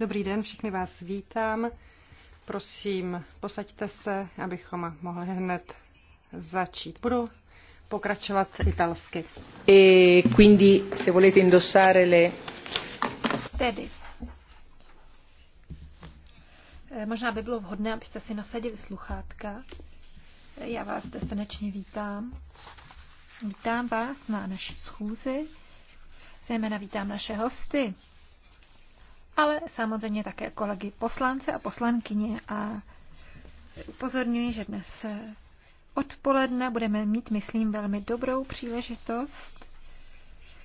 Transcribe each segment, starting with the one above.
Dobrý den, všichni vás vítám. Prosím, posaďte se, abychom mohli hned začít. Budu pokračovat italsky. E quindi, se volete indossare le... Tedy. E, možná by bylo vhodné, abyste si nasadili sluchátka. E, já vás zde srdečně vítám. Vítám vás na naší schůzi, zejména vítám naše hosty, ale samozřejmě také kolegy poslance a poslankyně a upozorňuji, že dnes eh, odpoledne budeme mít, myslím, velmi dobrou příležitost,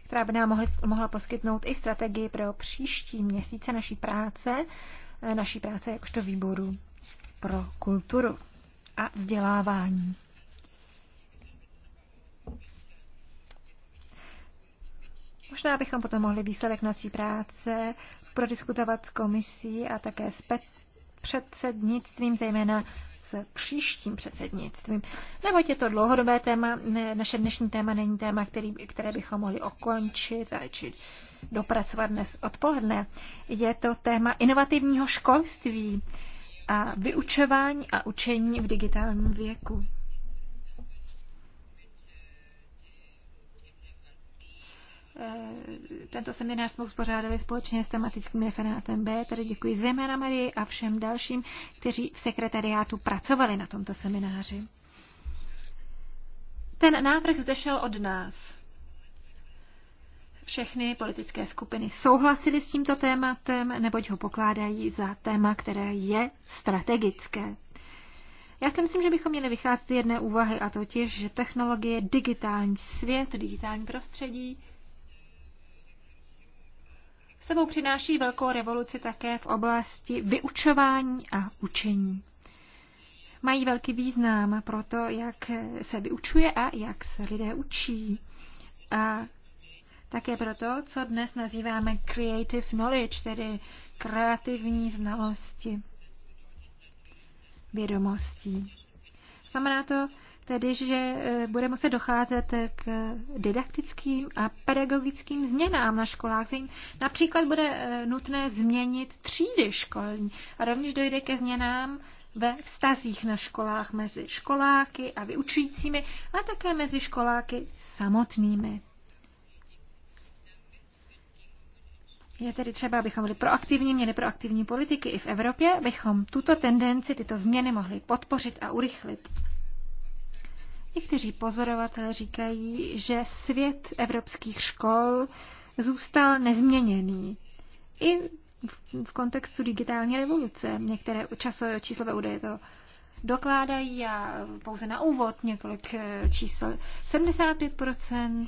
která by nám mohla poskytnout i strategii pro příští měsíce naší práce, eh, naší práce jakožto výboru pro kulturu a vzdělávání. Možná bychom potom mohli výsledek naší práce prodiskutovat s komisí a také s předsednictvím, zejména s příštím předsednictvím. Neboť je to dlouhodobé téma, naše dnešní téma není téma, který, které bychom mohli okončit a či dopracovat dnes odpoledne. Je to téma inovativního školství a vyučování a učení v digitálním věku. Eh, tento seminář jsme uspořádali společně s tematickým referátem B, tedy děkuji zejména Marii a všem dalším, kteří v sekretariátu pracovali na tomto semináři. Ten návrh zešel od nás. Všechny politické skupiny souhlasily s tímto tématem, neboť ho pokládají za téma, které je strategické. Já si myslím, že bychom měli vycházet z jedné úvahy, a totiž, že technologie, digitální svět, digitální prostředí sebou přináší velkou revoluci také v oblasti vyučování a učení. Mají velký význam pro to, jak se vyučuje a jak se lidé učí. A také proto, co dnes nazýváme creative knowledge, tedy kreativní znalosti, vědomostí. Znamená to, tedy že e, bude muset docházet k didaktickým a pedagogickým změnám na školách. Například bude e, nutné změnit třídy školní a rovněž dojde ke změnám ve vztazích na školách mezi školáky a vyučujícími a také mezi školáky samotnými. Je tedy třeba, abychom byli proaktivní, měli proaktivní politiky i v Evropě, abychom tuto tendenci, tyto změny mohli podpořit a urychlit. Někteří pozorovatelé říkají, že svět evropských škol zůstal nezměněný. I v kontextu digitální revoluce. Některé časové číslové údaje to dokládají a pouze na úvod několik eh, čísel. 75%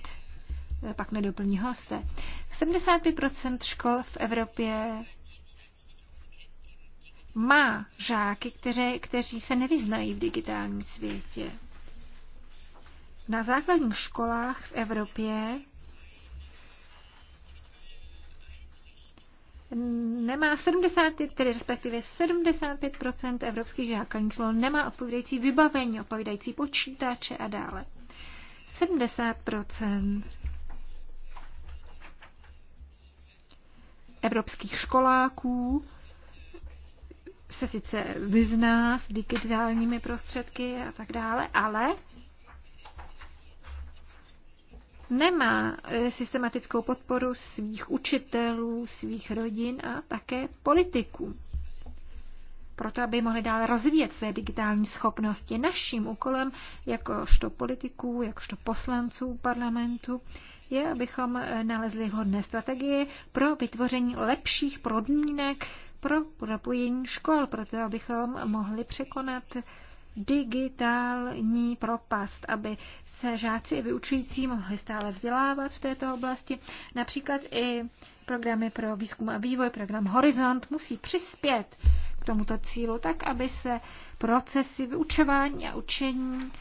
eh, pak nedoplní hoste. 75% škol v Evropě má žáky, kteři, kteří se nevyznají v digitálním světě. Na základních školách v Evropě nemá 75, tedy respektive 75 evropských žáků škol nemá odpovídající vybavení, odpovídající počítače a dále. 70 evropských školáků se sice vyzná s digitálními prostředky a tak dále, ale nemá eh, systematickou podporu svých učitelů, svých rodin a také politiků. Proto, aby mohli dále rozvíjet své digitální schopnosti, naším úkolem, jakožto politiků, jakožto poslanců parlamentu, je, abychom eh, nalezli hodné strategie pro vytvoření lepších podmínek pro propojení škol, proto abychom mohli překonat digitální propast, aby se žáci i vyučující mohli stále vzdělávat v této oblasti. Například i programy pro výzkum a vývoj, program Horizont musí přispět k tomuto cílu tak, aby se procesy vyučování a učení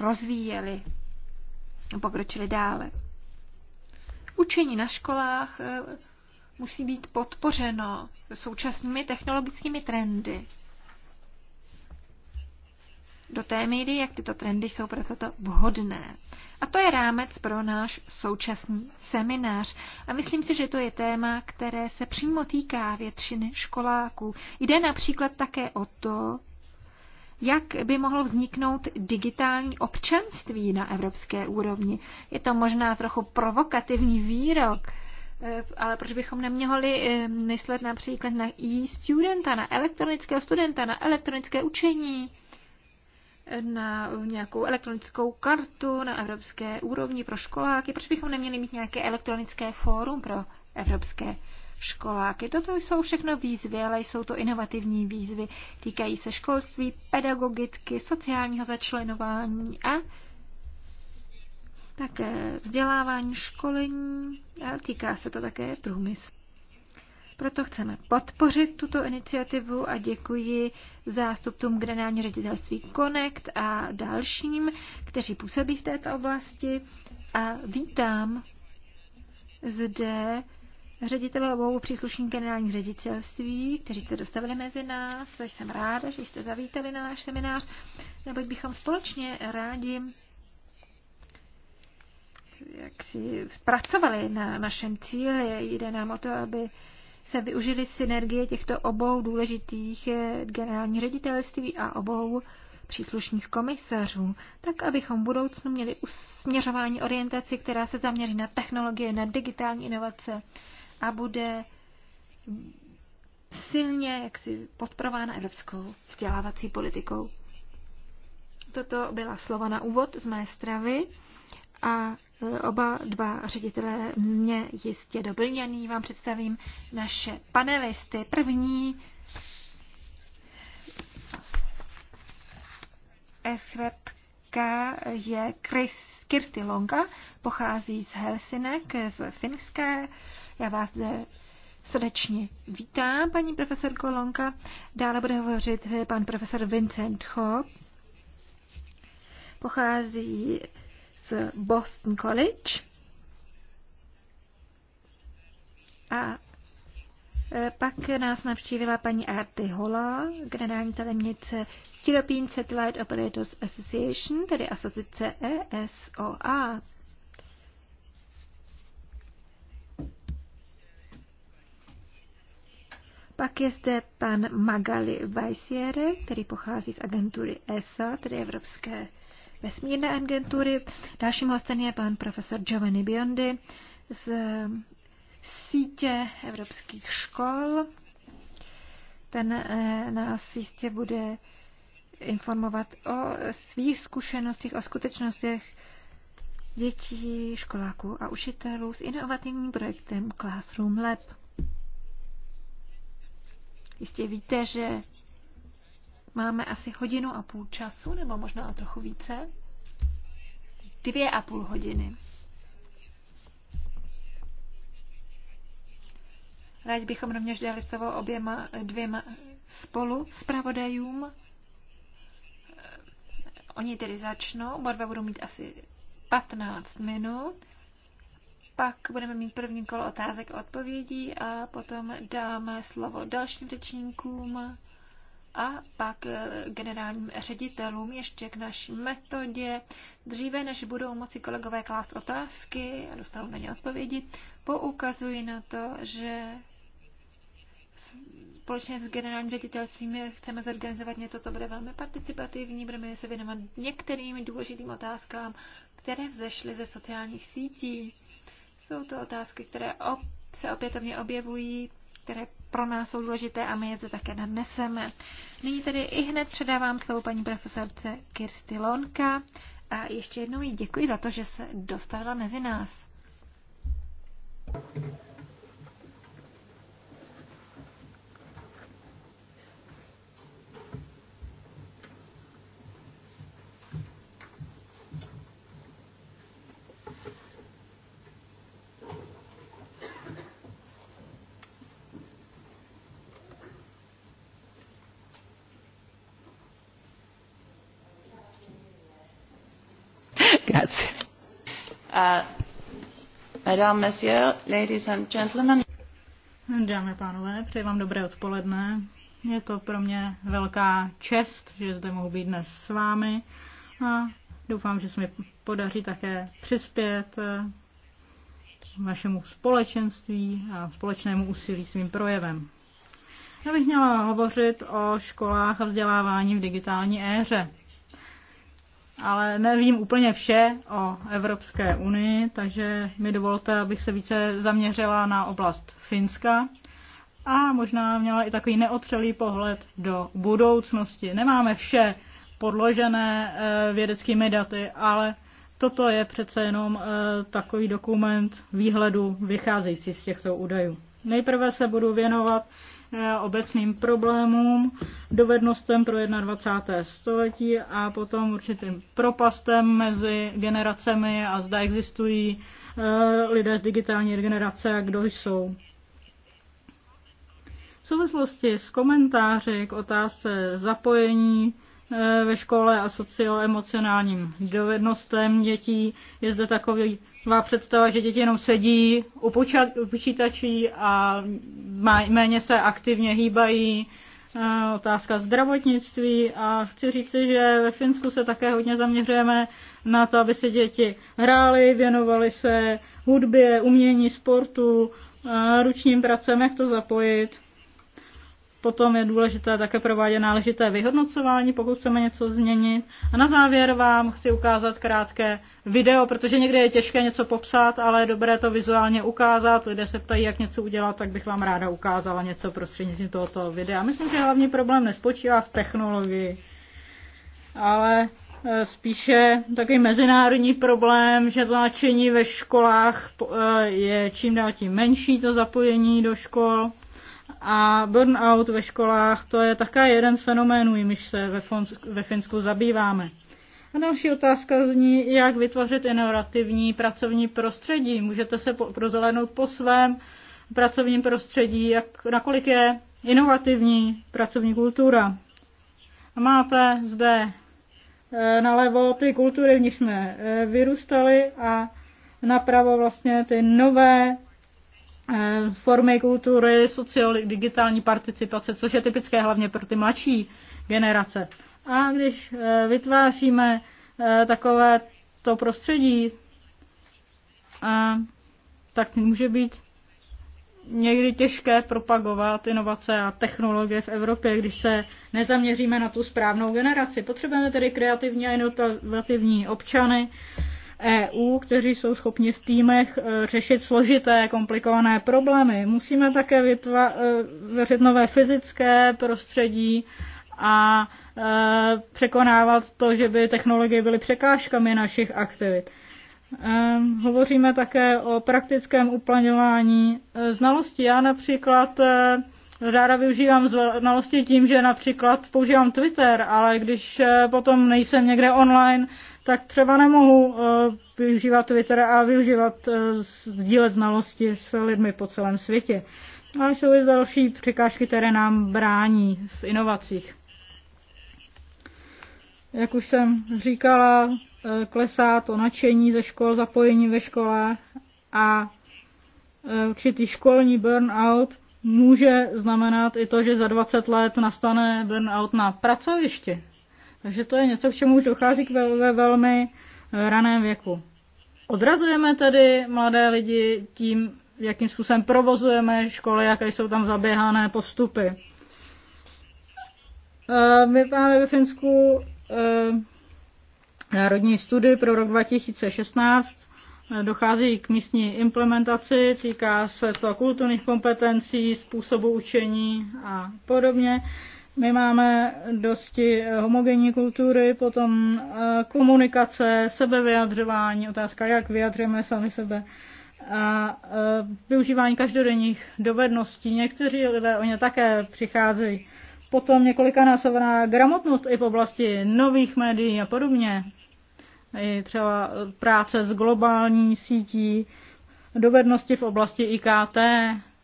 rozvíjely a pokročily dále. Učení na školách eh, musí být podpořeno současnými technologickými trendy do té míry, jak tyto trendy jsou pro toto vhodné. A to je rámec pro náš současný seminář. A myslím si, že to je téma, které se přímo týká většiny školáků. Jde například také o to, jak by mohlo vzniknout digitální občanství na evropské úrovni. Je to možná trochu provokativní výrok, eh, ale proč bychom neměli eh, myslet například na e-studenta, na elektronického studenta, na elektronické učení? na nějakou elektronickou kartu na evropské úrovni pro školáky. Proč bychom neměli mít nějaké elektronické fórum pro evropské školáky? Toto jsou všechno výzvy, ale jsou to inovativní výzvy. Týkají se školství, pedagogiky, sociálního začlenování a také vzdělávání, školení. A týká se to také průmyslu. Proto chceme podpořit tuto iniciativu a děkuji zástupcům generální ředitelství Connect a dalším, kteří působí v této oblasti. A vítám zde ředitele obou příslušník generálních ředitelství, kteří jste dostavili mezi nás. Jsem ráda, že jste zavítali na náš seminář, neboť bychom společně rádi jak si pracovali na našem cíli. Jde nám o to, aby se využily synergie těchto obou důležitých eh, generální ředitelství a obou příslušných komisařů, tak abychom v budoucnu měli usměřování orientaci, která se zaměří na technologie, na digitální inovace a bude silně jaksi podporována evropskou vzdělávací politikou. Toto byla slova na úvod z mé stravy a Oba dva ředitelé mě jistě doplní vám představím naše panelisty. První SVK je Kirsty Longa, pochází z Helsinek, z Finské. Já vás zde srdečně vítám, paní profesorko Kolonka. Dále bude hovořit pan profesor Vincent Ho. Pochází z Boston College. A e, pak nás navštívila paní Arty Hola, generální tajemnice European Satellite Operators Association, tedy asociace ESOA. Pak je zde pan Magali Vajsiere, který pochází z agentury ESA, tedy Evropské vesmírné agentury. Dalším hostem je pan profesor Giovanni Biondi z sítě evropských škol. Ten eh, nás jistě bude informovat o svých zkušenostech, o skutečnostech dětí, školáků a učitelů s inovativním projektem Classroom Lab. Jistě víte, že Máme asi hodinu a půl času, nebo možná trochu více. Dvě a půl hodiny. Rád bychom rovněž dali slovo oběma dvěma spolu zpravodajům. Oni tedy začnou, oba dva budou mít asi 15 minut. Pak budeme mít první kolo otázek a odpovědí a potom dáme slovo dalším řečníkům a pak eh, generálním ředitelům ještě k naší metodě. Dříve, než budou moci kolegové klást otázky a dostanou na ně odpovědi, poukazují na to, že společně s generálním ředitelstvím chceme zorganizovat něco, co bude velmi participativní, budeme se věnovat některým důležitým otázkám, které vzešly ze sociálních sítí. Jsou to otázky, které op- se opětovně objevují, které pro nás jsou důležité a my je zde také nadneseme. Nyní tedy i hned předávám slovo paní profesorce Kirsty Lonka a ještě jednou jí děkuji za to, že se dostavila mezi nás. Thank you. Uh, Dámy a pánové, přeji vám dobré odpoledne. Je to pro mě velká čest, že zde mohu být dnes s vámi a doufám, že se mi podaří také přispět eh, vašemu společenství a společnému úsilí svým projevem. Já bych měla hovořit o školách a vzdělávání v digitální éře ale nevím úplně vše o Evropské unii, takže mi dovolte, abych se více zaměřila na oblast Finska a možná měla i takový neotřelý pohled do budoucnosti. Nemáme vše podložené eh, vědeckými daty, ale toto je přece jenom eh, takový dokument výhledu vycházející z těchto údajů. Nejprve se budu věnovat Eh, obecným problémům, dovednostem pro 21. století a potom určitým propastem mezi generacemi a zda existují eh, lidé z digitální generace a kdo jsou. V souvislosti s komentáři k otázce zapojení Eh, ve škole a socioemocionálním dovednostem dětí. Je zde taková představa, že děti jenom sedí u počítačí a méně se aktivně hýbají. Eh, otázka zdravotnictví a chci říci, že ve Finsku se také hodně zaměřujeme na to, aby se děti hrály, věnovaly se hudbě, umění, sportu, eh, ručním pracem, jak to zapojit Potom je důležité také provádět náležité vyhodnocování, pokud chceme něco změnit. A na závěr vám chci ukázat krátké video, protože někdy je těžké něco popsat, ale je dobré to vizuálně ukázat. Lidé se ptají, jak něco udělat, tak bych vám ráda ukázala něco prostřednictvím tohoto videa. Myslím, že hlavní problém nespočívá v technologii, ale e, spíše takový mezinárodní problém, že značení ve školách e, je čím dál tím menší, to zapojení do škol. A burnout ve školách to je také jeden z fenoménů, jimž se ve, Fonsku, ve Finsku zabýváme. A další otázka zní, jak vytvořit inovativní pracovní prostředí. Můžete se prozelenout po svém pracovním prostředí, jak, nakolik je inovativní pracovní kultura. A máte zde e, nalevo ty kultury, v nich jsme e, vyrůstali a napravo vlastně ty nové Eh, formy kultury, sociální, digitální participace, což je typické hlavně pro ty mladší generace. A když eh, vytváříme eh, takové to prostředí, tak může být někdy těžké propagovat inovace a technologie v Evropě, když se nezaměříme na tu správnou generaci. Potřebujeme tedy kreativní a inovativní občany, EU, kteří jsou schopni v týmech e, řešit složité, komplikované problémy. Musíme také vytvářet e, nové fyzické prostředí a e, překonávat to, že by technologie byly překážkami našich aktivit. Hovoříme také o praktickém uplatňování znalostí. Já například ráda využívám znalosti tím, že například používám Twitter, ale když potom nejsem někde online, tak třeba nemohu eh, využívat Twitter a využívat eh, sdílet znalosti s lidmi po celém světě. Ale jsou i další překážky, které nám brání v inovacích. Jak už jsem říkala, eh, klesá to nadšení ze škol, zapojení ve školách a určitý školní burnout může znamenat i to, že za 20 let nastane burnout na pracovišti. Takže to je něco, k čemu už dochází k ve, ve velmi eh, raném věku. Odrazujeme tedy mladé lidi tím, jakým způsobem provozujeme školy, jaké jsou tam zaběhané postupy. Eh, my máme ve Finsku eh, národní studii pro rok 2016. Dochází k místní implementaci, týká se to kulturních kompetencí, způsobu učení a podobně. My máme dosti eh, homogenní kultury, potom eh, komunikace, sebevyjadřování, otázka, jak vyjadřujeme sami sebe a eh, využívání každodenních dovedností. Někteří lidé o ně také přicházejí. Potom několikanásobná gramotnost i v oblasti nových médií a podobně. I třeba práce s globální sítí, dovednosti v oblasti IKT,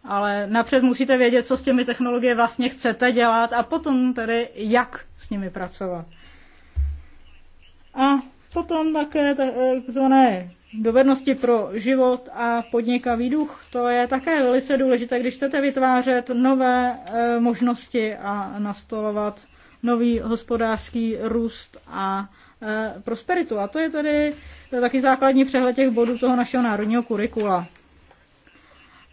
ale napřed musíte vědět, co s těmi technologie vlastně chcete dělat a potom tedy jak s nimi pracovat. A potom také takzvané dovednosti pro život a podnikavý duch. To je také velice důležité, když chcete vytvářet nové eh, možnosti a nastolovat nový hospodářský růst a eh, prosperitu. A to je tedy taky základní přehled těch bodů toho našeho národního kurikula.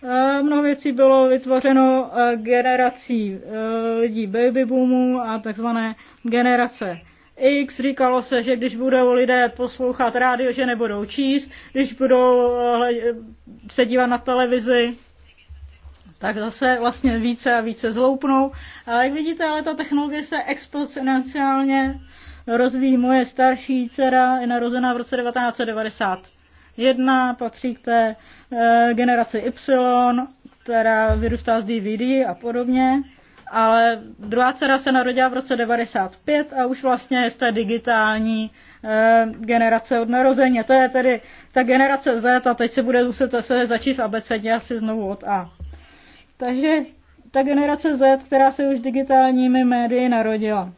Eh, mnoho věcí bylo vytvořeno eh, generací eh, lidí baby boomu a takzvané generace X. Říkalo se, že když budou lidé poslouchat rádio, že nebudou číst, když budou se dívat na televizi, tak zase vlastně více a více zloupnou. Ale jak vidíte, ale ta technologie se exponenciálně rozvíjí. Moje starší dcera je narozená v roce 1990 1 patří k té generaci Y, která vyrůstá z DVD a podobně. Ale druhá dcera se narodila v roce 95 a už vlastně je z té digitální eh, generace od narození. To je tedy ta generace Z a teď se bude muset zase začít v abecedě asi znovu od A. Takže ta generace Z, která se už digitálními médii narodila.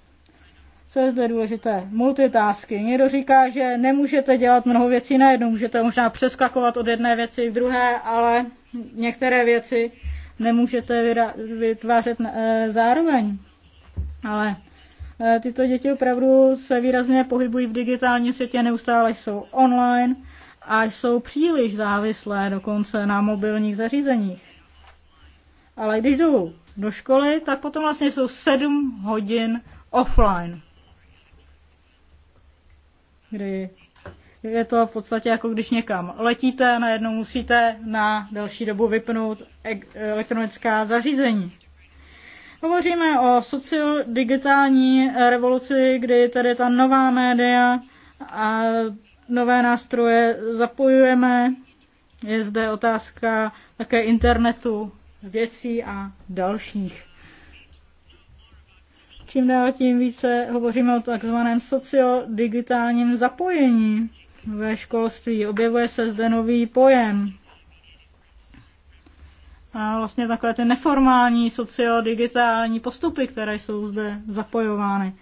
Co je zde důležité? Multitasky. Někdo říká, že nemůžete dělat mnoho věcí najednou, můžete možná přeskakovat od jedné věci k druhé, ale některé věci nemůžete vytvářet eh, zároveň. Ale eh, tyto děti opravdu se výrazně pohybují v digitálním světě, neustále jsou online a jsou příliš závislé dokonce na mobilních zařízeních. Ale když jdou do školy, tak potom vlastně jsou 7 hodin offline kdy je to v podstatě jako když někam letíte, najednou musíte na další dobu vypnout e- elektronická zařízení. Hovoříme o sociodigitální revoluci, kdy tady ta nová média a nové nástroje zapojujeme. Je zde otázka také internetu věcí a dalších čím dál tím více hovoříme o takzvaném sociodigitálním zapojení ve školství. Objevuje se zde nový pojem. A vlastně takové ty neformální sociodigitální postupy, které jsou zde zapojovány.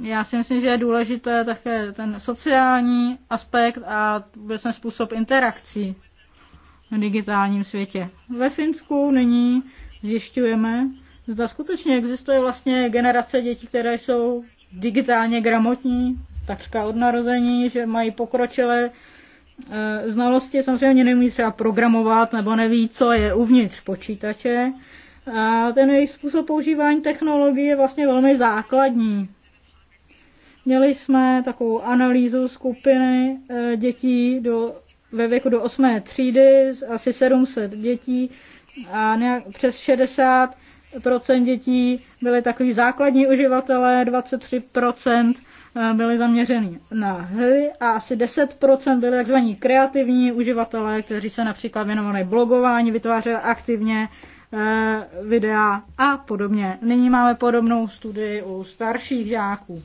Já si myslím, že je důležité také ten sociální aspekt a vůbec způsob interakcí v digitálním světě. Ve Finsku nyní zjišťujeme, zda skutečně existuje vlastně generace dětí, které jsou digitálně gramotní, takřka od narození, že mají pokročilé eh, znalosti, samozřejmě neumí třeba programovat nebo neví, co je uvnitř počítače. A ten jejich způsob používání technologie je vlastně velmi základní. Měli jsme takovou analýzu skupiny eh, dětí do ve věku do 8. třídy, asi 700 dětí a nějak přes 60 procent dětí byly takový základní uživatelé, 23% eh, byli zaměřeni na hry a asi 10% byli takzvaní kreativní uživatelé, kteří se například věnovali blogování, vytvářeli aktivně eh, videa a podobně. Nyní máme podobnou studii u starších žáků.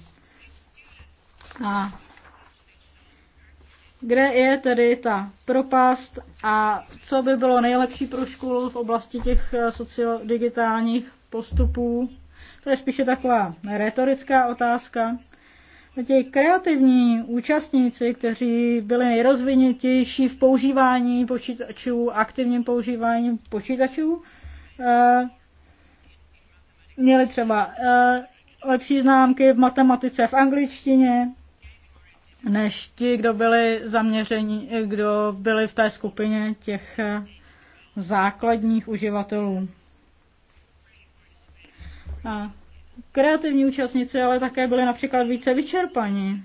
A kde je tedy ta propast a co by bylo nejlepší pro školu v oblasti těch eh, sociodigitálních postupů. To je spíše taková retorická otázka. Ti kreativní účastníci, kteří byli nejrozvinutější v používání počítačů, aktivním používání počítačů, eh, měli třeba eh, lepší známky v matematice, v angličtině, než ti, kdo byli zaměření, kdo byli v té skupině těch eh, základních uživatelů. A kreativní účastníci ale také byli například více vyčerpaní.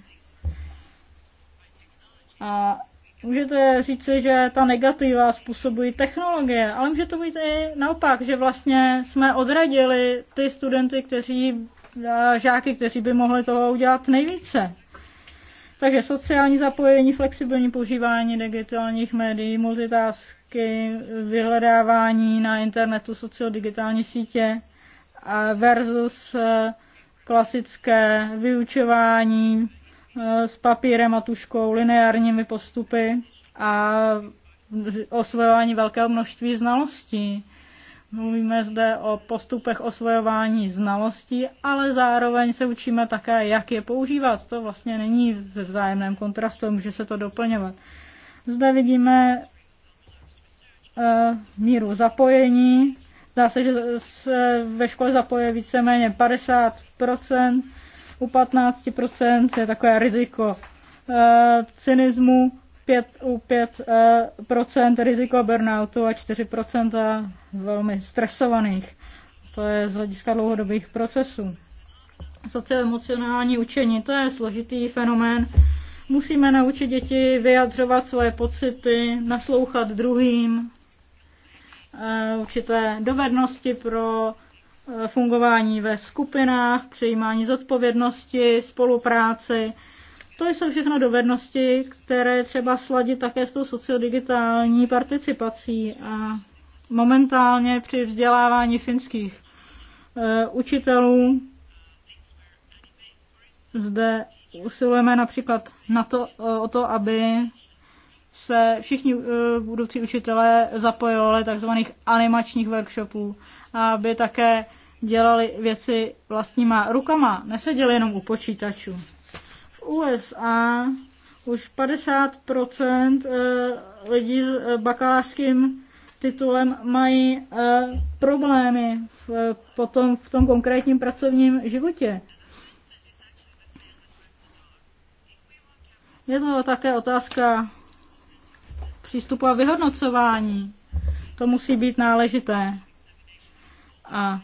A můžete říci, že ta negativa způsobují technologie, ale může to být i naopak, že vlastně jsme odradili ty studenty, kteří, eh, žáky, kteří by mohli toho udělat nejvíce. Takže sociální zapojení, flexibilní používání digitálních médií, multitasky, vyhledávání na internetu, sociodigitální sítě versus eh, klasické vyučování eh, s papírem a tuškou, lineárními postupy a osvojování velkého množství znalostí. Mluvíme zde o postupech osvojování znalostí, ale zároveň se učíme také, jak je používat. To vlastně není v vzájemném kontrastu, může se to doplňovat. Zde vidíme eh, míru zapojení. Zdá se, že se ve škole zapoje víceméně 50%, u 15% je takové riziko eh, cynismu 5, u 5 eh, riziko burnoutu a 4 velmi stresovaných. To je z hlediska dlouhodobých procesů. Socioemocionální učení, to je složitý fenomén. Musíme naučit děti vyjadřovat svoje pocity, naslouchat druhým, eh, určité dovednosti pro eh, fungování ve skupinách, přijímání zodpovědnosti, spolupráci to jsou všechno dovednosti, které třeba sladit také s tou sociodigitální participací a momentálně při vzdělávání finských e, učitelů zde usilujeme například na to, eh, o to, aby se všichni eh, budoucí učitelé zapojovali takzvaných animačních workshopů, aby také dělali věci vlastníma rukama, neseděli jenom u počítačů. USA už 50% eh, lidí s eh, bakalářským titulem mají eh, problémy v, potom v tom konkrétním pracovním životě. Je to také otázka přístupu a vyhodnocování. To musí být náležité. A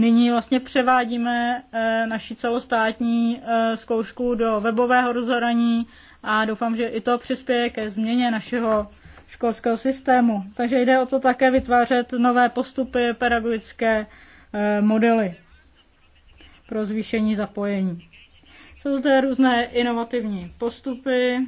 nyní vlastně převádíme eh, naši celostátní eh, zkoušku do webového rozhraní a doufám, že i to přispěje ke změně našeho školského systému. Takže jde o to také vytvářet nové postupy, pedagogické eh, modely pro zvýšení zapojení. Jsou zde různé inovativní postupy,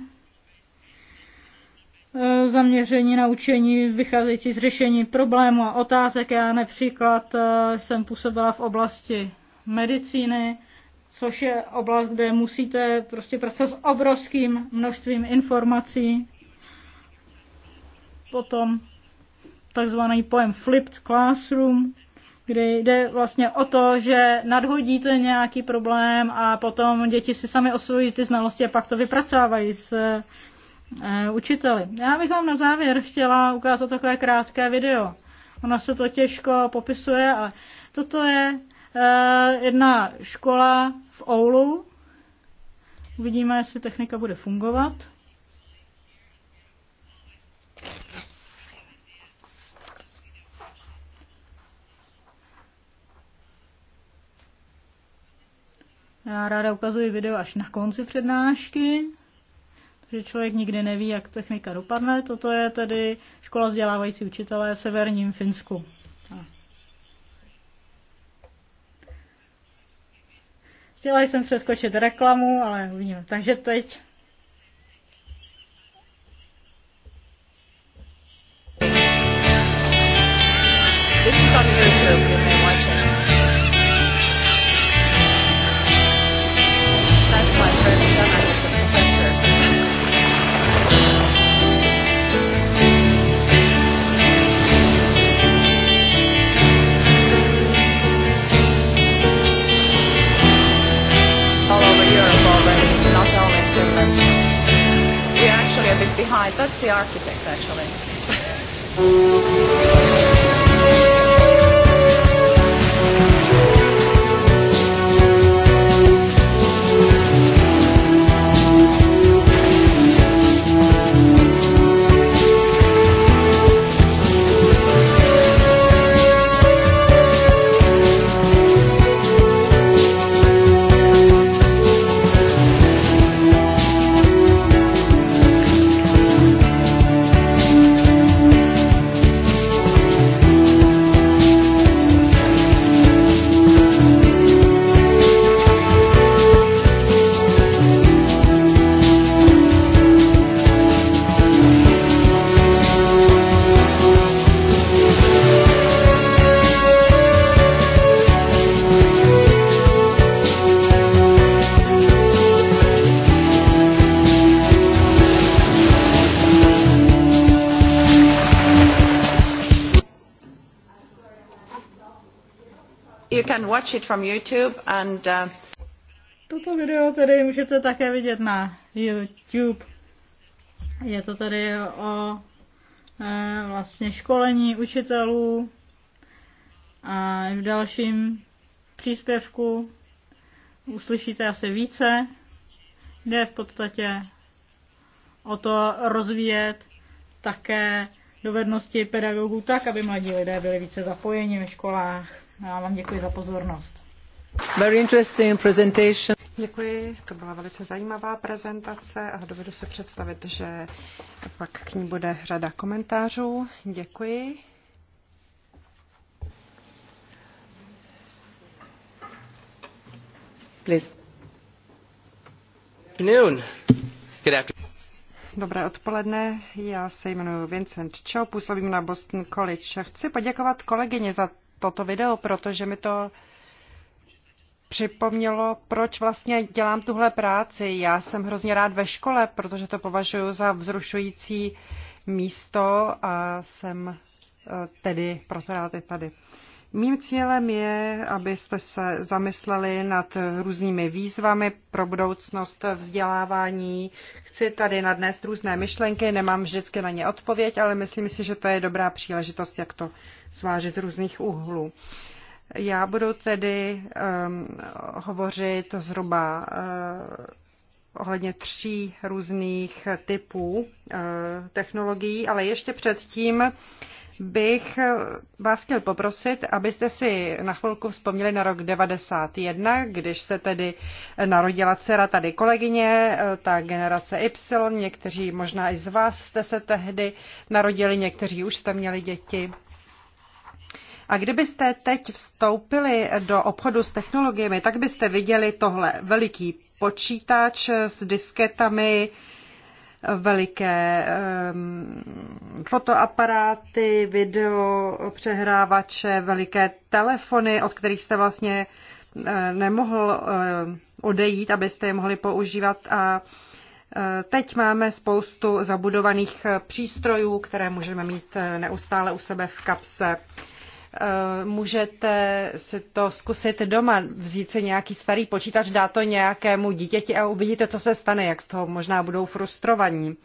E, zaměření na učení vycházející z řešení problémů a otázek. Já například e, jsem působila v oblasti medicíny, což je oblast, kde musíte prostě pracovat s obrovským množstvím informací. Potom takzvaný pojem flipped classroom, kde jde vlastně o to, že nadhodíte nějaký problém a potom děti si sami osvojí ty znalosti a pak to vypracávají s Eh, učiteli. Já bych vám na závěr chtěla ukázat takové krátké video. Ono se to těžko popisuje, ale toto je eh, jedna škola v Oulu. Uvidíme, jestli technika bude fungovat. Já ráda ukazuji video až na konci přednášky že člověk nikdy neví, jak technika dopadne. Toto je tedy škola vzdělávající učitelé v severním Finsku. Chtěla jsem přeskočit reklamu, ale uvidíme. Takže teď That's the architect, actually. can watch it from YouTube and uh... Toto video tedy můžete také vidět na YouTube. Je to tady o e, vlastně školení učitelů a v dalším příspěvku uslyšíte asi více. Jde v podstatě o to rozvíjet také dovednosti pedagogů tak, aby mladí lidé byli více zapojeni ve školách. Já vám děkuji za pozornost. Very interesting presentation. Děkuji, to byla velice zajímavá prezentace a dovedu se představit, že pak k ní bude řada komentářů. Děkuji. Please. Good afternoon. Dobré odpoledne, já se jmenuji Vincent Cho, působím na Boston College. Chci poděkovat kolegyně za toto video, protože mi to připomnělo, proč vlastně dělám tuhle práci. Já jsem hrozně rád ve škole, protože to považuji za vzrušující místo a jsem eh, tedy proto rád i tady. Mým cílem je, abyste se zamysleli nad různými výzvami pro budoucnost vzdělávání. Chci tady nadnést různé myšlenky, nemám vždycky na ně odpověď, ale myslím si, že to je dobrá příležitost, jak to zvážit z různých úhlů. Já budu tedy um, hovořit zhruba uh, ohledně tří různých typů uh, technologií, ale ještě předtím bych eh, vás chtěl poprosit, abyste si na chvilku vzpomněli na rok 91, když se tedy narodila dcera tady kolegyně, eh, ta generace Y, někteří možná i z vás jste se tehdy narodili, někteří už jste měli děti. A kdybyste teď vstoupili do obchodu s technologiemi, tak byste viděli tohle veliký počítač s disketami, veliké um, fotoaparáty, video přehrávače, veliké telefony, od kterých jste vlastně uh, nemohl uh, odejít, abyste je mohli používat a eh, Teď máme spoustu zabudovaných přístrojů, které můžeme mít neustále u sebe v kapse. Uh, Eh, můžete si to zkusit doma, vzít si nějaký starý počítač, dát to nějakému dítěti a uvidíte, co se stane, jak z toho možná budou frustrovaní.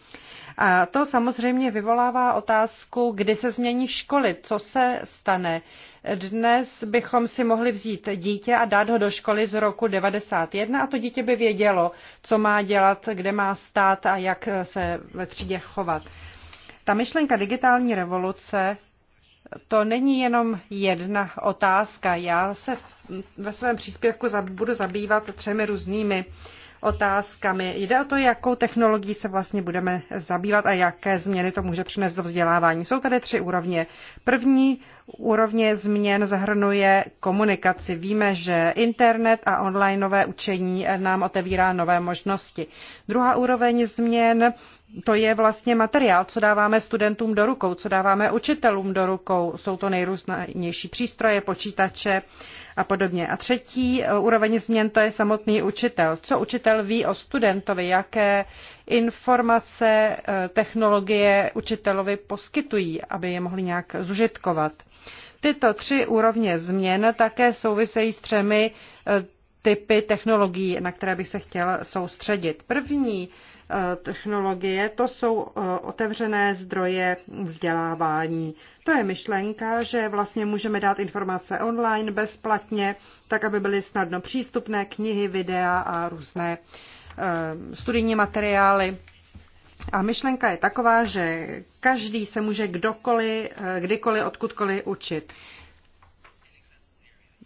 A to samozřejmě vyvolává otázku, kdy se změní školy, co se stane. Dnes bychom si mohli vzít dítě a dát ho do školy z roku 91 a to dítě by vědělo, co má dělat, kde má stát a jak se ve třídě chovat. Ta myšlenka digitální revoluce to není jenom jedna otázka. Já se ve svém příspěvku budu zabývat třemi různými uh, otázkami. Jde o to, jakou technologií se vlastně budeme zabývat a jaké změny to může přinést do vzdělávání. Jsou tady tři úrovně. První úrovně změn zahrnuje komunikaci. Víme, že internet a onlineové učení nám otevírá nové možnosti. Druhá úroveň změn to je vlastně materiál, co dáváme studentům do rukou, co dáváme učitelům do rukou. Jsou to nejrůznější přístroje, počítače, a podobně. A třetí eh, úroveň změn to je samotný učitel. Co učitel ví o studentovi, jaké informace eh, technologie učitelovi poskytují, aby je mohli nějak zužitkovat. Tyto tři úrovně změn také souvisejí s třemi eh, typy technologií, na které bych se chtěl soustředit. První Eh, technologie, to jsou eh, otevřené zdroje vzdělávání. To je myšlenka, že vlastně můžeme dát informace online bezplatně, tak aby byly snadno přístupné knihy, videa a různé eh, studijní materiály. A myšlenka je taková, že každý se může kdokoliv, kdykoliv, odkudkoliv učit.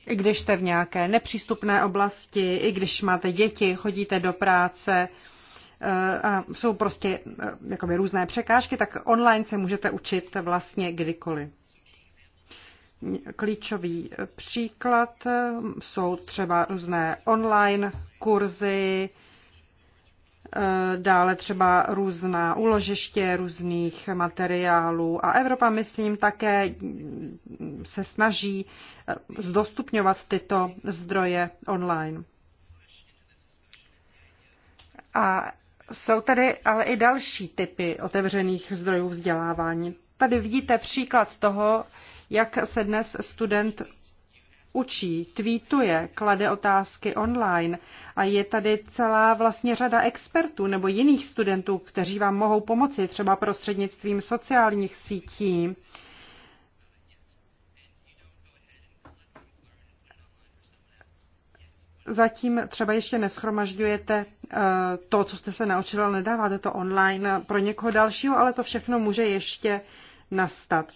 I když jste v nějaké nepřístupné oblasti, i když máte děti, chodíte do práce, Eh, a jsou prostě eh, jakoby různé překážky, tak online se můžete učit vlastně kdykoliv. Klíčový eh, příklad jsou třeba různé online kurzy, dále třeba různá úložiště různých materiálů a Evropa, myslím, také mm, se snaží zdostupňovat tyto zdroje online. A jsou tady ale i další typy otevřených zdrojů vzdělávání. Tady vidíte příklad toho, jak se dnes student učí, tweetuje, klade otázky online a je tady celá vlastně řada expertů nebo jiných studentů, kteří vám mohou pomoci třeba prostřednictvím sociálních sítí zatím třeba ještě neschromažďujete eh, to, co jste se naučil, ale nedáváte to online pro někoho dalšího, ale to všechno může ještě nastat.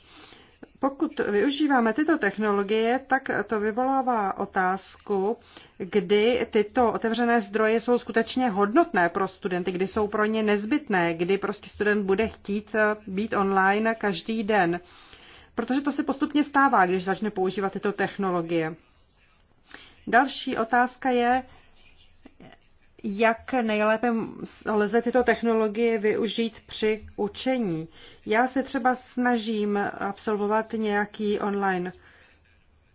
Pokud využíváme tyto technologie, tak to vyvolává otázku, kdy tyto otevřené zdroje jsou skutečně hodnotné pro studenty, kdy jsou pro ně nezbytné, kdy prostě student bude chtít eh, být online každý den. Protože to se postupně stává, když začne používat tyto technologie. Další otázka je, jak nejlépe lze tyto technologie využít při učení. Já se třeba snažím absolvovat nějaký online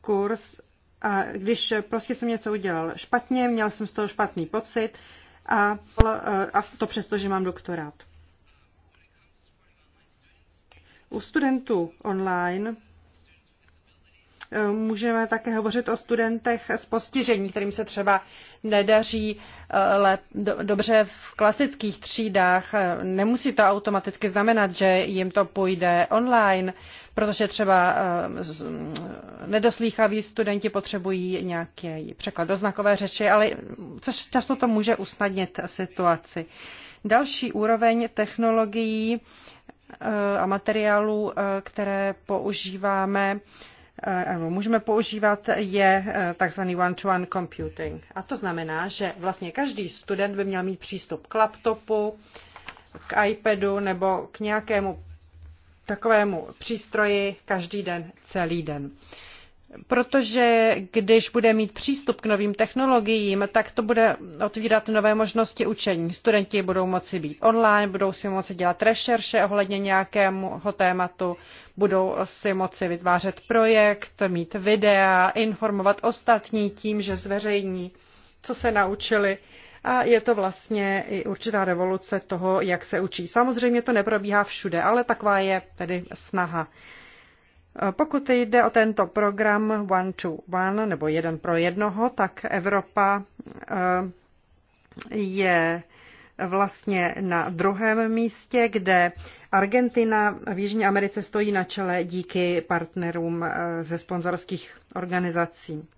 kurz a když prostě jsem něco udělal špatně, měl jsem z toho špatný pocit a, a to přesto, že mám doktorát. U studentů online můžeme také hovořit o studentech s postižení, kterým se třeba nedaří eh, dobře v klasických třídách. Nemusí to automaticky znamenat, že jim to půjde online, protože třeba eh, mm, nedoslýchaví studenti potřebují nějaký překlad do znakové řeči, ale často to může usnadnit situaci. Další úroveň technologií eh, a materiálů, které používáme, Eh, můžeme používat, je eh, takzvaný one-to-one computing. A to znamená, že vlastně každý student by měl mít přístup k laptopu, k iPadu nebo k nějakému takovému přístroji každý den, celý den. Uh, protože když bude mít přístup k novým technologiím, tak to bude otvírat nové možnosti učení. Studenti budou moci být online, budou si moci dělat rešerše ohledně nějakého tématu, budou si moci vytvářet projekt, mít videa, informovat ostatní tím, že zveřejní, co se naučili. A je to vlastně i určitá revoluce toho, jak se učí. Samozřejmě to neprobíhá všude, ale taková je tedy snaha. Pokud jde o tento program One to One nebo jeden pro jednoho, tak Evropa eh, je vlastně na druhém místě, kde Argentina v Jižní Americe stojí na čele díky partnerům eh, ze sponzorských organizací.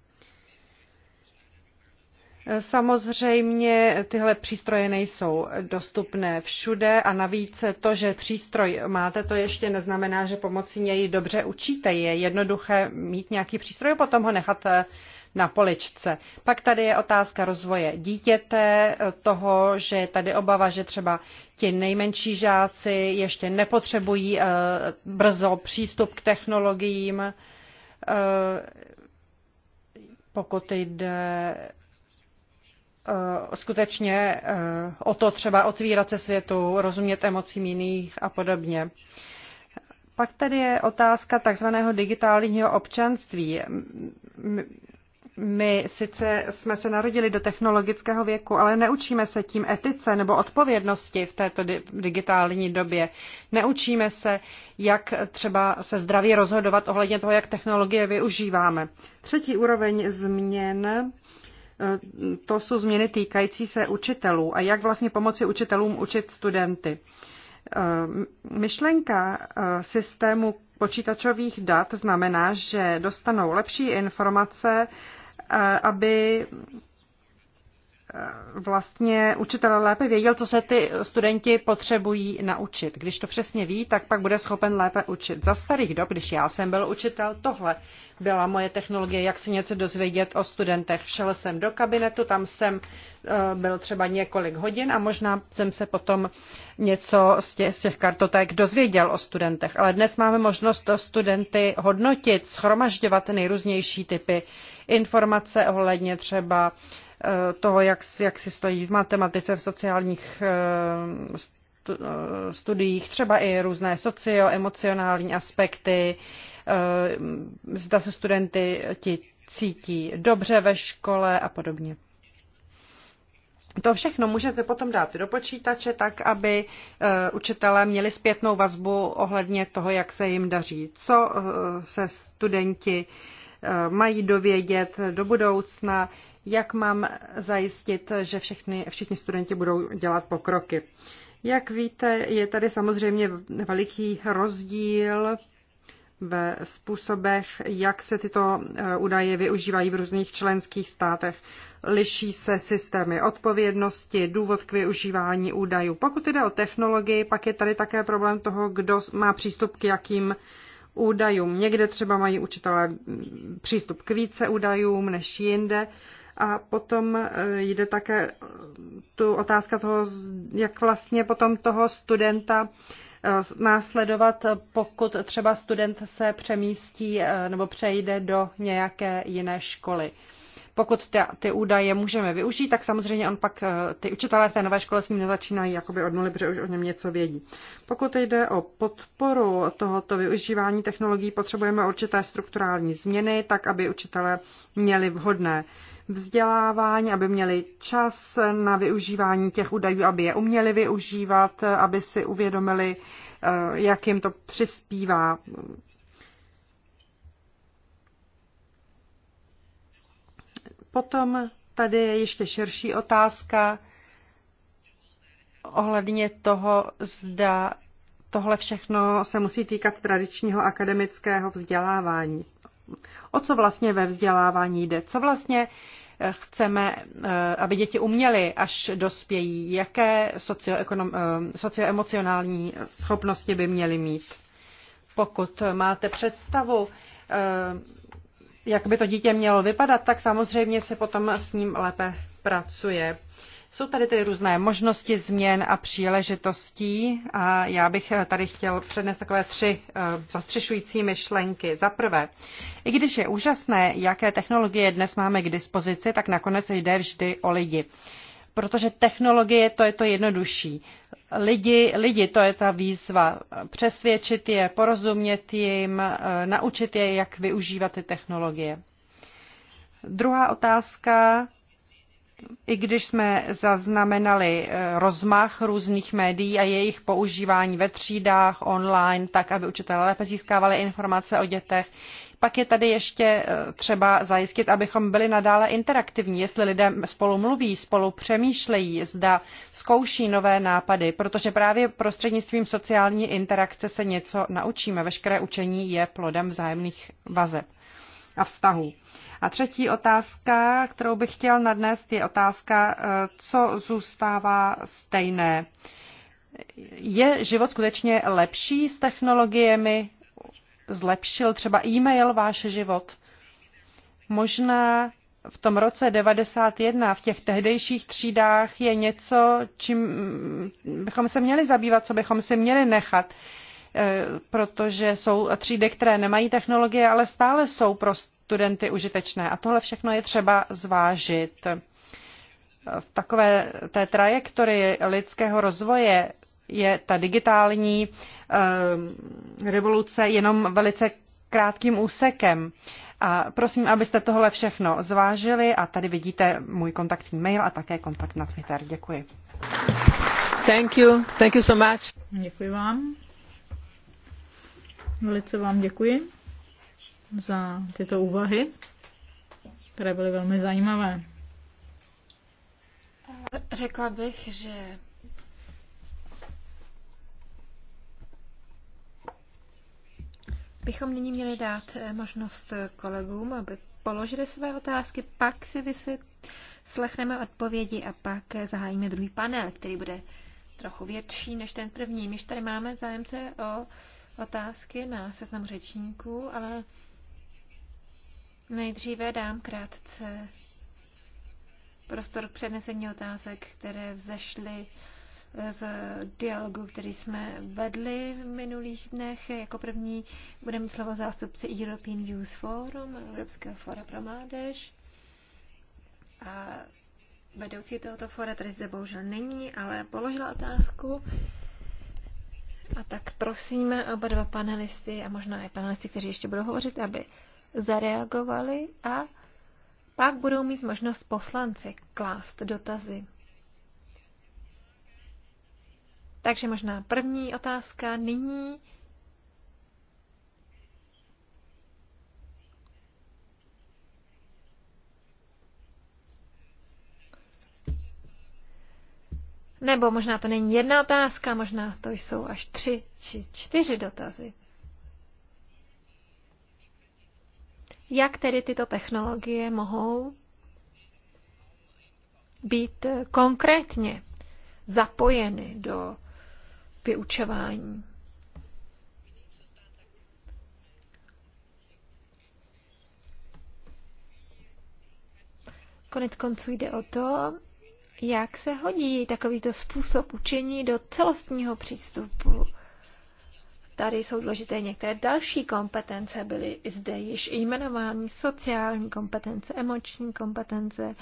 Samozřejmě tyhle přístroje nejsou dostupné všude a navíc to, že přístroj máte, to ještě neznamená, že pomocí něj dobře učíte. Je jednoduché mít nějaký přístroj a potom ho nechat eh, na poličce. Pak tady je otázka rozvoje dítěte, eh, toho, že je tady obava, že třeba ti nejmenší žáci ještě nepotřebují eh, brzo přístup k technologiím. Pokud jde Eh, skutečně eh, o to třeba otvírat se světu, rozumět emocím jiných a podobně. Pak tady je otázka takzvaného digitálního občanství. My sice jsme se narodili do technologického věku, ale neučíme se tím etice nebo odpovědnosti v této digitální době. Neučíme se, jak třeba se zdravě rozhodovat ohledně toho, jak technologie využíváme. Třetí úroveň změn Eh, to jsou změny týkající se učitelů a jak vlastně pomoci učitelům učit studenty. Eh, myšlenka eh, systému počítačových dat znamená, že dostanou lepší informace, aby Eh, vlastně učitel lépe věděl, co se ty studenti potřebují naučit. Když to přesně ví, tak pak bude schopen lépe učit. Za starých dob, když já jsem byl učitel, tohle byla moje technologie, jak se něco dozvědět o studentech. Šel jsem do kabinetu, tam jsem eh, byl třeba několik hodin a možná jsem se potom něco z těch, z těch kartoték dozvěděl o studentech. Ale dnes máme možnost studenty hodnotit, schromažďovat nejrůznější typy informace ohledně třeba uh, Eh, toho, jak, jak si stojí v matematice, v sociálních eh, eh, studiích, třeba i různé socioemocionální aspekty, zda se studenty ti cítí dobře ve škole a podobně. To všechno můžete potom dát do počítače tak, aby učitelé měli zpětnou vazbu ohledně toho, jak se jim daří, co se studenti mají dovědět do budoucna, jak mám zajistit, že všechny, všichni studenti budou dělat pokroky. Jak víte, je tady samozřejmě veliký rozdíl ve způsobech, jak se tyto eh, údaje využívají v různých členských státech. Liší se systémy odpovědnosti, důvod k využívání údajů. Pokud jde o technologii, pak je tady také problém toho, kdo má přístup k jakým údajům. Někde třeba mají učitelé mm, přístup k více údajům než jinde a potom e, jde také e, tu otázka toho, jak vlastně potom toho studenta e, následovat, pokud třeba student se přemístí nebo přejde do nějaké jiné školy. Pokud ty, ty údaje můžeme využít, tak samozřejmě on pak, ty učitelé v té nové škole s ním nezačínají jakoby od nuly, protože už o něm něco vědí. Pokud jde o podporu tohoto využívání technologií, potřebujeme určité strukturální změny, tak aby učitelé měli vhodné vzdělávání, aby měli čas na využívání těch údajů, aby je uměli využívat, aby si uvědomili, eh, jak jim to přispívá. Potom tady je ještě širší otázka ohledně toho, zda tohle všechno se musí týkat tradičního akademického vzdělávání o co vlastně ve vzdělávání jde, co vlastně eh, chceme, eh, aby děti uměly, až dospějí, jaké eh, socioemocionální schopnosti by měly mít. Pokud máte představu, jak by to dítě mělo vypadat, tak samozřejmě se potom s ním lépe pracuje. Jsou tady tedy různé možnosti změn a příležitostí a já bych eh, tady chtěl přednést takové tři eh, zastřešující myšlenky. Za prvé, i když je úžasné, jaké technologie dnes máme k dispozici, tak nakonec jde vždy o lidi. Protože technologie to je to jednodušší. Lidi, lidi to je ta výzva. Přesvědčit je, porozumět jim, eh, naučit je, jak využívat ty technologie. Druhá otázka i když jsme zaznamenali eh, rozmach různých médií a jejich používání ve třídách, online, tak aby učitelé lépe získávali informace o dětech, pak je tady ještě eh, třeba zajistit, abychom byli nadále interaktivní, jestli lidé spolu mluví, spolu přemýšlejí, zda zkouší nové nápady, protože právě prostřednictvím sociální interakce se něco naučíme. Veškeré učení je plodem vzájemných vazeb a vztahů. A třetí otázka, kterou bych chtěl nadnést, je otázka, eh, co zůstává stejné. Je život skutečně lepší s technologiemi? Zlepšil třeba e-mail váš život? Možná v tom roce 91 v těch tehdejších třídách je něco, čím bychom se měli zabývat, co bychom si měli nechat, eh, protože jsou třídy, které nemají technologie, ale stále jsou prostě studenty užitečné. A tohle všechno je třeba zvážit. V takové té trajektory lidského rozvoje je ta digitální eh, revoluce jenom velice krátkým úsekem. A prosím, abyste tohle všechno zvážili a tady vidíte můj kontaktní mail a také kontakt na Twitter. Děkuji. Thank you. Thank you so much. Děkuji vám. Velice vám děkuji za tyto úvahy, které byly velmi zajímavé. Řekla bych, že bychom nyní měli dát eh, možnost kolegům, aby položili své otázky, pak si vyslechneme odpovědi a pak eh, zahájíme druhý panel, který bude trochu větší než ten první. Myž tady máme zájemce o otázky na seznam řečníků, ale Nejdříve dám krátce prostor k přednesení otázek, které vzešly z dialogu, který jsme vedli v minulých dnech. Jako první bude slovo zástupce European Youth Forum, Evropského fora pro mládež. A vedoucí tohoto fora tady zde bohužel není, ale položila otázku. A tak prosíme oba dva panelisty a možná i panelisty, kteří ještě budou hovořit, aby zareagovali a pak budou mít možnost poslanci klást dotazy. Takže možná první otázka nyní. Nebo možná to není jedna otázka, možná to jsou až tři či čtyři dotazy. jak tedy tyto technologie mohou být konkrétně zapojeny do vyučování. Konec konců jde o to, jak se hodí takovýto způsob učení do celostního přístupu Tady jsou důležité některé další kompetence, byly zde již jmenovány sociální kompetence, emoční kompetence.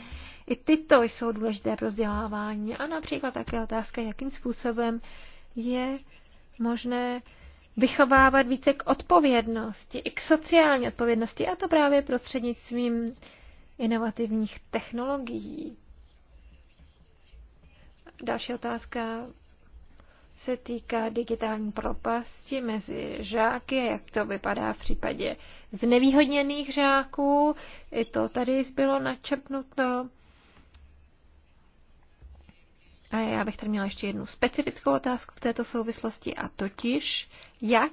I tyto jsou důležité pro vzdělávání. A například také otázka, jakým způsobem je možné vychovávat více k odpovědnosti, i k sociální odpovědnosti, a to právě prostřednictvím inovativních technologií. Další otázka se týká digitální propasti mezi žáky, jak to vypadá v případě znevýhodněných žáků. I to tady bylo načrpnuto. A já bych tady měla ještě jednu specifickou otázku v této souvislosti, a totiž, jak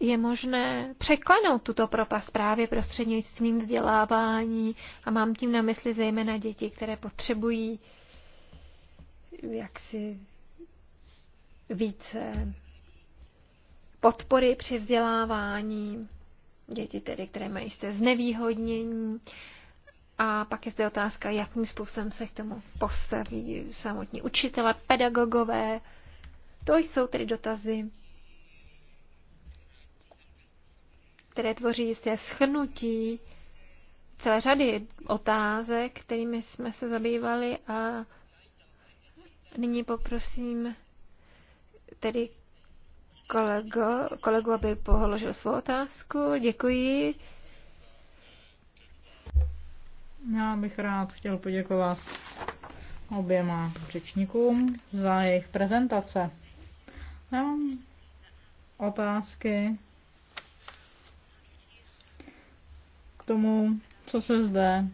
je možné překlenout tuto propast právě prostřednictvím vzdělávání a mám tím na mysli zejména děti, které potřebují jaksi více podpory při vzdělávání, děti tedy, které mají jisté znevýhodnění. A pak je zde otázka, jakým způsobem se k tomu postaví samotní učitele, pedagogové. To jsou tedy dotazy, které tvoří jisté schnutí celé řady otázek, kterými jsme se zabývali a nyní poprosím tedy kolego, kolegu, aby položil svou otázku. Děkuji. Já bych rád chtěl poděkovat oběma řečníkům za jejich prezentace. Já mám otázky k tomu, co se zde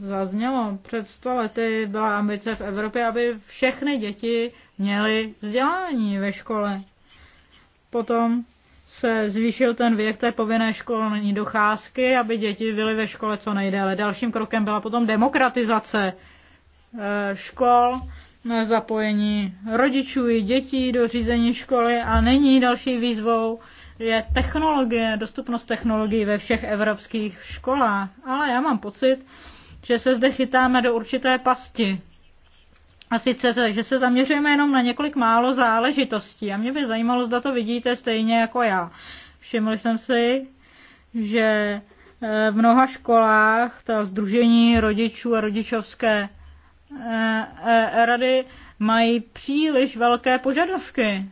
zaznělo. Před sto lety byla ambice v Evropě, aby všechny děti měli vzdělání ve škole. Potom se zvýšil ten věk té povinné školní docházky, aby děti byly ve škole co nejdéle. Dalším krokem byla potom demokratizace eh, škol, eh, zapojení rodičů i dětí do řízení školy a nyní další výzvou je technologie, dostupnost technologií ve všech evropských školách. Ale já mám pocit, že se zde chytáme do určité pasti. A sice, že se zaměřujeme jenom na několik málo záležitostí. A mě by zajímalo, zda to vidíte stejně jako já. Všiml jsem si, že eh, v mnoha školách ta združení rodičů a rodičovské eh, eh, rady mají příliš velké požadavky.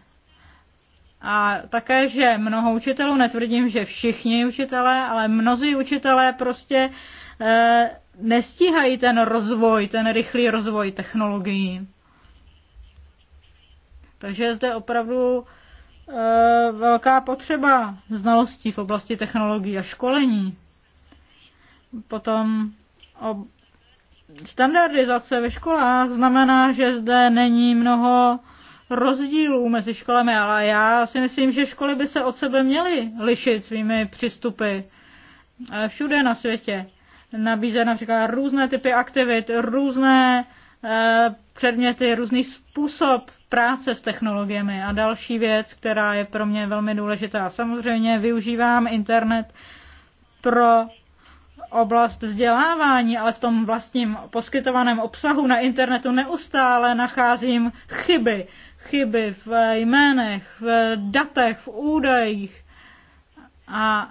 A také, že mnoho učitelů, netvrdím, že všichni učitelé, ale mnozí učitelé prostě nestíhají ten rozvoj, ten rychlý rozvoj technologií. Takže je zde opravdu e, velká potřeba znalostí v oblasti technologií a školení. Potom o, standardizace ve školách znamená, že zde není mnoho rozdílů mezi školami, ale já si myslím, že školy by se od sebe měly lišit svými přístupy eh, všude na světě nabízet například různé typy aktivit, různé eh, předměty, různý způsob práce s technologiemi a další věc, která je pro mě velmi důležitá. Samozřejmě využívám internet pro oblast vzdělávání, ale v tom vlastním poskytovaném obsahu na internetu neustále nacházím chyby. Chyby v jménech, v datech, v údajích. A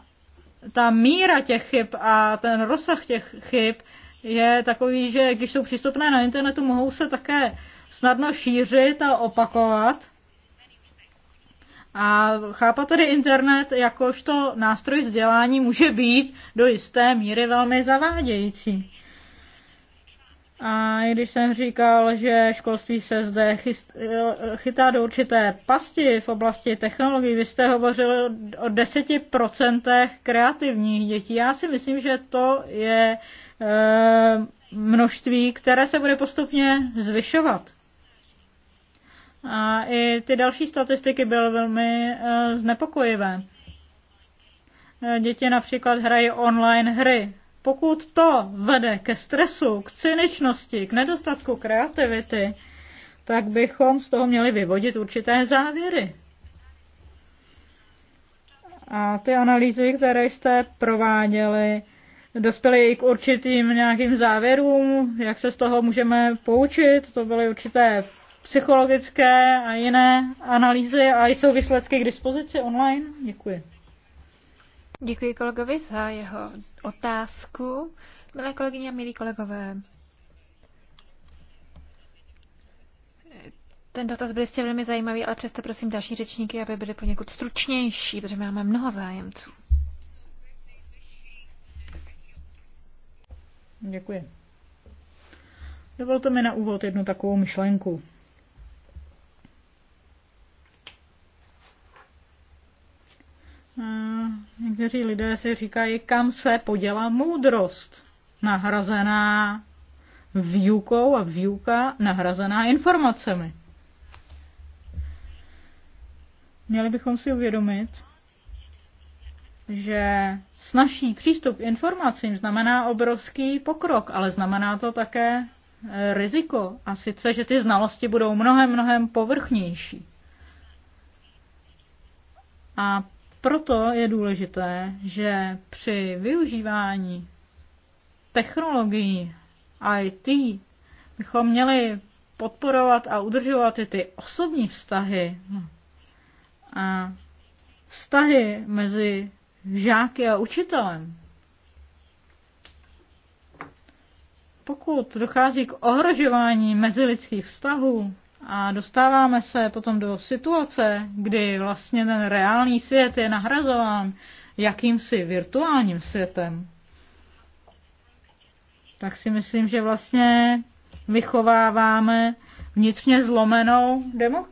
ta míra těch chyb a ten rozsah těch chyb je takový, že když jsou přístupné na internetu, mohou se také snadno šířit a opakovat. A chápat tedy internet jakožto nástroj vzdělání může být do jisté míry velmi zavádějící. A když jsem říkal, že školství se zde chytá do určité pasti v oblasti technologií, vy jste hovořil o procentech kreativních dětí. Já si myslím, že to je e, množství, které se bude postupně zvyšovat. A i ty další statistiky byly velmi e, znepokojivé. E, děti například hrají online hry pokud to vede ke stresu, k cyničnosti, k nedostatku kreativity, tak bychom z toho měli vyvodit určité závěry. A ty analýzy, které jste prováděli, dospěly i k určitým nějakým závěrům, jak se z toho můžeme poučit. To byly určité psychologické a jiné analýzy a jsou výsledky k dispozici online. Děkuji. Děkuji kolegovi za jeho otázku. Milé kolegyně a milí kolegové, ten dotaz byl jistě velmi zajímavý, ale přesto prosím další řečníky, aby byly poněkud stručnější, protože máme mnoho zájemců. Děkuji. Dovolte mi na úvod jednu takovou myšlenku někteří lidé si říkají, kam se poděla moudrost, nahrazená výukou a výuka nahrazená informacemi. Měli bychom si uvědomit, že snažší přístup k informacím znamená obrovský pokrok, ale znamená to také riziko. A sice, že ty znalosti budou mnohem, mnohem povrchnější. A proto je důležité, že při využívání technologií IT bychom měli podporovat a udržovat i ty osobní vztahy a vztahy mezi žáky a učitelem. Pokud dochází k ohrožování mezilidských vztahů, a dostáváme se potom do situace, kdy vlastně ten reálný svět je nahrazován jakýmsi virtuálním světem. Tak si myslím, že vlastně vychováváme vnitřně zlomenou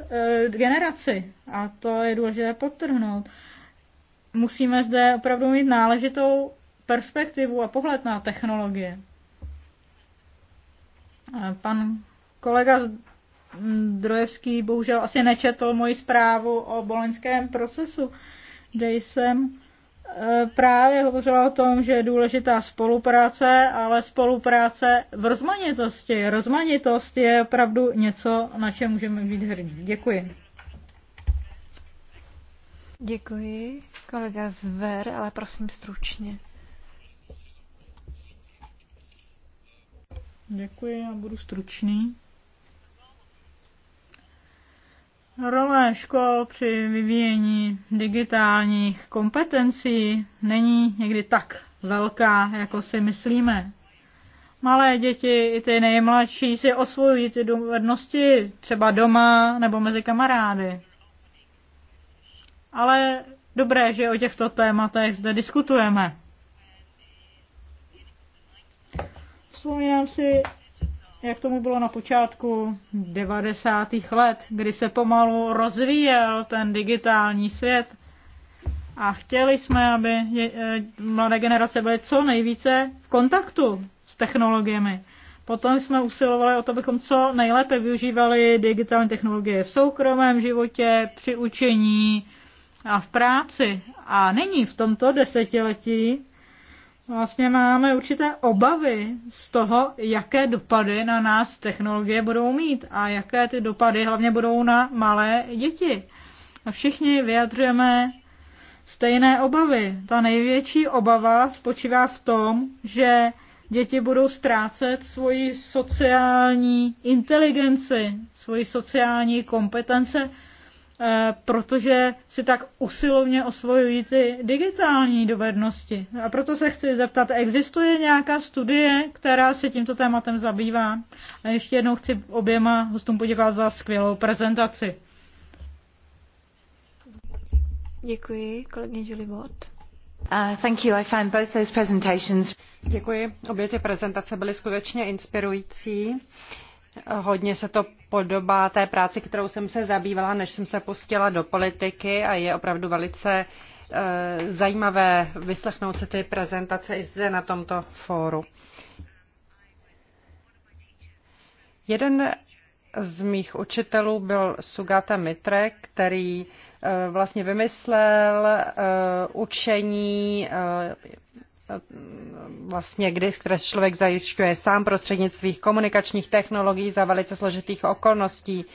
eh, generaci. A to je důležité podtrhnout. Musíme zde opravdu mít náležitou perspektivu a pohled na technologie. Eh, pan kolega Drojevský bohužel asi nečetl moji zprávu o boloňském procesu, kde jsem e, právě hovořila o tom, že je důležitá spolupráce, ale spolupráce v rozmanitosti. Rozmanitost je opravdu něco, na čem můžeme být hrdí. Děkuji. Děkuji, kolega Zver, ale prosím stručně. Děkuji, já budu stručný. Role škol při vyvíjení digitálních kompetencí není někdy tak velká, jako si myslíme. Malé děti, i ty nejmladší, si osvojují ty dovednosti třeba doma nebo mezi kamarády. Ale dobré, že o těchto tématech zde diskutujeme. Vzpomínám si jak tomu bylo na počátku 90. let, kdy se pomalu rozvíjel ten digitální svět. A chtěli jsme, aby eh, mladé generace byly co nejvíce v kontaktu s technologiemi. Potom jsme usilovali o to, abychom co nejlépe využívali digitální technologie v soukromém životě, při učení a v práci. A nyní v tomto desetiletí vlastně máme určité obavy z toho, jaké dopady na nás technologie budou mít a jaké ty dopady hlavně budou na malé děti. A všichni vyjadřujeme stejné obavy. Ta největší obava spočívá v tom, že děti budou ztrácet svoji sociální inteligenci, svoji sociální kompetence, Eh, protože si tak usilovně osvojují ty digitální dovednosti. A proto se chci zeptat, existuje nějaká studie, která se tímto tématem zabývá? A ještě jednou chci oběma hostům poděkovat za skvělou prezentaci. Děkuji, kolegyně Julie Watt. Uh, thank you. I find both those presentations... Děkuji. Obě ty prezentace byly skutečně inspirující. Uh, Hodně se to podobá té práci, kterou jsem se zabývala, než jsem se pustila do politiky a je opravdu velice eh, zajímavé vyslechnout si ty prezentace i zde na tomto fóru. Jeden z mých učitelů byl Sugata Mitre, který eh, vlastně vymyslel eh, učení vlastně kdy, které člověk zajišťuje sám prostřednictvím komunikačních technologií za velice složitých okolností.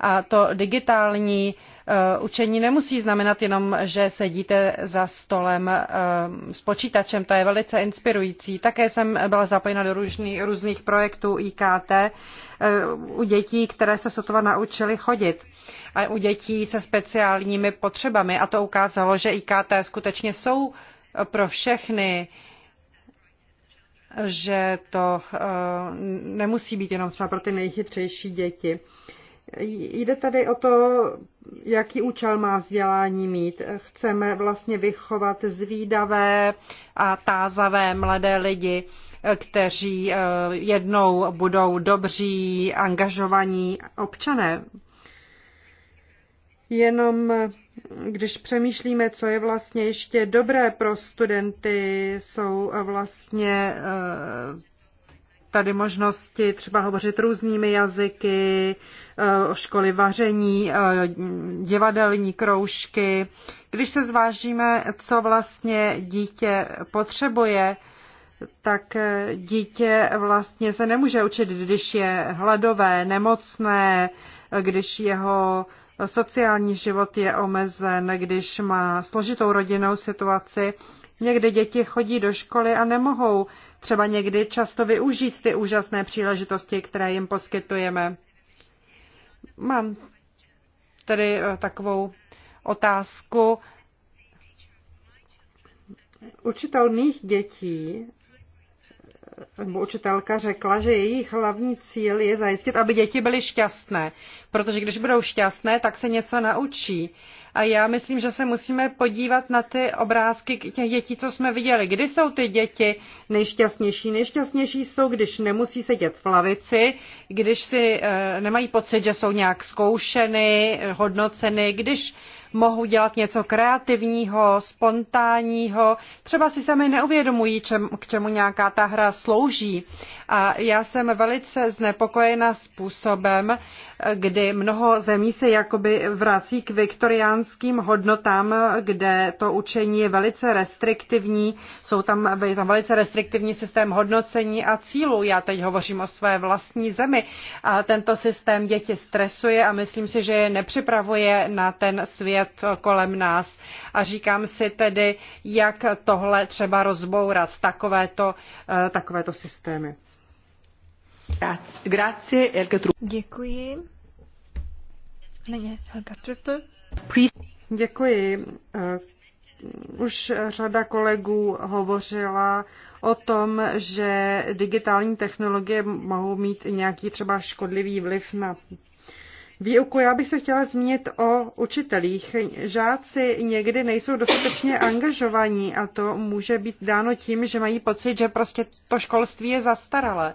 A to digitální eh, učení nemusí znamenat jenom, že sedíte za stolem eh, s počítačem, to je velice inspirující. Také jsem byla zapojena do různých, různých projektů IKT eh, u dětí, které se sotva naučily chodit a u dětí se speciálními potřebami a to ukázalo, že IKT skutečně jsou pro všechny, že to eh, nemusí být jenom třeba pro ty nejchytřejší děti. Jde tady o to, jaký účel má vzdělání mít. Chceme vlastně vychovat zvídavé a tázavé mladé lidi, kteří eh, jednou budou dobří, angažovaní občané jenom když přemýšlíme, co je vlastně ještě dobré pro studenty, jsou vlastně eh, tady možnosti třeba hovořit různými jazyky, eh, školy vaření, eh, divadelní kroužky. Když se zvážíme, co vlastně dítě potřebuje, tak dítě vlastně se nemůže učit, když je hladové, nemocné, když jeho sociální život je omezen, když má složitou rodinnou situaci. Někdy děti chodí do školy a nemohou třeba někdy často využít ty úžasné příležitosti, které jim poskytujeme. Mám tedy eh, takovou otázku. Učitel mých dětí nebo učitelka řekla, že jejich hlavní cíl je zajistit, aby děti byly šťastné, protože když budou šťastné, tak se něco naučí. A já myslím, že se musíme podívat na ty obrázky těch dětí, co jsme viděli. Kdy jsou ty děti nejšťastnější? Nejšťastnější jsou, když nemusí sedět v lavici, když si e, nemají pocit, že jsou nějak zkoušeny, eh, hodnoceny, když mohou dělat něco kreativního, spontánního. Třeba si sami neuvědomují, čem, k čemu nějaká ta hra slouží. A já jsem velice znepokojena způsobem, kdy mnoho zemí se jakoby vrací k viktoriánským hodnotám, kde to učení je velice restriktivní, jsou tam, je tam velice restriktivní systém hodnocení a cílů. Já teď hovořím o své vlastní zemi a tento systém děti stresuje a myslím si, že je nepřipravuje na ten svět, svět kolem nás. A říkám si tedy, jak tohle třeba rozbourat, takovéto, eh, takovéto systémy. Grazie, Elke Děkuji. Nyní Helga Děkuji. Eh, už řada kolegů hovořila o tom, že digitální technologie mohou mít nějaký třeba škodlivý vliv na výuku. Já bych se chtěla zmínit o učitelích. Žáci někdy nejsou dostatečně angažovaní a to může být dáno tím, že mají pocit, že prostě to školství je zastaralé.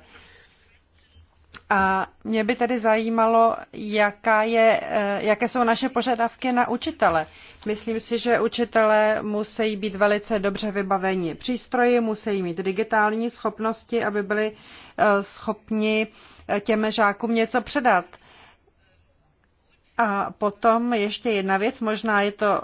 A mě by tedy zajímalo, jaká je, eh, jaké jsou naše požadavky na učitele. Myslím si, že učitele musí být velice dobře vybaveni přístroji, musí mít digitální schopnosti, aby byli eh, schopni eh, těm žákům něco předat. A potom ještě jedna věc, možná je to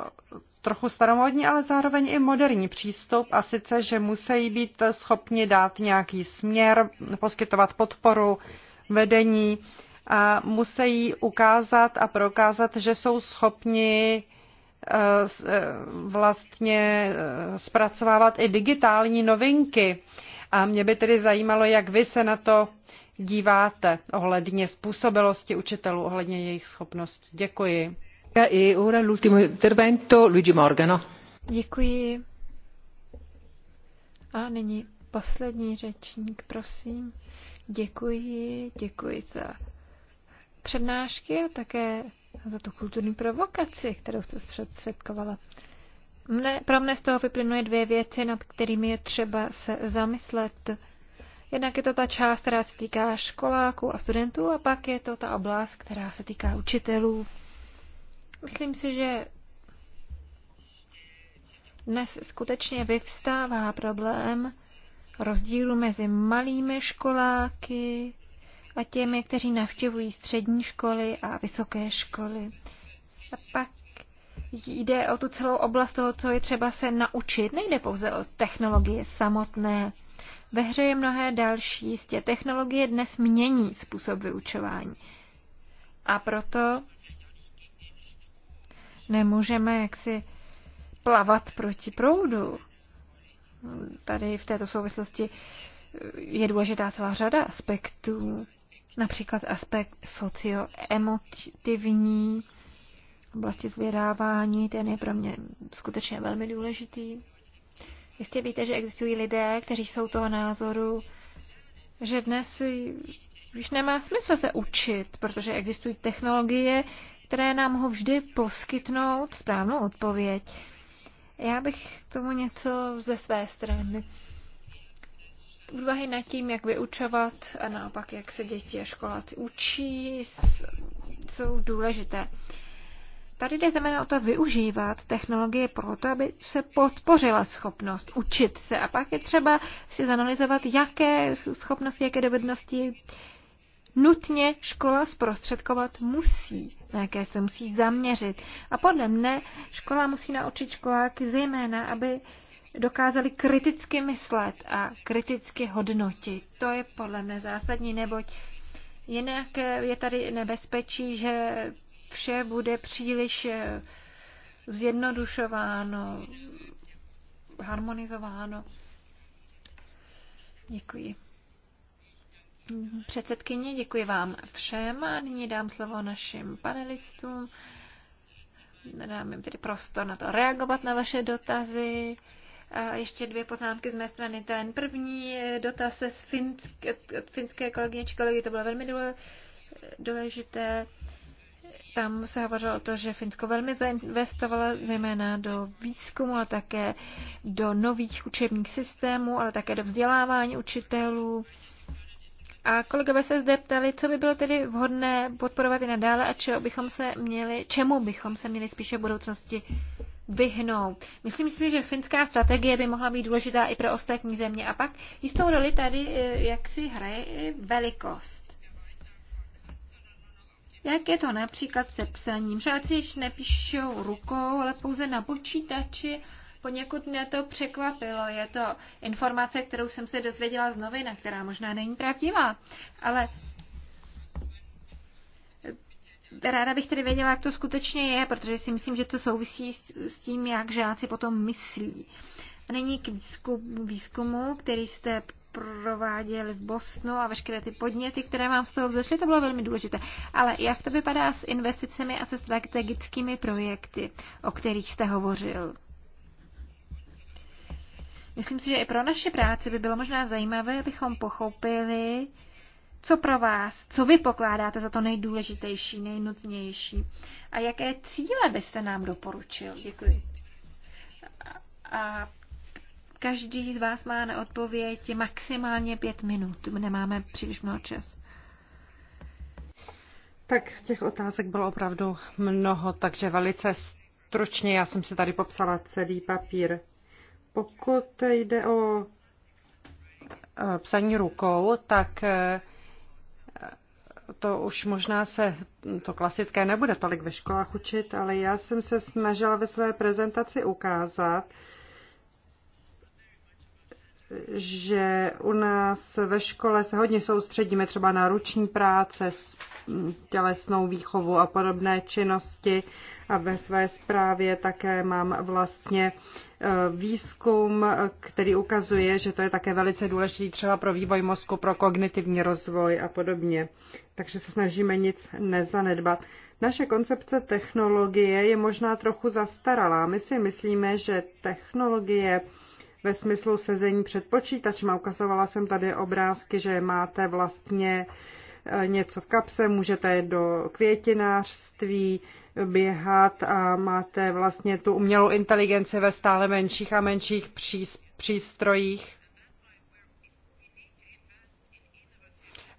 trochu staromodní, ale zároveň i moderní přístup a sice, že musí být schopni dát nějaký směr, poskytovat podporu, vedení a musí ukázat a prokázat, že jsou schopni eh, eh, vlastně eh, zpracovávat i digitální novinky. A mě by tedy zajímalo, jak vy se na to díváte ohledně způsobilosti učitelů, ohledně jejich schopností. Děkuji. E Luigi Morgano. Děkuji. A nyní poslední řečník, prosím. Děkuji, děkuji za přednášky a také za tu kulturní provokaci, kterou jste zprostředkovala. Mne, pro mne z toho vyplynuje dvě věci, nad kterými je třeba se zamyslet. Jednak je to ta část, která se týká školáků a studentů a pak je to ta oblast, která se týká učitelů. Myslím si, že dnes skutečně vyvstává problém rozdílu mezi malými školáky a těmi, kteří navštěvují střední školy a vysoké školy. A pak jde o tu celou oblast toho, co je třeba se naučit. Nejde pouze o technologie samotné, ve hře je mnohé další. Jistě technologie dnes mění způsob vyučování. A proto nemůžeme jaksi plavat proti proudu. Tady v této souvislosti je důležitá celá řada aspektů, například aspekt socioemotivní, oblasti zvědávání, ten je pro mě skutečně velmi důležitý. Jistě víte, že existují lidé, kteří jsou toho názoru, že dnes už nemá smysl se učit, protože existují technologie, které nám mohou vždy poskytnout správnou odpověď. Já bych k tomu něco ze své strany. Úvahy nad tím, jak vyučovat a naopak, jak se děti a školáci učí, jsou důležité. Tady jde znamená o to využívat technologie proto, aby se podpořila schopnost učit se. A pak je třeba si zanalizovat, jaké schopnosti, jaké dovednosti nutně škola zprostředkovat musí, na jaké se musí zaměřit. A podle mne škola musí naučit školáky zejména, aby dokázali kriticky myslet a kriticky hodnotit. To je podle mne zásadní, neboť jinak je tady nebezpečí, že vše bude příliš eh, zjednodušováno, harmonizováno. Děkuji. Předsedkyně, děkuji vám všem a nyní dám slovo našim panelistům. Dám jim tedy prostor na to reagovat na vaše dotazy. A ještě dvě poznámky z mé strany. Ten první dotaz se z finské, finské kolegyně či kolegy, to bylo velmi důležité tam se hovořilo o to, že Finsko velmi zainvestovalo zejména do výzkumu, ale také do nových učebních systémů, ale také do vzdělávání učitelů. A kolegové se zde ptali, co by bylo tedy vhodné podporovat i nadále a čeho bychom se měli, čemu bychom se měli spíše v budoucnosti vyhnout. Myslím si, že finská strategie by mohla být důležitá i pro ostatní země. A pak jistou roli tady eh, jaksi hraje i velikost. Jak je to například se psaním? Žáci již nepíšou rukou, ale pouze na počítači. Poněkud mě to překvapilo. Je to informace, kterou jsem se dozvěděla z novina, která možná není pravdivá, ale ráda bych tedy věděla, jak to skutečně je, protože si myslím, že to souvisí s tím, jak žáci potom myslí. A nyní k výzkumu, výzkumu který jste prováděli v Bosnu a veškeré ty podněty, které mám z toho vzešly, to bylo velmi důležité. Ale jak to vypadá s investicemi a se strategickými projekty, o kterých jste hovořil? Myslím si, že i pro naše práci by bylo možná zajímavé, abychom pochopili, co pro vás, co vy pokládáte za to nejdůležitější, nejnutnější a jaké cíle byste nám doporučil. Děkuji. A Každý z vás má na odpověď maximálně pět minut. Nemáme příliš mnoho času. Tak těch otázek bylo opravdu mnoho, takže velice stručně já jsem si tady popsala celý papír. Pokud jde o eh, psaní rukou, tak eh, to už možná se to klasické nebude tolik ve školách učit, ale já jsem se snažila ve své prezentaci ukázat, že u nás ve škole se hodně soustředíme třeba na ruční práce, mm, tělesnou výchovu a podobné činnosti. A ve své zprávě také mám vlastně e, výzkum, který ukazuje, že to je také velice důležitý třeba pro vývoj mozku, pro kognitivní rozvoj a podobně. Takže se snažíme nic nezanedbat. Naše koncepce technologie je možná trochu zastaralá. My si myslíme, že technologie ve smyslu sezení před počítačem. Ukazovala jsem tady obrázky, že máte vlastně eh, něco v kapse, můžete jít do květinářství, běhat a máte vlastně tu umělou inteligenci ve stále menších a menších přístrojích.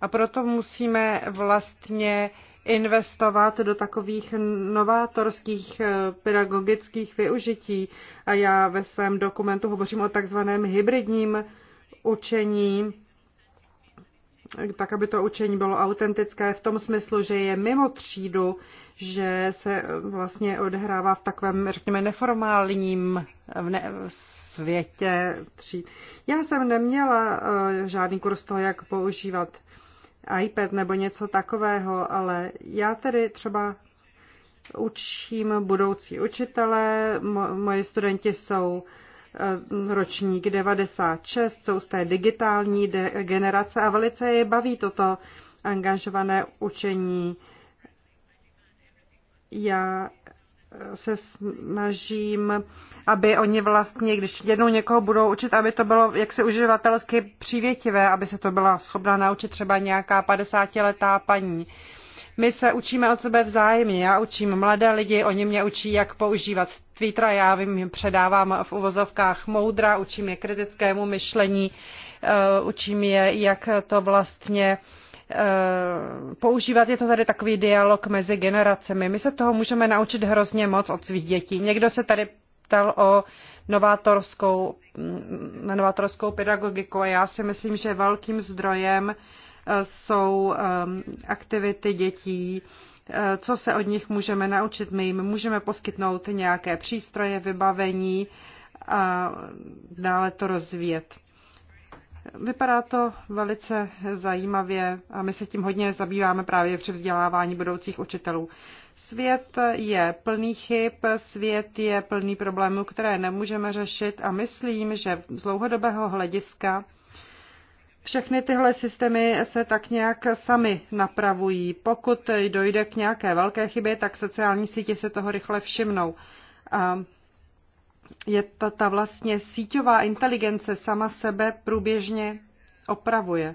A proto musíme vlastně investovat do takových novátorských eh, pedagogických využití. A já ve svém dokumentu hovořím o takzvaném hybridním učení, tak aby to učení bylo autentické v tom smyslu, že je mimo třídu, že se eh, vlastně odehrává v takovém, řekněme, neformálním eh, světě tříd. Já jsem neměla žádný kurz toho, jak používat iPad nebo něco takového, ale já tedy třeba učím budoucí učitele, moje studenti jsou eh, ročník 96, jsou z té digitální generace a velice je baví toto angažované učení. Já se snažím, aby oni vlastně, když jednou někoho budou učit, aby to bylo jaksi uživatelsky přívětivé, aby se to byla schopná naučit třeba nějaká 50-letá paní. My se učíme od sebe vzájemně. Já učím mladé lidi, oni mě učí, jak používat Twitter, já jim předávám v uvozovkách moudra, učím je kritickému myšlení, eh, učím je, jak to vlastně uh, Eh, používat. Je to tady takový dialog mezi generacemi. My se toho můžeme naučit hrozně moc od svých dětí. Někdo se tady ptal o novátorskou, mm, na novátorskou pedagogiku a já si myslím, že velkým zdrojem eh, jsou ehm, aktivity dětí, eh, co se od nich můžeme naučit. My jim můžeme poskytnout nějaké přístroje, vybavení a dále to rozvíjet. Vypadá to velice zajímavě a my se tím hodně zabýváme právě při vzdělávání budoucích učitelů. Svět je plný chyb, svět je plný problémů, které nemůžeme řešit a myslím, že z dlouhodobého hlediska všechny tyhle systémy se tak nějak sami napravují. Pokud dojde k nějaké velké chybě, tak sociální sítě se toho rychle všimnou. A je ta, ta vlastně síťová inteligence sama sebe průběžně opravuje.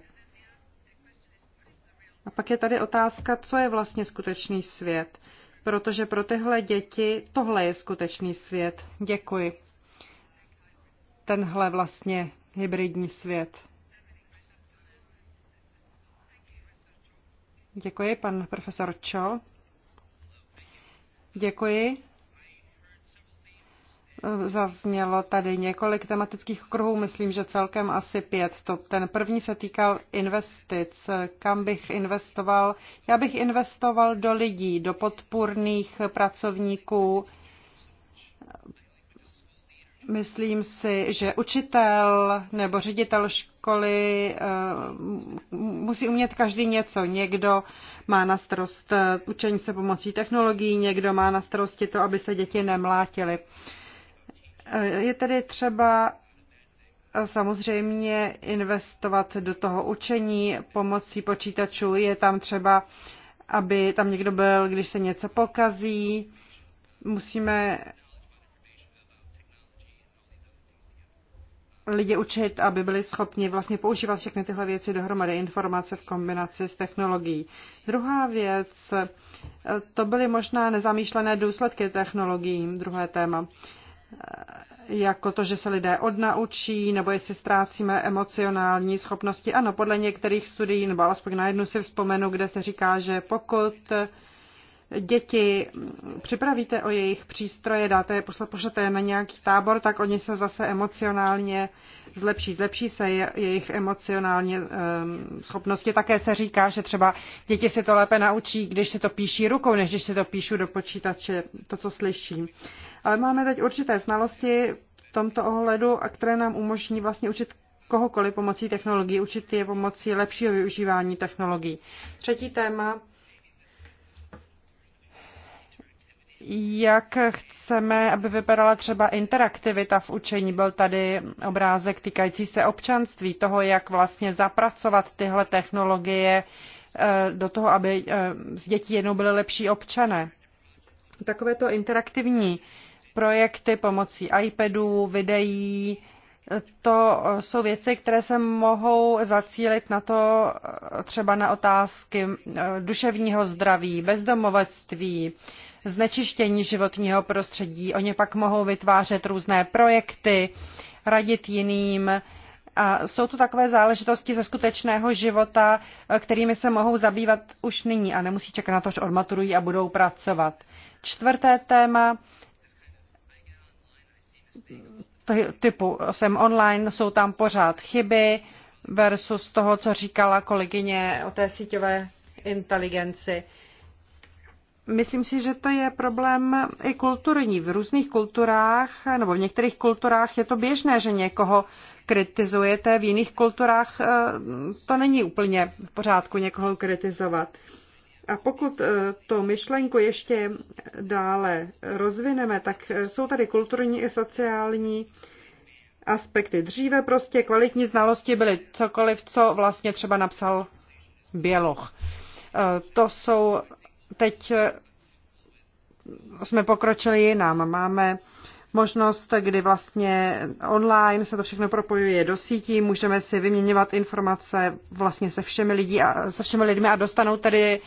A pak je tady otázka, co je vlastně skutečný svět. Protože pro tyhle děti tohle je skutečný svět. Děkuji. Tenhle vlastně hybridní svět. Děkuji, pan profesor Cho. Děkuji. Eh, zaznělo tady několik tematických kruhů, myslím, že celkem asi pět. To, ten první se týkal investic. Kam bych investoval? Já bych investoval do lidí, do podpůrných pracovníků. Myslím si, že učitel nebo ředitel školy eh, musí umět každý něco. Někdo má na starost eh, učení se pomocí technologií, někdo má na starosti to, aby se děti nemlátily. Eh, je tedy třeba eh, samozřejmě investovat do toho učení pomocí počítačů. Je tam třeba, aby tam někdo byl, když se něco pokazí. Musíme lidi učit, aby byli schopni vlastně používat všechny tyhle věci dohromady, informace v kombinaci s technologií. Druhá věc, eh, to byly možná nezamýšlené důsledky technologií, druhé téma jako to, že se lidé odnaučí, nebo jestli ztrácíme emocionální schopnosti. Ano, podle některých studií, nebo alespoň na jednu si vzpomenu, kde se říká, že pokud děti připravíte o jejich přístroje, dáte je, pošlete je na nějaký tábor, tak oni se zase emocionálně zlepší. Zlepší se jejich emocionální um, schopnosti. Také se říká, že třeba děti si to lépe naučí, když si to píší rukou, než když si to píšu do počítače, to, co slyším. Ale máme teď určité znalosti v tomto ohledu, a které nám umožní vlastně učit kohokoliv pomocí technologií, učit je pomocí lepšího využívání technologií. Třetí téma, jak chceme, aby vypadala třeba interaktivita v učení. Byl tady obrázek týkající se občanství, toho, jak vlastně zapracovat tyhle technologie eh, do toho, aby z eh, dětí jednou byly lepší občané. Takovéto interaktivní projekty pomocí iPadů, videí. To jsou věci, které se mohou zacílit na to eh, třeba na otázky eh, duševního zdraví, bezdomovectví, znečištění životního prostředí. Oni pak mohou vytvářet různé projekty, radit jiným. A jsou to takové záležitosti ze skutečného života, eh, kterými se mohou zabývat už nyní a nemusí čekat na to, že odmaturují a budou pracovat. Čtvrté téma typu jsem online, jsou tam pořád chyby versus toho, co říkala kolegyně o té síťové inteligenci. Myslím si, že to je problém i kulturní. V různých kulturách, nebo v některých kulturách je to běžné, že někoho kritizujete, v jiných kulturách eh, to není úplně v pořádku někoho kritizovat. A pokud e, to myšlenku ještě dále rozvineme, tak e, jsou tady kulturní i sociální aspekty. Dříve prostě kvalitní znalosti byly cokoliv, co vlastně třeba napsal Běloch. E, to jsou teď jsme pokročili jinam. Máme možnost, kdy vlastně online se to všechno propojuje do sítí, můžeme si vyměňovat informace vlastně se všemi, lidí a, se všemi lidmi a dostanou tedy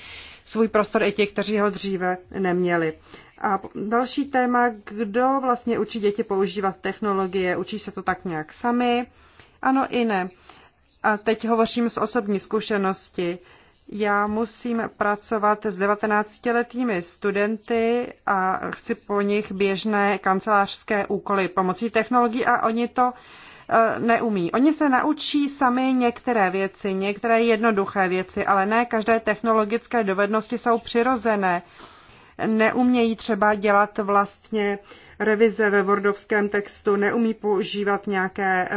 svůj prostor i ti, kteří ho dříve neměli. A další téma, kdo vlastně učí děti používat technologie, učí se to tak nějak sami? Ano i ne. A teď hovořím z osobní zkušenosti. Já musím pracovat s 19-letými studenty a chci po nich běžné kancelářské úkoly pomocí technologií a oni to E, neumí. Oni se naučí sami některé věci, některé jednoduché věci, ale ne každé technologické dovednosti jsou přirozené. Neumějí třeba dělat vlastně revize ve Wordovském textu, neumí používat nějaké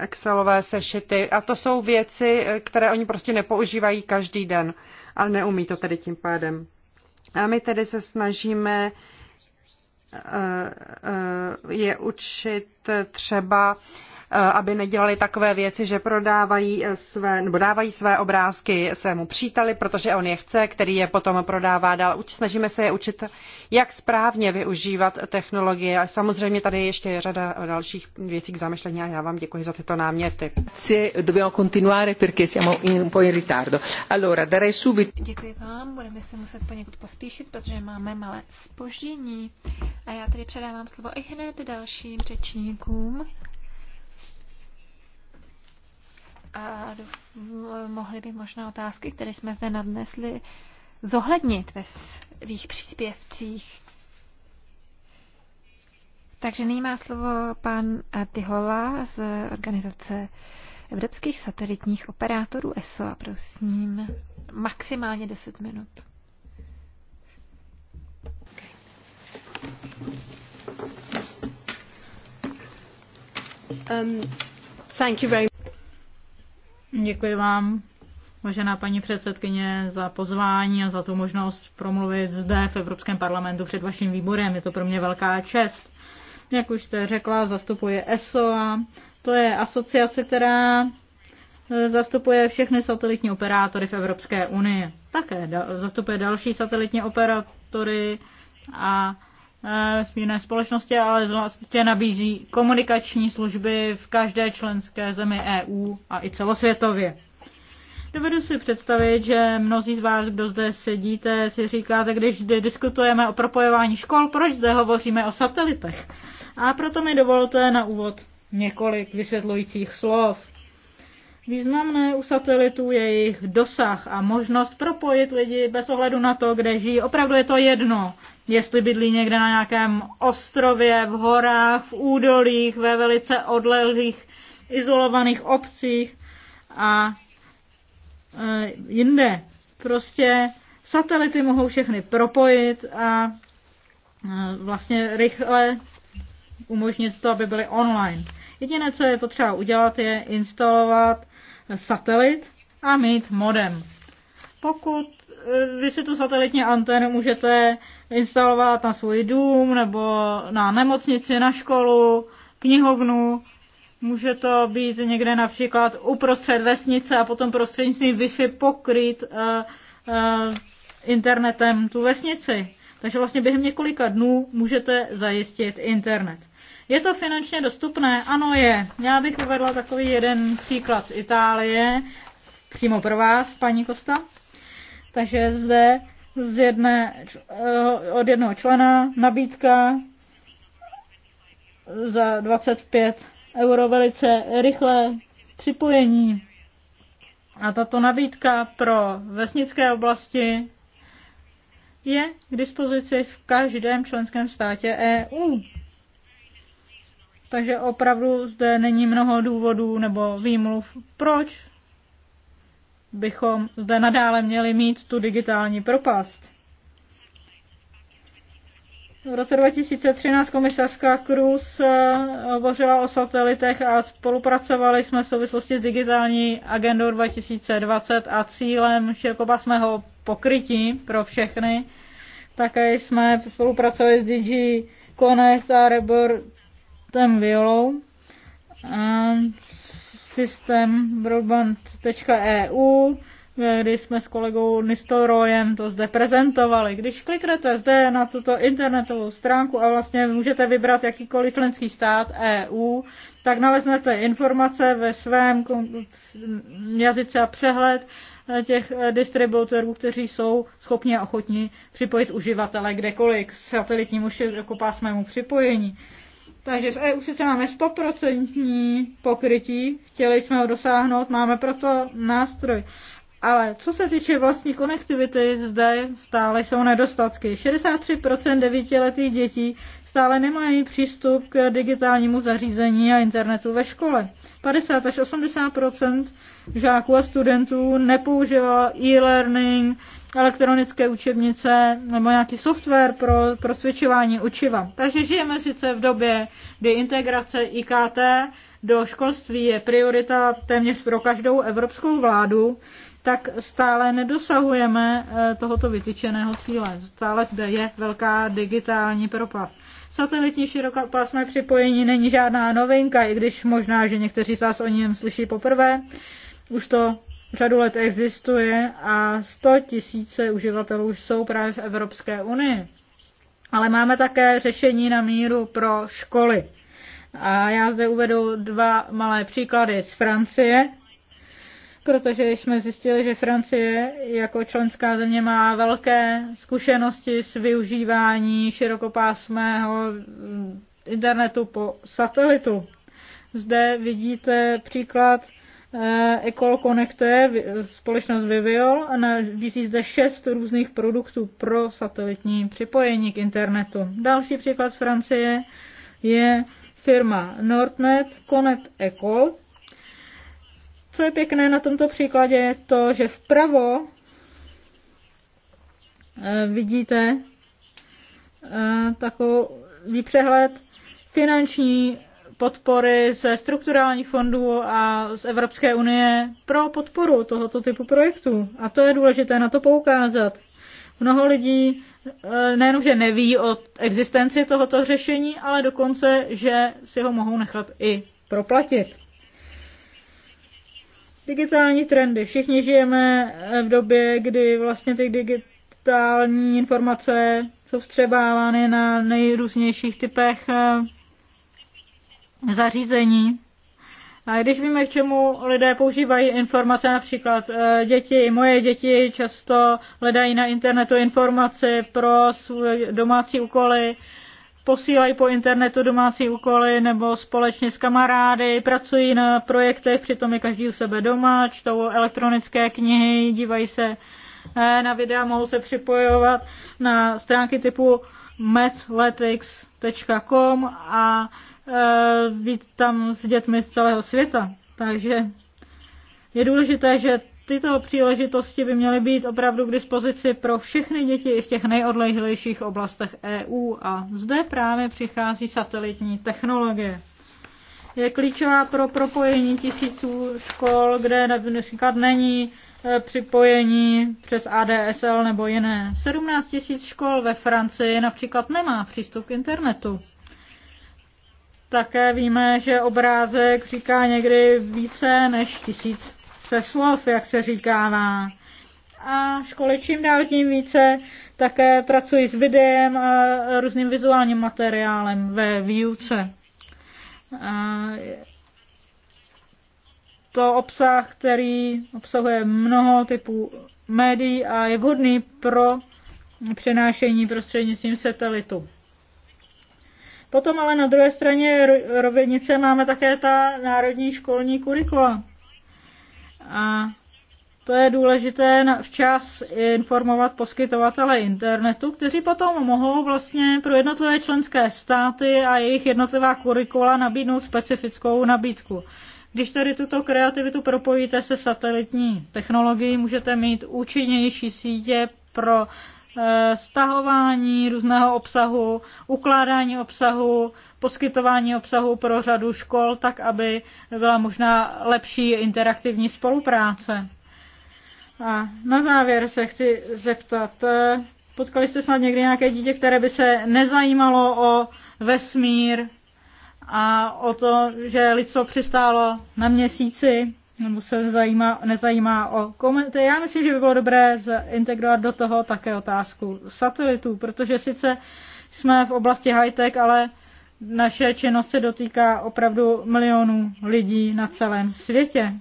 Excelové sešity. A to jsou věci, e, které oni prostě nepoužívají každý den, A neumí to tedy tím pádem. A my tedy se snažíme e, je učit třeba Eh, aby nedělali takové věci, že prodávají eh, své, nebo dávají své obrázky svému příteli, protože on je chce, který je potom prodává dál. Snažíme se je učit, jak správně využívat technologie. A samozřejmě tady ještě je řada dalších věcí k zamyšlení a já vám děkuji za tyto náměty. Děkuji vám, budeme se muset poněkud pospíšit, protože máme malé spoždění. A já tady předávám slovo i hned dalším řečníkům a mohli by možná otázky, které jsme zde nadnesli, zohlednit ve svých příspěvcích. Takže nyní má slovo pan Tihola z organizace evropských satelitních operátorů ESO a prosím maximálně 10 minut. Um, thank you very Děkuji vám, vážená paní předsedkyně, za pozvání a za tu možnost promluvit zde v Evropském parlamentu před vaším výborem. Je to pro mě velká čest. Jak už jste řekla, zastupuje ESO a to je asociace, která e, zastupuje všechny satelitní operátory v Evropské unii. Také zastupuje další satelitní operátory a vesmírné eh, společnosti, ale vlastně nabízí komunikační služby v každé členské zemi EU a i celosvětově. Dovedu si představit, že mnozí z vás, kdo zde sedíte, si říkáte, když diskutujeme o propojování škol, proč zde hovoříme o satelitech. A proto mi dovolte na úvod několik vysvětlujících slov. Významné u satelitů je jejich dosah a možnost propojit lidi bez ohledu na to, kde žijí. Opravdu je to jedno, jestli bydlí někde na nějakém ostrově, v horách, v údolích, ve velice odlehlých, izolovaných obcích a e, jinde. Prostě satelity mohou všechny propojit a e, vlastně rychle umožnit to, aby byly online. Jediné, co je potřeba udělat, je instalovat satelit a mít modem. Pokud eh, vy si tu satelitní anténu můžete instalovat na svůj dům nebo na nemocnici, na školu, knihovnu. Může to být někde například uprostřed vesnice a potom prostřednictvím Wi-Fi pokryt uh, uh, internetem tu vesnici. Takže vlastně během několika dnů můžete zajistit internet. Je to finančně dostupné? Ano, je. Já bych uvedla takový jeden příklad z Itálie, přímo pro vás, paní Kosta. Takže zde z jedné, eh, od jednoho člena nabídka za 25 euro velice rychlé připojení. A tato nabídka pro vesnické oblasti je k dispozici v každém členském státě EU. Takže opravdu zde není mnoho důvodů nebo výmluv, proč bychom zde nadále měli mít tu digitální propast. V roce 2013 komisařka Cruz eh, hovořila o satelitech a spolupracovali jsme v souvislosti s digitální agendou 2020 a cílem širokopasmého pokrytí pro všechny. Také jsme spolupracovali s DG Connect a Rebortem Violou systém broadband.eu, e eh, kdy jsme s kolegou Nistorojem to zde prezentovali. Když kliknete zde na tuto internetovou stránku a vlastně můžete vybrat jakýkoliv členský stát EU, tak naleznete informace ve svém jazyce a přehled eh, těch eh, distributorů, kteří jsou schopni a ochotni připojit uživatele kdekoliv k satelitnímu širokopásmému jako připojení. Takže v EU sice máme 100% pokrytí, chtěli jsme ho dosáhnout, máme proto nástroj. Ale co se týče vlastní konektivity, zde stále jsou nedostatky. 63% devítiletých dětí stále nemají přístup k digitálnímu zařízení a internetu ve škole. 50 až 80 žáků a studentů nepoužívá e-learning, elektronické učebnice nebo nějaký software pro prosvědčování učiva. Takže žijeme sice v době, kdy integrace IKT do školství je priorita téměř pro každou evropskou vládu, tak stále nedosahujeme eh, tohoto vytyčeného cíle. Stále zde je velká digitální propast. Satelitní širokopásmé připojení není žádná novinka, i když možná, že někteří z vás o něm slyší poprvé. Už to řadu let existuje a 100 tisíce uživatelů jsou právě v Evropské unii. Ale máme také řešení na míru pro školy. A já zde uvedu dva malé příklady z Francie, protože jsme zjistili, že Francie jako členská země má velké zkušenosti s využívání širokopásmého internetu po satelitu. Zde vidíte příklad eh, Ecol Connecté společnost Vivial, a nabízí zde šest různých produktů pro satelitní připojení k internetu. Další příklad z Francie je firma Nordnet Connect Ecol, co je pěkné na tomto příkladě je to, že vpravo eh, vidíte eh, takový přehled finanční podpory ze strukturálních fondů a z Evropské unie pro podporu tohoto typu projektů. A to je důležité na to poukázat. Mnoho lidí eh, nejenom, že neví o existenci tohoto řešení, ale dokonce, že si ho mohou nechat i proplatit. Digitální trendy. Všichni žijeme eh, v době, kdy vlastně ty digitální informace jsou vstřebávány na nejrůznějších typech eh, zařízení. A když víme, k čemu lidé používají informace, například eh, děti, moje děti často hledají na internetu informace pro své domácí úkoly, posílají po internetu domácí úkoly nebo společně s kamarády, pracují na projektech, přitom je každý u sebe doma, čtou elektronické knihy, dívají se eh, na videa, mohou se připojovat na stránky typu metsletics.com a eh, být tam s dětmi z celého světa. Takže je důležité, že tyto příležitosti by měly být opravdu k dispozici pro všechny děti i v těch nejodlehlejších oblastech EU a zde právě přichází satelitní technologie. Je klíčová pro propojení tisíců škol, kde například není e, připojení přes ADSL nebo jiné. 17 tisíc škol ve Francii například nemá přístup k internetu. Také víme, že obrázek říká někdy více než tisíc se slov, jak se říkává. A školy čím dál tím více také pracuji s videem a různým vizuálním materiálem ve výuce. A to obsah, který obsahuje mnoho typů médií a je vhodný pro přenášení prostřednictvím satelitu. Potom ale na druhé straně rovinice máme také ta národní školní kurikula. A to je důležité včas informovat poskytovatele internetu, kteří potom mohou vlastně pro jednotlivé členské státy a jejich jednotlivá kurikula nabídnout specifickou nabídku. Když tedy tuto kreativitu propojíte se satelitní technologií, můžete mít účinnější sítě pro Eh, stahování různého obsahu, ukládání obsahu, poskytování obsahu pro řadu škol, tak aby byla možná lepší interaktivní spolupráce. A na závěr se chci zeptat, eh, potkali jste snad někdy nějaké dítě, které by se nezajímalo o vesmír a o to, že lidstvo přistálo na měsíci? nebo se zajímá, nezajímá o komenty. Já myslím, že by bylo dobré zintegrovat do toho také otázku satelitů, protože sice jsme v oblasti high-tech, ale naše činnost se dotýká opravdu milionů lidí na celém světě.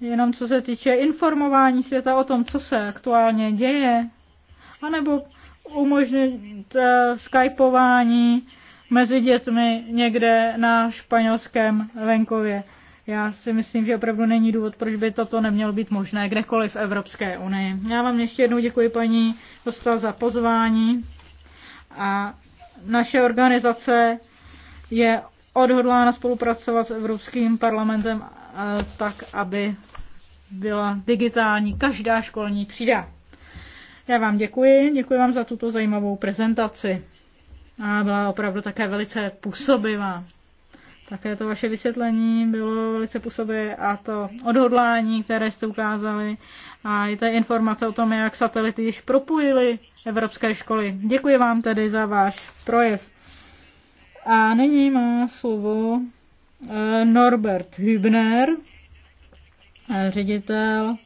Jenom co se týče informování světa o tom, co se aktuálně děje, anebo umožnit uh, skypování mezi dětmi někde na španělském venkově. Já si myslím, že opravdu není důvod, proč by toto nemělo být možné kdekoliv v Evropské unii. Já vám ještě jednou děkuji paní Dostal za pozvání a naše organizace je odhodlána spolupracovat s Evropským parlamentem tak, aby byla digitální každá školní třída. Já vám děkuji, děkuji vám za tuto zajímavou prezentaci. A byla opravdu také velice působivá. Také to vaše vysvětlení bylo velice působivé a to odhodlání, které jste ukázali a i ta informace o tom, jak satelity již propojily evropské školy. Děkuji vám tedy za váš projev. A nyní má slovo eh, Norbert Hübner, eh, ředitel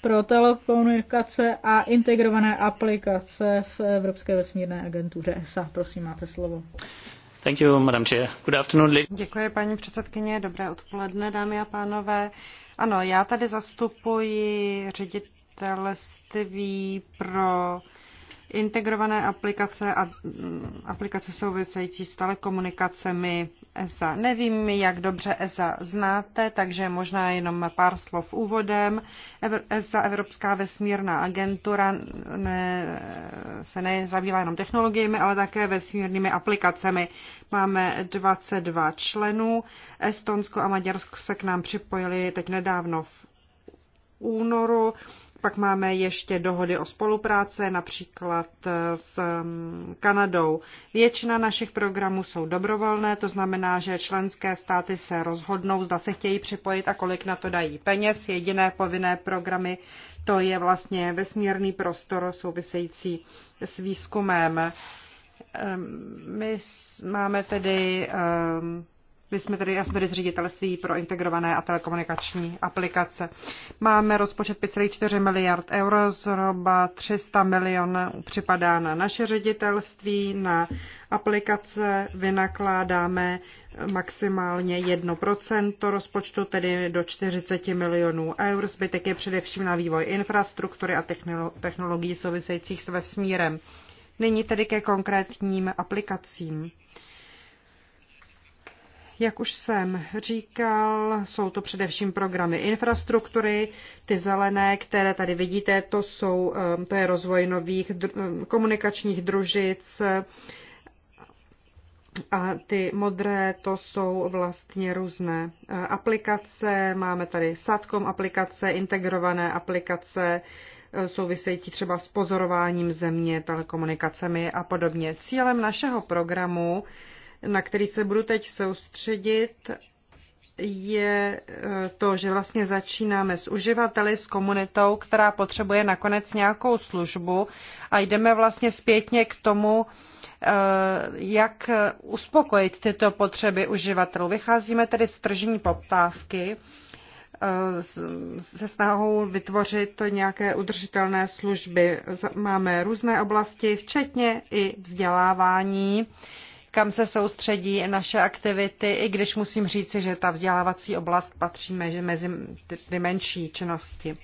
pro telekomunikace a integrované aplikace v Evropské vesmírné agentuře ESA. Prosím, máte slovo paní předsedkyně. Dobré odpoledne, dámy a pánové. Ano, já tady zastupuji ředitelství pro integrované aplikace a mm, aplikace související s telekomunikacemi ESA. Nevím, jak dobře ESA znáte, takže možná jenom pár slov úvodem. ESA, e Evropská vesmírná agentura, ne, se nezabývá jenom technologiemi, ale také vesmírnými aplikacemi. Máme 22 členů. Estonsko a Maďarsko se k nám připojili teď nedávno v únoru. Pak máme ještě dohody o spolupráce, například eh, s mm, Kanadou. Většina našich programů jsou dobrovolné, to znamená, že členské státy se rozhodnou, zda se chtějí připojit a kolik na to dají peněz. Jediné povinné programy to je vlastně vesmírný prostor související s výzkumem. Ehm, my máme tedy ehm, my jsme tady, já jsem tady z ředitelství pro integrované a telekomunikační aplikace. Máme rozpočet 5,4 miliard eur, zhruba 300 milionů připadá na naše ředitelství, na aplikace vynakládáme maximálně 1% rozpočtu, tedy do 40 milionů eur. Zbytek je především na vývoj infrastruktury a technologií souvisejících s vesmírem. Nyní tedy ke konkrétním aplikacím. Jak už jsem říkal, jsou to především programy infrastruktury, ty zelené, které tady vidíte, to, jsou, eh, to je rozvoj nových eh, komunikačních družic a ty modré, to jsou vlastně různé eh, aplikace. Máme tady sadkom aplikace, integrované aplikace, související třeba s pozorováním země, telekomunikacemi a podobně. Cílem našeho programu na který se budu teď soustředit, je eh, to, že vlastně začínáme s uživateli, s komunitou, která potřebuje nakonec nějakou službu a jdeme vlastně zpětně k tomu, eh, jak uspokojit tyto potřeby uživatelů. Vycházíme tedy z tržní poptávky eh, se snahou vytvořit nějaké udržitelné služby. Máme různé oblasti, včetně i vzdělávání kam se soustředí naše aktivity, i když musím říci, že ta vzdělávací oblast patří mezi ty menší činnosti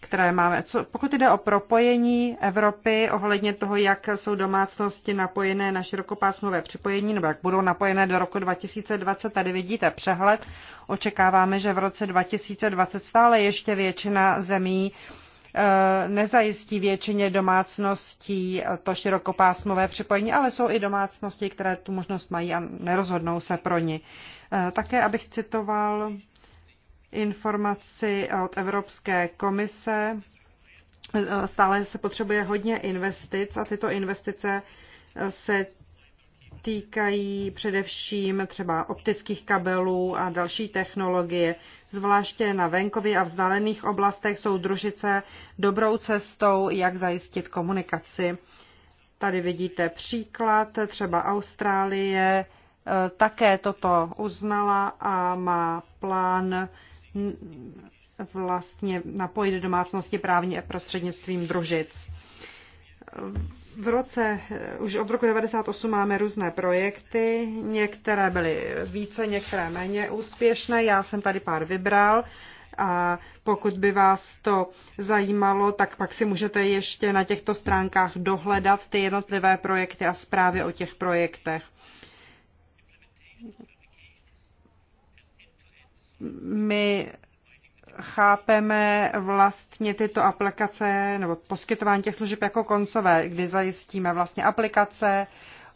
které máme. Co, pokud jde o propojení Evropy ohledně toho, jak jsou domácnosti napojené na širokopásmové připojení, nebo jak budou napojené do roku 2020, tady vidíte přehled. Očekáváme, že v roce 2020 stále ještě většina zemí Eh, nezajistí většině domácností to širokopásmové připojení, ale jsou i domácnosti, které tu možnost mají a nerozhodnou se pro ní. Eh, také, abych citoval informaci od Evropské komise, eh, stále se potřebuje hodně investic a tyto investice se týkají především třeba optických kabelů a další technologie. Zvláště na venkově a vzdálených oblastech jsou družice dobrou cestou, jak zajistit komunikaci. Tady vidíte příklad, třeba Austrálie e, také toto uznala a má plán vlastně napojit domácnosti právně prostřednictvím družic v roce, eh, už od roku 1998 máme různé projekty, některé byly více, některé méně úspěšné, já jsem tady pár vybral a pokud by vás to zajímalo, tak pak si můžete ještě na těchto stránkách dohledat ty jednotlivé projekty a zprávy o těch projektech. My chápeme vlastně tyto aplikace nebo poskytování těch služeb jako koncové, kdy zajistíme vlastně aplikace,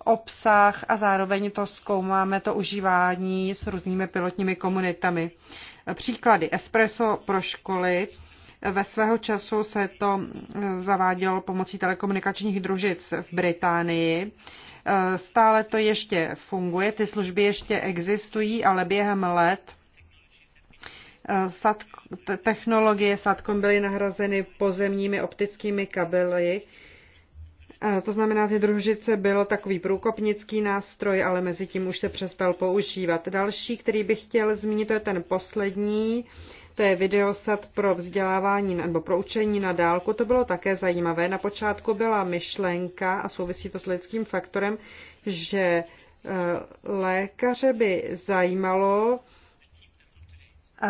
obsah a zároveň to zkoumáme, to užívání s různými pilotními komunitami. Příklady. Espresso pro školy. Ve svého času se to zavádělo pomocí telekomunikačních družic v Británii. Stále to ještě funguje, ty služby ještě existují, ale během let eh, SAT technologie SATCOM byly nahrazeny pozemními optickými kabely. To znamená, že družice byl takový průkopnický nástroj, ale mezi tím už se přestal používat. Další, který bych chtěl zmínit, to je ten poslední, to je videosat pro vzdělávání nebo pro učení na dálku. To bylo také zajímavé. Na počátku byla myšlenka, a souvisí to s lidským faktorem, že eh, lékaře by zajímalo, Eh,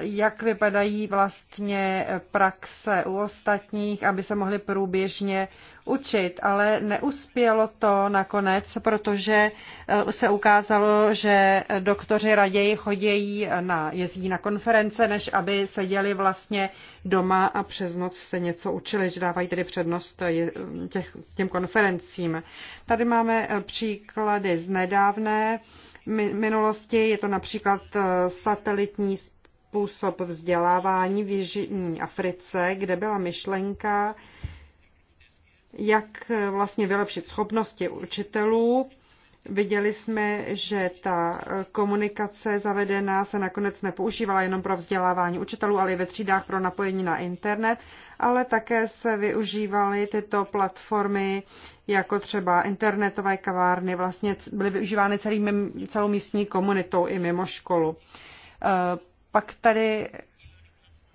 jak vypadají vlastně praxe u ostatních, aby se mohli průběžně učit, ale neuspělo to nakonec, protože eh, se ukázalo, že doktoři raději chodí na, jezdí na konference, než aby seděli vlastně doma a přes noc se něco učili, že dávají tedy přednost těch, těm konferencím. Tady máme eh, příklady z nedávné minulosti. Je to například eh, satelitní způsob vzdělávání v Jižní Africe, kde byla myšlenka, jak eh, vlastně vylepšit schopnosti učitelů Viděli jsme, že ta eh, komunikace zavedená se nakonec nepoužívala jenom pro vzdělávání učitelů, ale i ve třídách pro napojení na internet, ale také se využívaly tyto platformy jako třeba internetové kavárny, vlastně byly využívány celý, celou místní komunitou i mimo školu. Eh, pak tady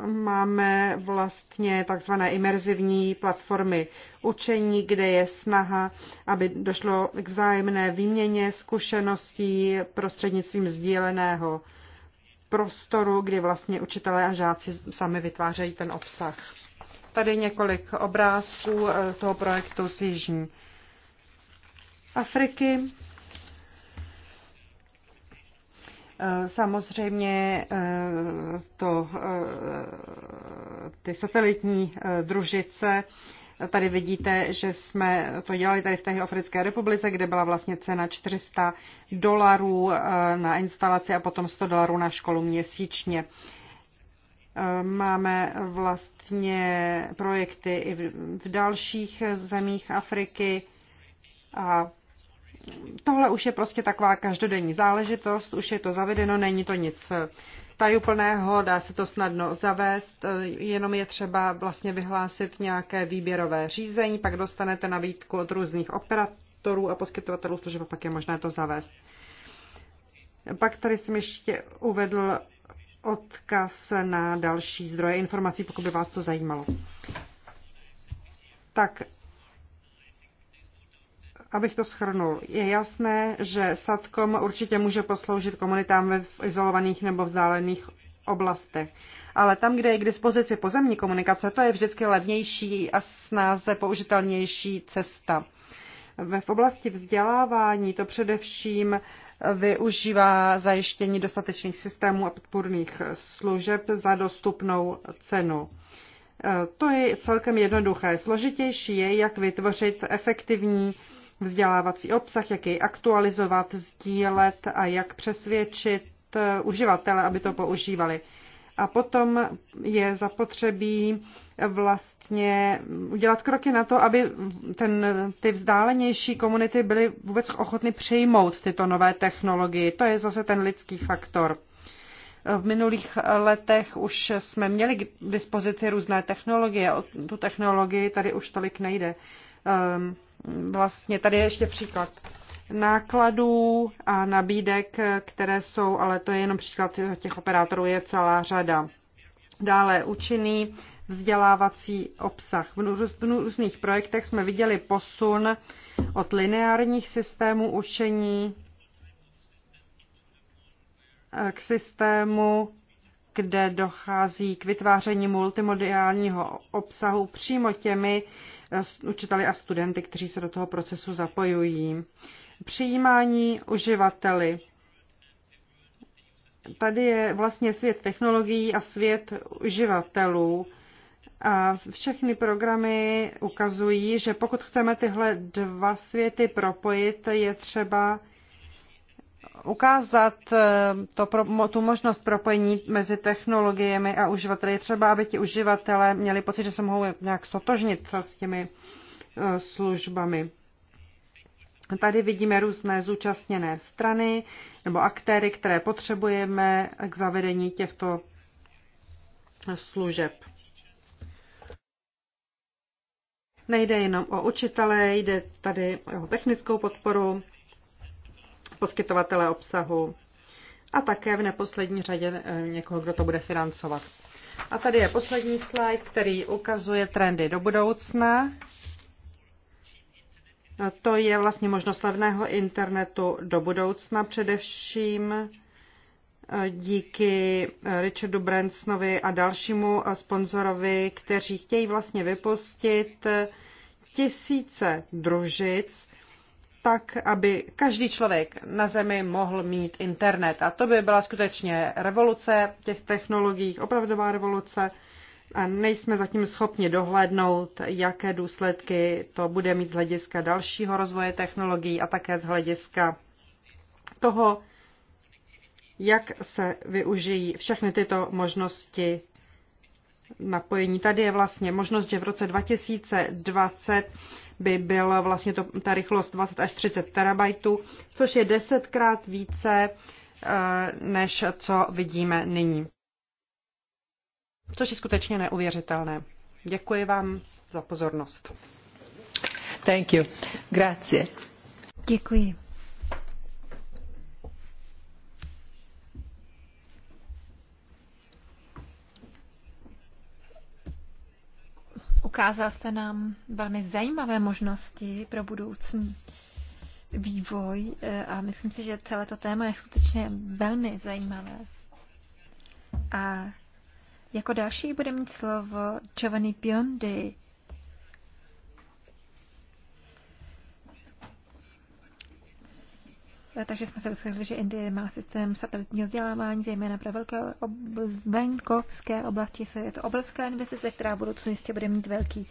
máme vlastně takzvané imerzivní platformy učení, kde je snaha, aby došlo k vzájemné výměně zkušeností prostřednictvím sdíleného prostoru, kdy vlastně učitelé a žáci sami vytvářejí ten obsah. Tady několik obrázků eh, toho projektu z Jižní Afriky. Eh, samozřejmě eh, to, eh, ty satelitní družice, tady vidíte, že jsme to dělali tady v té Africké republice, kde byla vlastně cena 400 dolarů na instalaci a potom 100 dolarů na školu měsíčně. Máme vlastně projekty i v dalších zemích Afriky a tohle už je prostě taková každodenní záležitost, už je to zavedeno, není to nic tajuplného, dá se to snadno zavést, jenom je třeba vlastně vyhlásit nějaké výběrové řízení, pak dostanete nabídku od různých operátorů a poskytovatelů služeb, pak je možné to zavést. Pak tady jsem ještě uvedl odkaz na další zdroje informací, pokud by vás to zajímalo. Tak Abych to schrnul, je jasné, že SATCOM určitě může posloužit komunitám v izolovaných nebo vzdálených oblastech. Ale tam, kde je k dispozici pozemní komunikace, to je vždycky levnější a snáze použitelnější cesta. V oblasti vzdělávání to především využívá zajištění dostatečných systémů a podpůrných služeb za dostupnou cenu. E, to je celkem jednoduché. Složitější je, jak vytvořit efektivní vzdělávací obsah, jak jej aktualizovat, sdílet a jak přesvědčit eh, uživatele, aby to používali. A potom je zapotřebí eh, vlastně udělat kroky na to, aby ten, ty vzdálenější komunity byly vůbec ochotny přijmout tyto nové technologie. To je zase ten lidský faktor. Eh, v minulých letech už jsme měli k dispozici různé technologie. O tu technologii tady už tolik nejde. Um, vlastně tady je ještě příklad nákladů a nabídek, které jsou, ale to je jenom příklad těch operátorů, je celá řada. Dále účinný vzdělávací obsah. V různých projektech jsme viděli posun od lineárních systémů učení eh, k systému, kde dochází k vytváření multimodiálního obsahu přímo těmi, učiteli a studenty, kteří se do toho procesu zapojují. Přijímání uživateli. Tady je vlastně svět technologií a svět uživatelů. A všechny programy ukazují, že pokud chceme tyhle dva světy propojit, je třeba ukázat eh, to, tu možnost propojení mezi technologiemi a uživateli. Třeba, aby ti uživatelé měli pocit, že se mohou nějak stotožnit s těmi eh, službami. Tady vidíme různé zúčastněné strany nebo aktéry, které potřebujeme k zavedení těchto služeb. Nejde jenom o učitele, jde tady o technickou podporu, poskytovatele obsahu a také v neposlední řadě eh, někoho, kdo to bude financovat. A tady je poslední slide, který ukazuje trendy do budoucna. Eh, to je vlastně možnost levného internetu do budoucna, především eh, díky Richardu Bransonovi a dalšímu sponzorovi, kteří chtějí vlastně vypustit tisíce družic, tak, aby každý člověk na Zemi mohl mít internet. A to by byla skutečně revoluce v těch technologiích, opravdová revoluce. A nejsme zatím schopni dohlédnout, jaké důsledky to bude mít z hlediska dalšího rozvoje technologií a také z hlediska toho, jak se využijí všechny tyto možnosti napojení. Tady je vlastně možnost, že v roce 2020 by byla vlastně to, ta rychlost 20 až 30 terabajtů, což je desetkrát více, eh, než co vidíme nyní. Což je skutečně neuvěřitelné. Děkuji vám za pozornost. Thank you. Grazie. Děkuji. Ukázal jste nám velmi zajímavé možnosti pro budoucí vývoj eh, a myslím si, že celé to téma je skutečně velmi zajímavé. A jako další bude mít slovo Giovanni Biondi, Eh, takže jsme se rozhodli, že Indie má systém satelitního vzdělávání, zejména pro velké ob- venkovské oblasti. Se je to obrovská investice, která v budoucnu jistě bude mít velký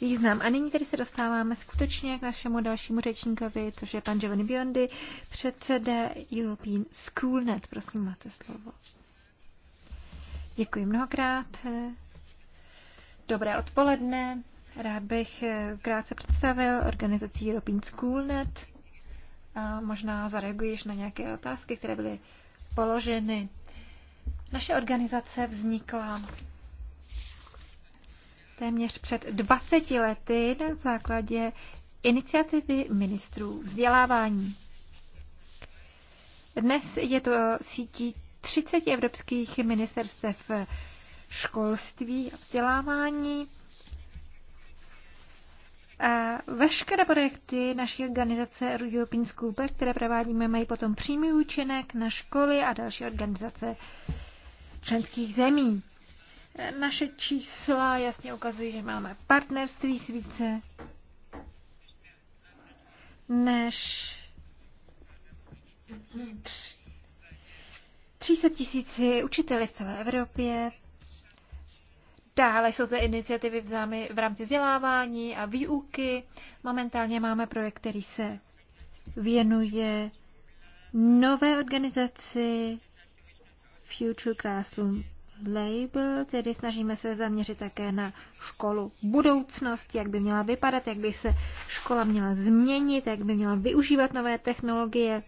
význam. A nyní tedy se dostáváme skutečně k našemu dalšímu řečníkovi, což je pan Giovanni Biondi, předseda European Schoolnet. Prosím, máte slovo. Děkuji mnohokrát. Dobré odpoledne. Rád bych eh, krátce představil organizaci European Schoolnet a možná zareaguješ na nějaké otázky, které byly položeny. Naše organizace vznikla téměř před 20 lety na základě iniciativy ministrů vzdělávání. Dnes je to sítí 30 evropských ministerstev školství a vzdělávání a veškeré projekty naší organizace European Scooper, které provádíme, mají potom přímý účinek na školy a další organizace členských zemí. Naše čísla jasně ukazují, že máme partnerství s více než 300 tisíci učiteli v celé Evropě. Dále jsou to iniciativy v, zámi, v rámci vzdělávání a výuky. Momentálně máme projekt, který se věnuje nové organizaci Future Classroom Label, tedy snažíme se zaměřit také na školu budoucnosti, jak by měla vypadat, jak by se škola měla změnit, jak by měla využívat nové technologie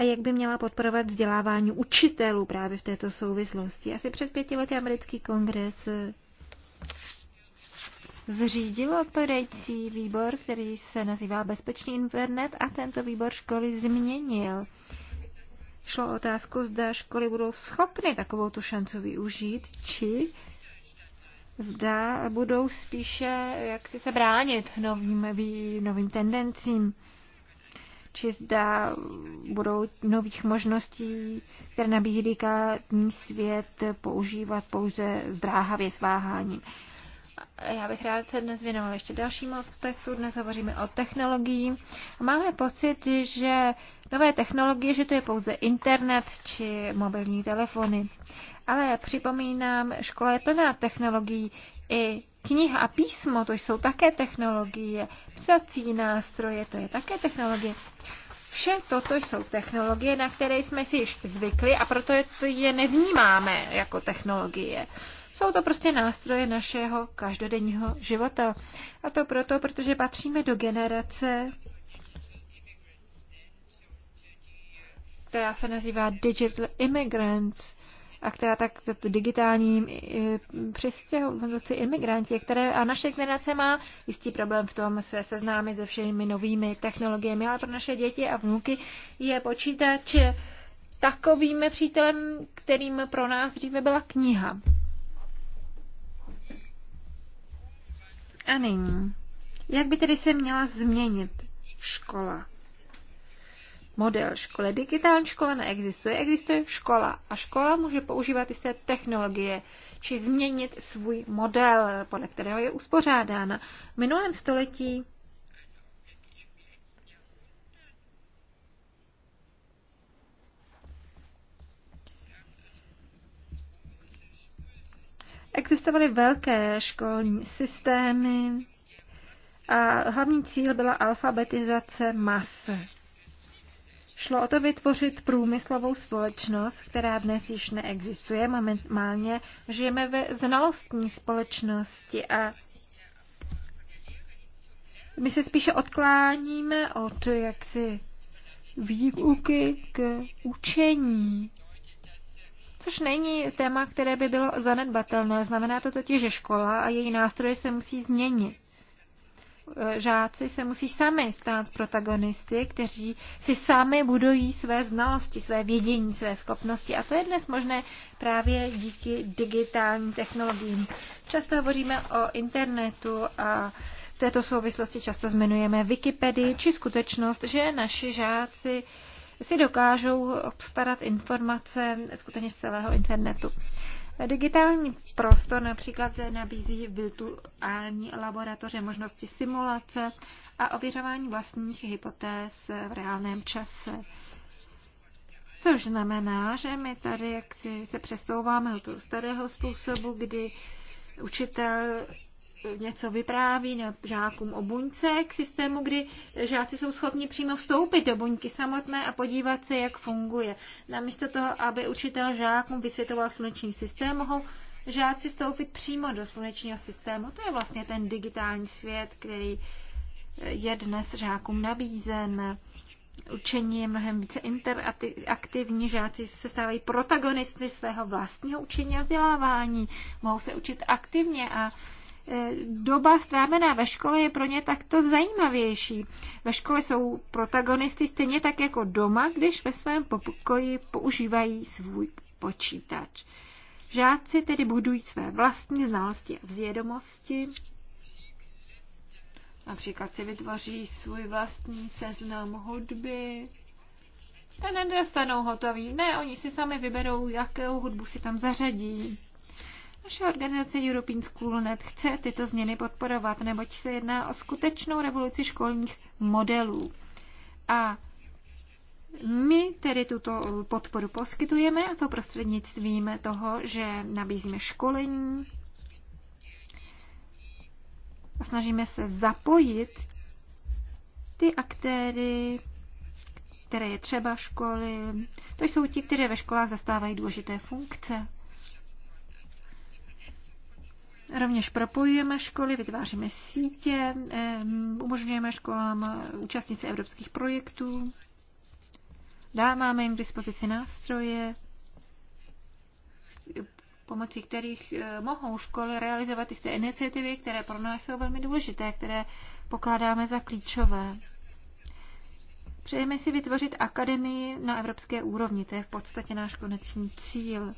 a jak by měla podporovat vzdělávání učitelů právě v této souvislosti. Asi před pěti lety americký kongres eh, zřídil odpovědající výbor, který se nazývá Bezpečný internet a tento výbor školy změnil. Šlo o otázku, zda školy budou schopny takovou tu šancu využít, či zda budou spíše jak si se bránit novým, novým tendencím či zda budou nových možností, které nabízí digitální svět, používat pouze zdráhavě s váháním. Já bych rád se dnes věnoval ještě dalšímu aspektu. Dnes hovoříme o technologii. Máme pocit, že nové technologie, že to je pouze internet či mobilní telefony. Ale připomínám, škola je plná technologií. I Kniha a písmo, to jsou také technologie. Psací nástroje, to je také technologie. Vše toto jsou technologie, na které jsme si již zvykli a proto je nevnímáme jako technologie. Jsou to prostě nástroje našeho každodenního života. A to proto, protože patříme do generace, která se nazývá Digital Immigrants a která tak digitálním eh, přistěhovalci imigranti, které a naše generace má jistý problém v tom se seznámit se všemi novými technologiemi, ale pro naše děti a vnuky je počítač takovým přítelem, kterým pro nás dříve byla kniha. A nyní. Jak by tedy se měla změnit škola? model školy. Digitální škola neexistuje, existuje škola a škola může používat jisté technologie či změnit svůj model, podle kterého je uspořádána. V minulém století Existovaly velké školní systémy a hlavní cíl byla alfabetizace masy. Šlo o to vytvořit průmyslovou společnost, která dnes již neexistuje. Momentálně žijeme ve znalostní společnosti a my se spíše odkláníme od jaksi výuky k učení, což není téma, které by bylo zanedbatelné. Znamená to totiž, že škola a její nástroje se musí změnit žáci se musí sami stát protagonisty, kteří si sami budují své znalosti, své vědění, své schopnosti. A to je dnes možné právě díky digitálním technologiím. Často hovoříme o internetu a v této souvislosti často zmenujeme Wikipedii či skutečnost, že naši žáci si dokážou obstarat informace skutečně z celého internetu. Digitální prostor například nabízí virtuální laboratoře, možnosti simulace a ověřování vlastních hypotéz v reálném čase. Což znamená, že my tady jak si se přesouváme do toho starého způsobu, kdy učitel něco vypráví žákům o buňce k systému, kdy žáci jsou schopni přímo vstoupit do buňky samotné a podívat se, jak funguje. Namísto toho, aby učitel žákům vysvětloval sluneční systém, mohou žáci vstoupit přímo do slunečního systému. To je vlastně ten digitální svět, který je dnes žákům nabízen. Učení je mnohem více interaktivní, žáci se stávají protagonisty svého vlastního učení a vzdělávání, mohou se učit aktivně a doba strávená ve škole je pro ně takto zajímavější. Ve škole jsou protagonisty stejně tak jako doma, když ve svém pokoji používají svůj počítač. Žáci tedy budují své vlastní znalosti a vzvědomosti. Například si vytvoří svůj vlastní seznam hudby. Ten nedostanou hotový. Ne, oni si sami vyberou, jakou hudbu si tam zařadí. Naše organizace European Net chce tyto změny podporovat, neboť se jedná o skutečnou revoluci školních modelů. A my tedy tuto podporu poskytujeme a to prostřednictvím toho, že nabízíme školení a snažíme se zapojit ty aktéry, které je třeba školy. To jsou ti, kteří ve školách zastávají důležité funkce. Rovněž propojujeme školy, vytváříme sítě, umožňujeme školám účastnit se evropských projektů, dáváme jim k dispozici nástroje, pomocí kterých eh, mohou školy realizovat té iniciativy, které pro nás jsou velmi důležité, které pokládáme za klíčové. Přejeme si vytvořit akademii na evropské úrovni, to je v podstatě náš konečný cíl.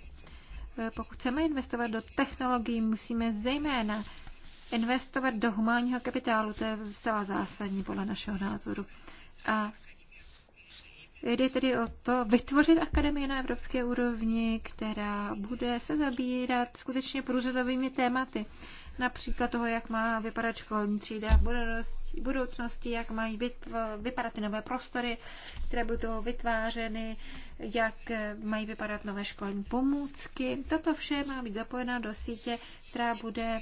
Eh, pokud chceme investovat do technologií, musíme zejména investovat do humánního kapitálu. To je zcela zásadní podle našeho názoru. A Jde tedy o to vytvořit akademii na evropské úrovni, která bude se zabírat skutečně průřezovými tématy například toho, jak má vypadat školní třída v budoucnosti, jak mají vypadat ty nové prostory, které budou vytvářeny, jak eh, mají vypadat nové školní pomůcky. Toto vše má být zapojeno do sítě, která bude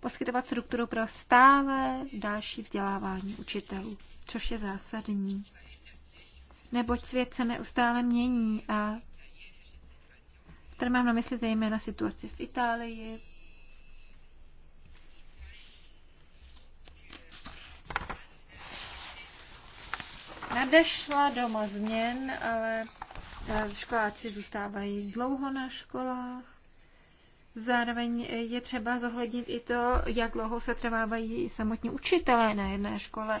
poskytovat strukturu pro stále další vzdělávání učitelů, což je zásadní. Neboť svět se neustále mění a tady mám na mysli zejména situaci v Itálii, nadešla doma změn, ale eh, školáci zůstávají dlouho na školách. Zároveň eh, je třeba zohlednit i to, jak dlouho se trvávají samotní učitelé na jedné škole.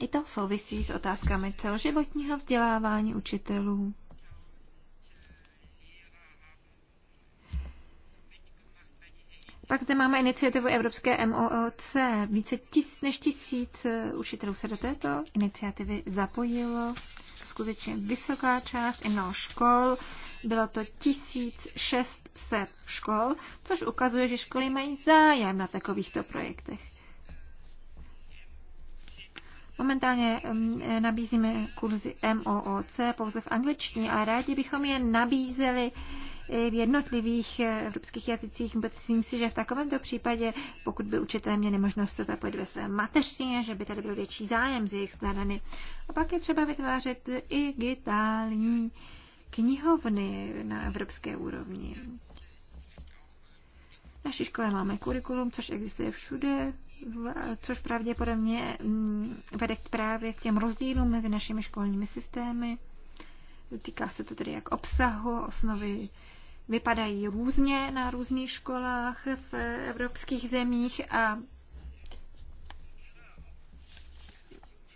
I to souvisí s otázkami celoživotního vzdělávání učitelů. Pak zde máme iniciativu Evropské MOOC. Více tis, než tisíc eh, učitelů se do této iniciativy zapojilo. Skutečně vysoká část i mnoho škol. Bylo to 1600 škol, což ukazuje, že školy mají zájem na takovýchto projektech. Momentálně eh, nabízíme kurzy MOOC pouze v angličtině a rádi bychom je nabízeli v jednotlivých eh, evropských jazycích. Myslím si, že v takovémto případě, pokud by učitelé měli možnost to zapojit ve své mateřtině, že by tady byl větší zájem z jejich strany. A pak je třeba vytvářet i digitální knihovny na evropské úrovni. V naší škole máme kurikulum, což existuje všude, což pravděpodobně mm, vede právě k těm rozdílům mezi našimi školními systémy. Týká se to tedy jak obsahu, osnovy vypadají různě na různých školách v evropských zemích a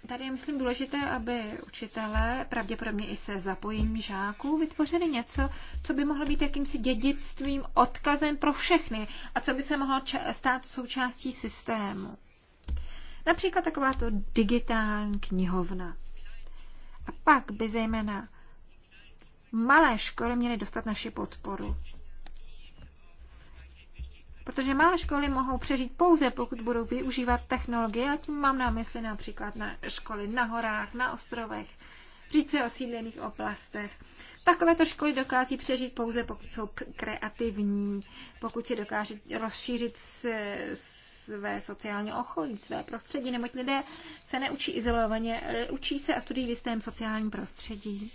Tady je, myslím, důležité, aby učitelé, pravděpodobně i se zapojením žáků, vytvořili něco, co by mohlo být jakýmsi dědictvím, odkazem pro všechny a co by se mohlo stát součástí systému. Například takováto digitální knihovna. A pak by zejména malé školy měly dostat naši podporu. Protože malé školy mohou přežít pouze, pokud budou využívat technologie, a tím mám na mysli například na školy na horách, na ostrovech, v říce osídlených oblastech. Takovéto školy dokází přežít pouze, pokud jsou kreativní, pokud si dokáží rozšířit své sociální ochotní, své prostředí, neboť lidé se neučí izolovaně, e, učí se a studují v jistém sociálním prostředí.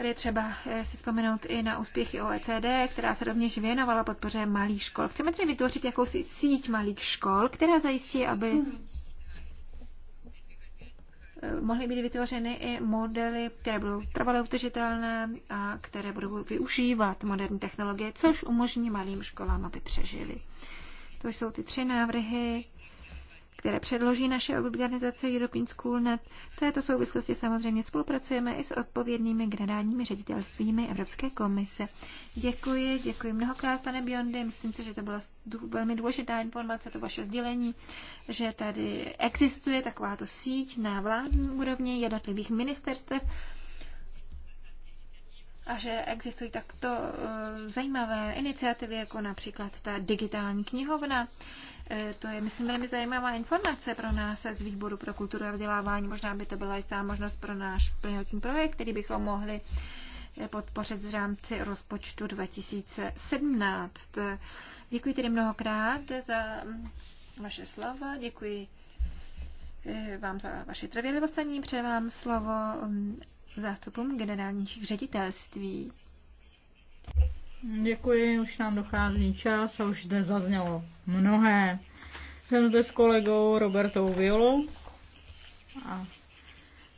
Tady je třeba eh, si vzpomenout i na úspěchy OECD, která se rovněž věnovala podpoře malých škol. Chceme tedy vytvořit jakousi síť malých škol, která zajistí, aby eh, mohly být vytvořeny i modely, které budou trvalé, udržitelné a které budou využívat moderní technologie, což umožní malým školám, aby přežili. To jsou ty tři návrhy, které předloží naše organizace European School Net. V této souvislosti samozřejmě spolupracujeme i s odpovědnými generálními ředitelstvími Evropské komise. Děkuji, děkuji mnohokrát, pane Biondy. Myslím si, že to byla velmi důležitá informace, to vaše sdělení, že tady existuje takováto síť na vládní úrovni jednotlivých ministerstev a že existují takto eh, zajímavé iniciativy, jako například ta digitální knihovna. Eh, to je, myslím, velmi zajímavá informace pro nás z Výboru pro kulturu a vzdělávání. Možná by to byla jistá možnost pro náš pilotní projekt, který bychom mohli eh, podpořit z rámci rozpočtu 2017. Děkuji tedy mnohokrát za mm, vaše slova, děkuji eh, vám za vaše trvělivost a ní předám slovo mm, zástupům generálních ředitelství. Děkuji, už nám dochází čas a už zde zaznělo mnohé. Jsem zde s kolegou Robertou Violou a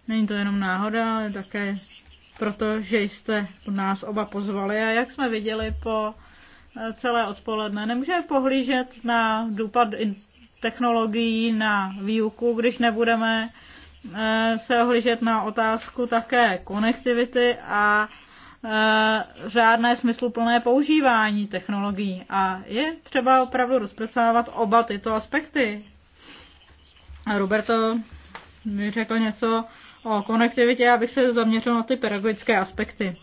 není to jenom náhoda, ale také proto, že jste nás oba pozvali a jak jsme viděli po eh, celé odpoledne, nemůžeme pohlížet na důpad technologií na výuku, když nebudeme eh, se ohlížet na otázku také konektivity a Eh, řádné smysluplné používání technologií. A je třeba opravdu rozpracovávat oba tyto aspekty. Roberto mi řekl něco o konektivitě, abych se zaměřil na ty pedagogické aspekty.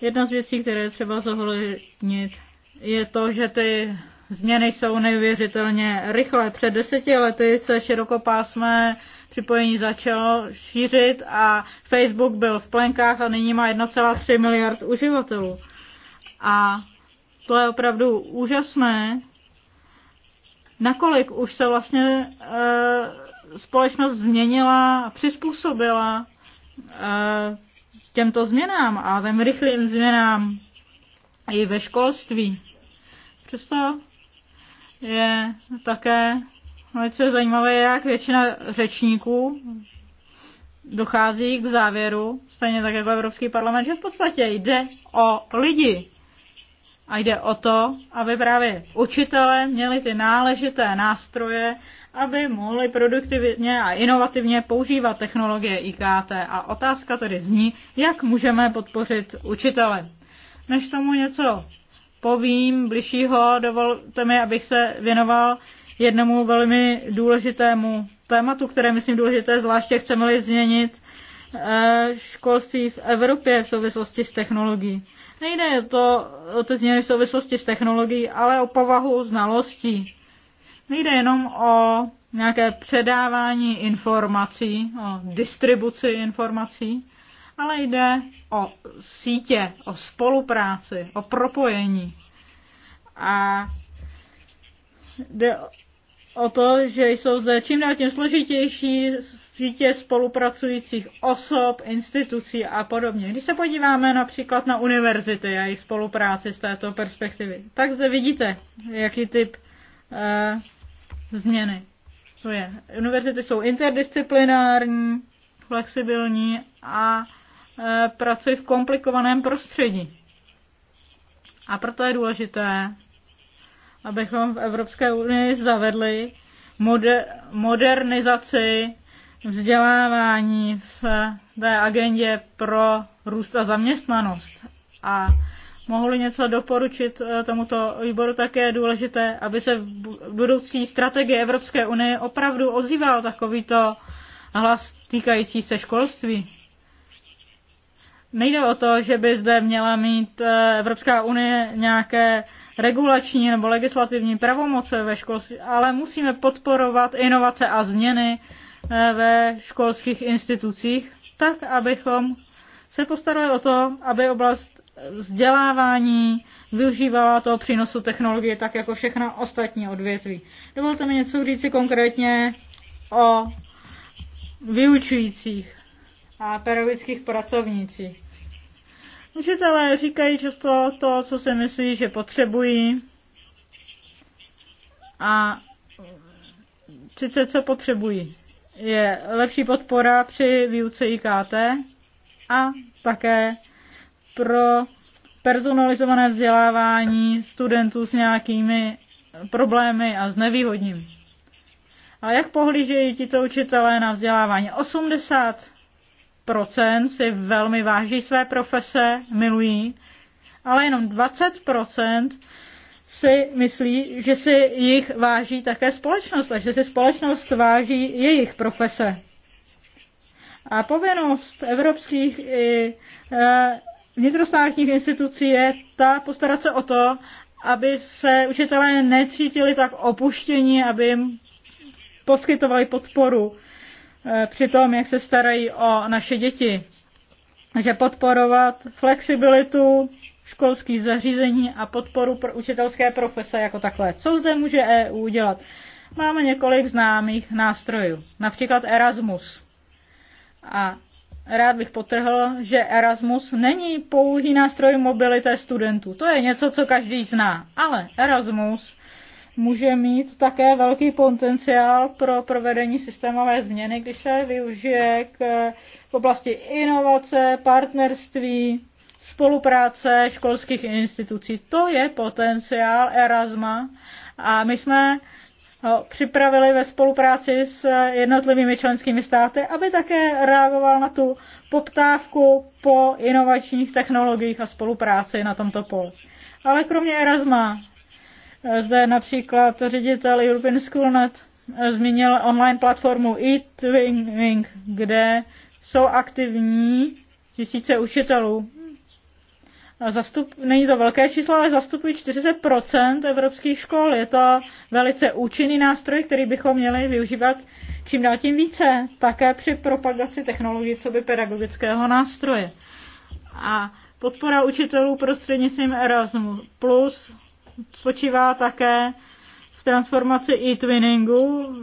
Jedna z věcí, které je třeba zohlednit, je to, že ty změny jsou neuvěřitelně rychlé. Před deseti lety se širokopásmé připojení začalo šířit a Facebook byl v plenkách a nyní má 1,3 miliard uživatelů. A to je opravdu úžasné, nakolik už se vlastně e, společnost změnila a přizpůsobila e, těmto změnám a těm rychlým změnám i ve školství. Přesto je také ale no, je zajímavé je, jak většina řečníků dochází k závěru, stejně tak jako Evropský parlament, že v podstatě jde o lidi. A jde o to, aby právě učitelé měli ty náležité nástroje, aby mohli produktivně a inovativně používat technologie IKT. A otázka tedy zní, jak můžeme podpořit učitele. Než tomu něco povím bližšího, dovolte mi, abych se věnoval jednomu velmi důležitému tématu, které myslím důležité, zvláště chceme-li změnit eh, školství v Evropě v souvislosti s technologií. Nejde to o ty změny v souvislosti s technologií, ale o povahu znalostí. Nejde jenom o nějaké předávání informací, o distribuci informací, ale jde o sítě, o spolupráci, o propojení. A jde o to, že jsou zde čím dál tím složitější žitě spolupracujících osob, institucí a podobně. Když se podíváme například na univerzity a jejich spolupráci z této perspektivy, tak zde vidíte, jaký typ eh, změny to je. Univerzity jsou interdisciplinární, flexibilní a eh, pracují v komplikovaném prostředí. A proto je důležité abychom v Evropské unii zavedli moder- modernizaci vzdělávání v té agendě pro růst a zaměstnanost. A mohli něco doporučit eh, tomuto výboru, tak je důležité, aby se v budoucí strategie Evropské unie opravdu ozýval takovýto hlas týkající se školství. Nejde o to, že by zde měla mít eh, Evropská unie nějaké regulační nebo legislativní pravomoce ve školství, ale musíme podporovat inovace a změny eh, ve školských institucích, tak abychom se postarali o to, aby oblast vzdělávání využívala toho přínosu technologie tak jako všechna ostatní odvětví. Dovolte mi něco říci konkrétně o vyučujících a pedagogických pracovnících. Učitelé říkají často to, co si myslí, že potřebují. A sice co potřebují. Je lepší podpora při výuce IKT a také pro personalizované vzdělávání studentů s nějakými problémy a znevýhodním. A jak pohlížejí tito učitelé na vzdělávání? 80 90% si velmi váží své profese, milují, ale jenom 20 si myslí, že si jich váží také společnost a že si společnost váží jejich profese. A povinnost evropských i e, vnitrostátních institucí je ta postarat se o to, aby se učitelé necítili tak opuštění, aby jim poskytovali podporu, E, při tom, jak se starají o naše děti. Takže podporovat flexibilitu školských zařízení a podporu pro učitelské profese jako takové. Co zde může EU dělat? Máme několik známých nástrojů, například Erasmus. A rád bych potrhl, že Erasmus není pouhý nástroj mobility studentů. To je něco, co každý zná. Ale Erasmus může mít také velký potenciál pro provedení systémové změny, když se využije k, v oblasti inovace, partnerství, spolupráce školských institucí. To je potenciál Erasma a my jsme ho připravili ve spolupráci s jednotlivými členskými státy, aby také reagoval na tu poptávku po inovačních technologiích a spolupráci na tomto poli. Ale kromě Erasma zde například ředitel European Schoolnet eh, zmínil online platformu eTwinning, kde jsou aktivní tisíce učitelů. zastup, není to velké číslo, ale zastupují 40% evropských škol. Je to velice účinný nástroj, který bychom měli využívat čím dál tím více, také při propagaci technologií co by pedagogického nástroje. A podpora učitelů prostřednictvím Erasmus+, plus spočívá také v transformaci e-twinningu,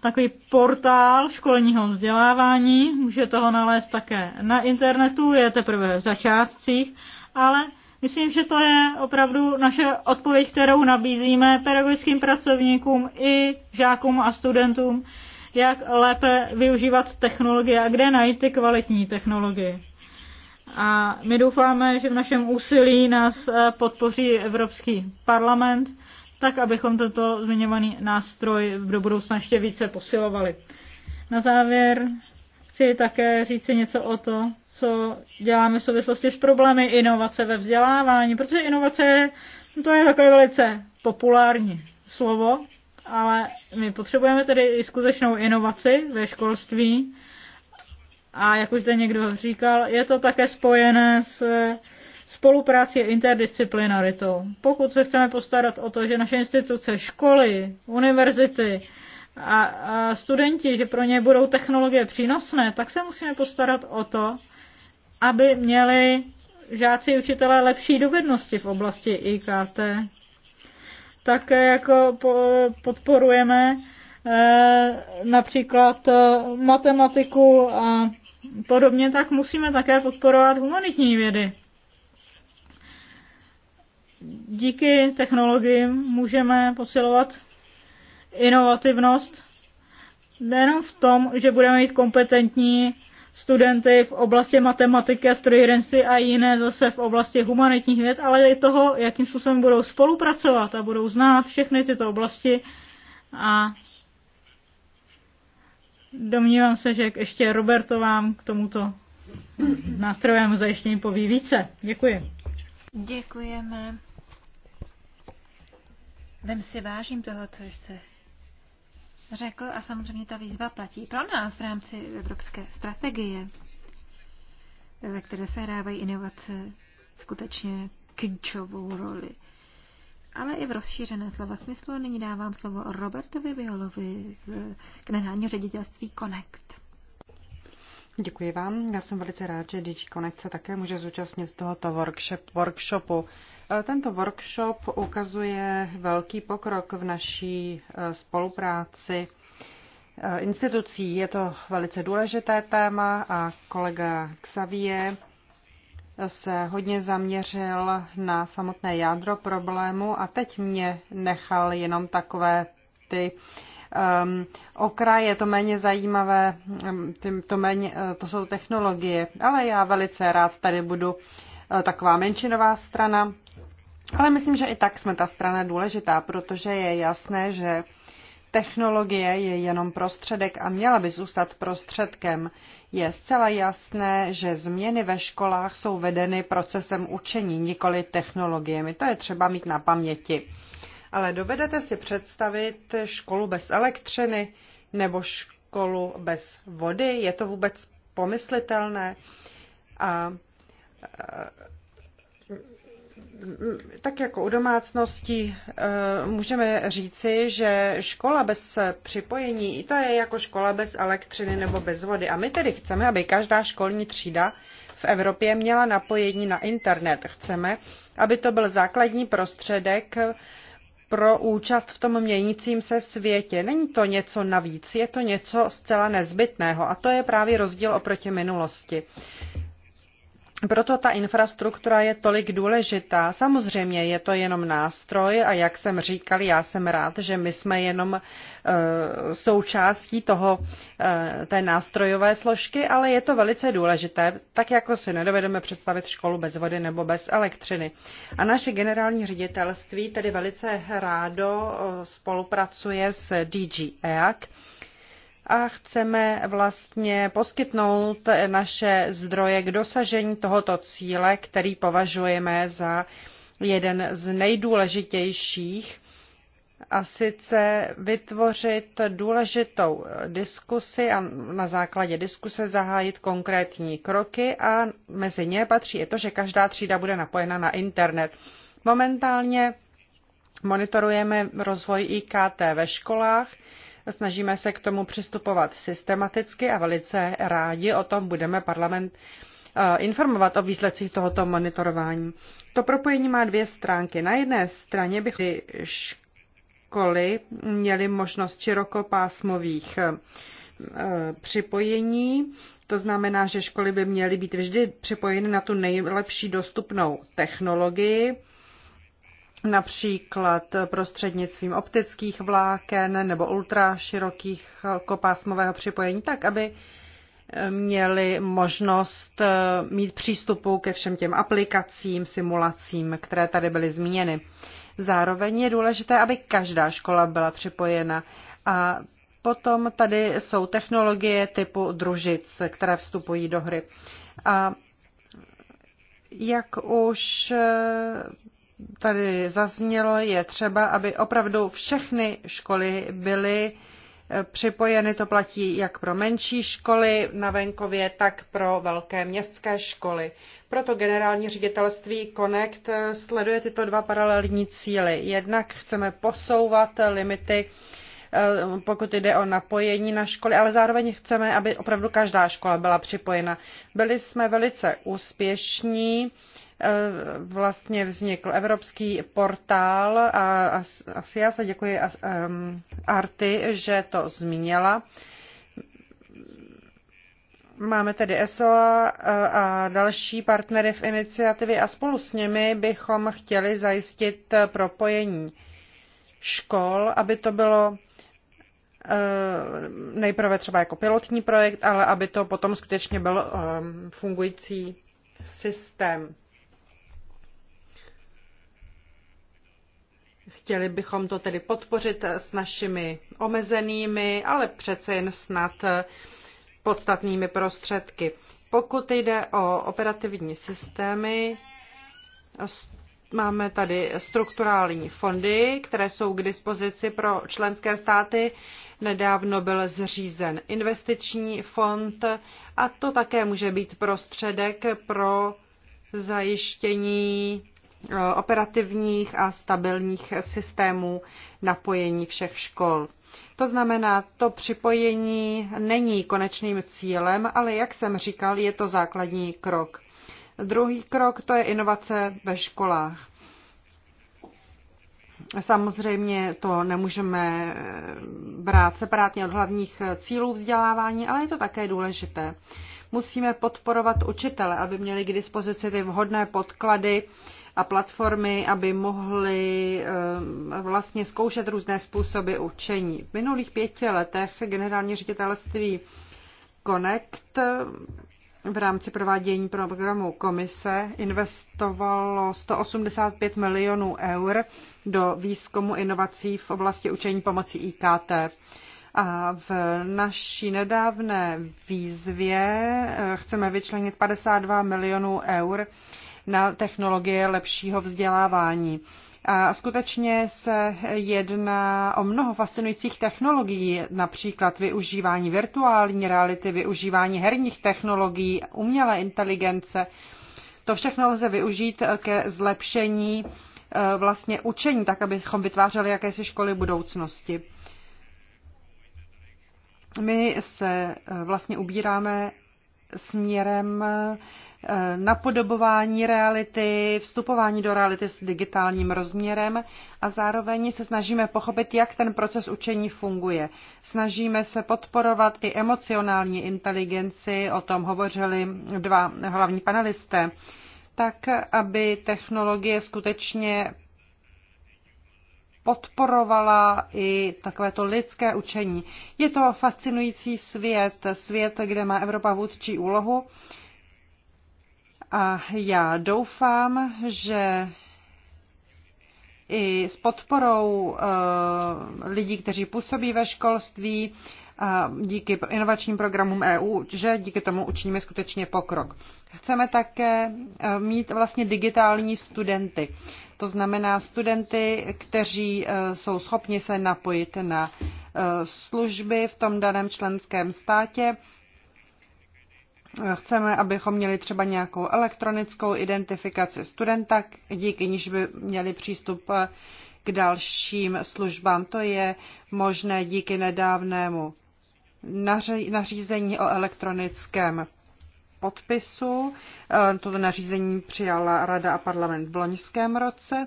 takový portál školního vzdělávání, můžete ho nalézt také na internetu, je teprve v začátcích, ale myslím, že to je opravdu naše odpověď, kterou nabízíme pedagogickým pracovníkům i žákům a studentům, jak lépe využívat technologie a kde najít ty kvalitní technologie. A my doufáme, že v našem úsilí nás eh, podpoří Evropský parlament, tak abychom tento zmiňovaný nástroj do budoucna ještě více posilovali. Na závěr chci také říci něco o to, co děláme v souvislosti s problémy inovace ve vzdělávání, protože inovace to je takové velice populární slovo, ale my potřebujeme tedy i skutečnou inovaci ve školství, a jak už zde někdo říkal, je to také spojené s spolupráci a interdisciplinaritou. Pokud se chceme postarat o to, že naše instituce, školy, univerzity a, a studenti, že pro ně budou technologie přínosné, tak se musíme postarat o to, aby měli žáci i učitelé lepší dovednosti v oblasti IKT. Také jako podporujeme eh, například eh, matematiku a podobně tak musíme také podporovat humanitní vědy. Díky technologiím můžeme posilovat inovativnost nejenom v tom, že budeme mít kompetentní studenty v oblasti matematiky strojírenství a jiné zase v oblasti humanitních věd, ale i toho, jakým způsobem budou spolupracovat a budou znát všechny tyto oblasti a Domnívám se, že ještě Roberto vám k tomuto nástrojovému zajištění poví více. Děkuji. Děkujeme. Vem si vážím toho, co jste řekl a samozřejmě ta výzva platí pro nás v rámci evropské strategie, ve které se hrávají inovace skutečně klíčovou roli ale i v rozšířené slova smyslu. Nyní dávám slovo Robertovi Violovi z generálního ředitelství Connect. Děkuji vám. Já jsem velice rád, že DG Connect se také může zúčastnit tohoto workshop, workshopu. E, tento workshop ukazuje velký pokrok v naší e, spolupráci e, institucí. Je to velice důležité téma a kolega Xavier se hodně zaměřil na samotné jádro problému a teď mě nechal jenom takové ty um, okraje, to méně zajímavé, um, ty, to, méně, uh, to jsou technologie, ale já velice rád tady budu uh, taková menšinová strana. Ale myslím, že i tak jsme ta strana důležitá, protože je jasné, že Technologie je jenom prostředek a měla by zůstat prostředkem. Je zcela jasné, že změny ve školách jsou vedeny procesem učení, nikoli technologiemi. To je třeba mít na paměti. Ale dovedete si představit školu bez elektřiny nebo školu bez vody? Je to vůbec pomyslitelné? A tak jako u domácnosti eh, můžeme říci, že škola bez připojení, i to je jako škola bez elektřiny nebo bez vody. A my tedy chceme, aby každá školní třída v Evropě měla napojení na internet. Chceme, aby to byl základní prostředek pro účast v tom měnícím se světě. Není to něco navíc, je to něco zcela nezbytného a to je právě rozdíl oproti minulosti proto ta infrastruktura je tolik důležitá. Samozřejmě je to jenom nástroj a jak jsem říkal, já jsem rád, že my jsme jenom eh, součástí toho, eh, té nástrojové složky, ale je to velice důležité, tak jako si nedovedeme představit školu bez vody nebo bez elektřiny. A naše generální ředitelství tedy velice rádo eh, spolupracuje s DG EAC, a chceme vlastně poskytnout naše zdroje k dosažení tohoto cíle, který považujeme za jeden z nejdůležitějších, a sice vytvořit důležitou diskusi a na základě diskuse zahájit konkrétní kroky a mezi ně patří i to, že každá třída bude napojena na internet. Momentálně monitorujeme rozvoj IKT ve školách, Snažíme se k tomu přistupovat systematicky a velice rádi o tom budeme parlament eh, informovat o výsledcích tohoto monitorování. To propojení má dvě stránky. Na jedné straně bych školy měly možnost širokopásmových eh, připojení. To znamená, že školy by měly být vždy připojeny na tu nejlepší dostupnou technologii například prostřednictvím optických vláken nebo ultraširokých kopásmového připojení, tak aby měli možnost mít přístupu ke všem těm aplikacím, simulacím, které tady byly zmíněny. Zároveň je důležité, aby každá škola byla připojena. A potom tady jsou technologie typu družic, které vstupují do hry. A jak už tady zaznělo, je třeba, aby opravdu všechny školy byly eh, připojeny. To platí jak pro menší školy na venkově, tak pro velké městské školy. Proto generální ředitelství Connect eh, sleduje tyto dva paralelní cíly. Jednak chceme posouvat limity eh, pokud jde o napojení na školy, ale zároveň chceme, aby opravdu každá škola byla připojena. Byli jsme velice úspěšní Eh, vlastně vznikl evropský portál a asi já se děkuji Arty, že to zmínila. Máme tedy ESOA eh, a další partnery v iniciativě a spolu s nimi bychom chtěli zajistit propojení škol, aby to bylo eh, nejprve třeba jako pilotní projekt, ale aby to potom skutečně byl fungující systém. Chtěli bychom to tedy podpořit s našimi omezenými, ale přece jen snad podstatnými prostředky. Pokud jde o operativní systémy, máme tady strukturální fondy, které jsou k dispozici pro členské státy. Nedávno byl zřízen investiční fond a to také může být prostředek pro zajištění Eh, operativních a stabilních systémů napojení všech škol. To znamená, to připojení není konečným cílem, ale jak jsem říkal, je to základní krok. Druhý krok to je inovace ve školách. Samozřejmě to nemůžeme eh, brát separátně od hlavních eh, cílů vzdělávání, ale je to také důležité. Musíme podporovat učitele, aby měli k dispozici ty vhodné podklady a platformy, aby mohly eh, vlastně zkoušet různé způsoby učení. V minulých pěti letech generální ředitelství Connect eh, v rámci provádění programu komise investovalo 185 milionů eur do výzkumu inovací v oblasti učení pomocí IKT. A v naší nedávné výzvě eh, chceme vyčlenit 52 milionů eur na technologie lepšího vzdělávání. A skutečně se jedná o mnoho fascinujících technologií, například využívání virtuální reality, využívání herních technologií, umělé inteligence. To všechno lze využít ke zlepšení e, vlastně učení, tak abychom vytvářeli jakési školy budoucnosti. My se e, vlastně ubíráme směrem Eh, napodobování reality, vstupování do reality s digitálním rozměrem a zároveň se snažíme pochopit, jak ten proces učení funguje. Snažíme se podporovat i emocionální inteligenci, o tom hovořili dva hlavní panelisté, tak, aby technologie skutečně podporovala i takovéto lidské učení. Je to fascinující svět, svět, kde má Evropa vůdčí úlohu a já doufám, že i s podporou eh, lidí, kteří působí ve školství, a eh, díky inovačním programům EU, že díky tomu učiníme skutečně pokrok. Chceme také eh, mít vlastně digitální studenty. To znamená studenty, kteří jsou schopni se napojit na služby v tom daném členském státě chceme, abychom měli třeba nějakou elektronickou identifikaci studenta, díky níž by měli přístup eh, k dalším službám. To je možné díky nedávnému nařízení o elektronickém podpisu. Eh, toto nařízení přijala Rada a parlament v loňském roce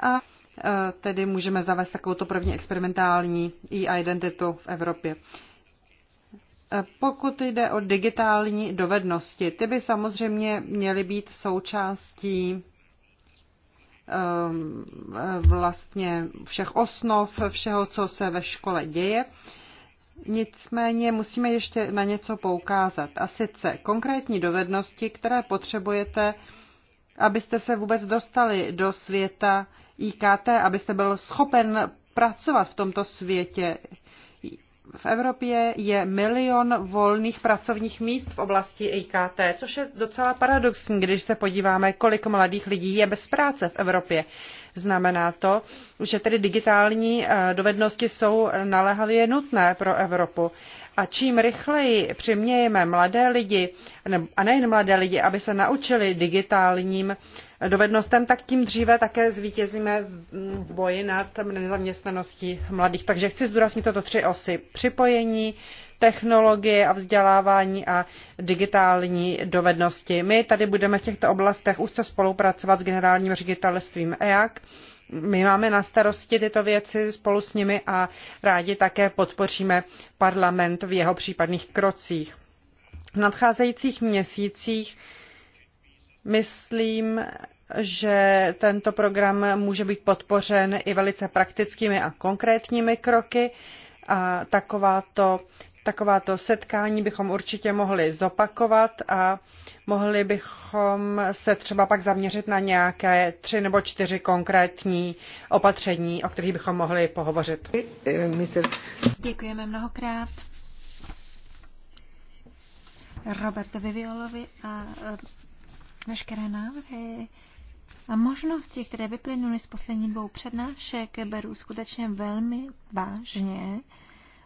a eh, tedy můžeme zavést takovouto první experimentální e-identitu v Evropě. Pokud jde o digitální dovednosti, ty by samozřejmě měly být součástí ehm, vlastně všech osnov, všeho, co se ve škole děje. Nicméně musíme ještě na něco poukázat. A sice konkrétní dovednosti, které potřebujete, abyste se vůbec dostali do světa IKT, abyste byl schopen pracovat v tomto světě v Evropě je milion volných pracovních míst v oblasti IKT, což je docela paradoxní, když se podíváme, kolik mladých lidí je bez práce v Evropě. Znamená to, že tedy digitální eh, dovednosti jsou naléhavě nutné pro Evropu. A čím rychleji přimějeme mladé lidi, a nejen mladé lidi, aby se naučili digitálním dovednostem, tak tím dříve také zvítězíme v boji nad nezaměstnaností mladých. Takže chci zdůraznit toto tři osy. Připojení, technologie a vzdělávání a digitální dovednosti. My tady budeme v těchto oblastech úzce spolupracovat s generálním ředitelstvím EAC my máme na starosti tyto věci spolu s nimi a rádi také podpoříme parlament v jeho případných krocích. V nadcházejících měsících myslím, že tento program může být podpořen i velice praktickými a konkrétními kroky a takováto Takováto setkání bychom určitě mohli zopakovat a mohli bychom se třeba pak zaměřit na nějaké tři nebo čtyři konkrétní opatření, o kterých bychom mohli pohovořit. Děkujeme mnohokrát. Roberto Viviolovi a e, veškeré návrhy a možnosti, které vyplynuly z poslední dvou přednášek, beru skutečně velmi vážně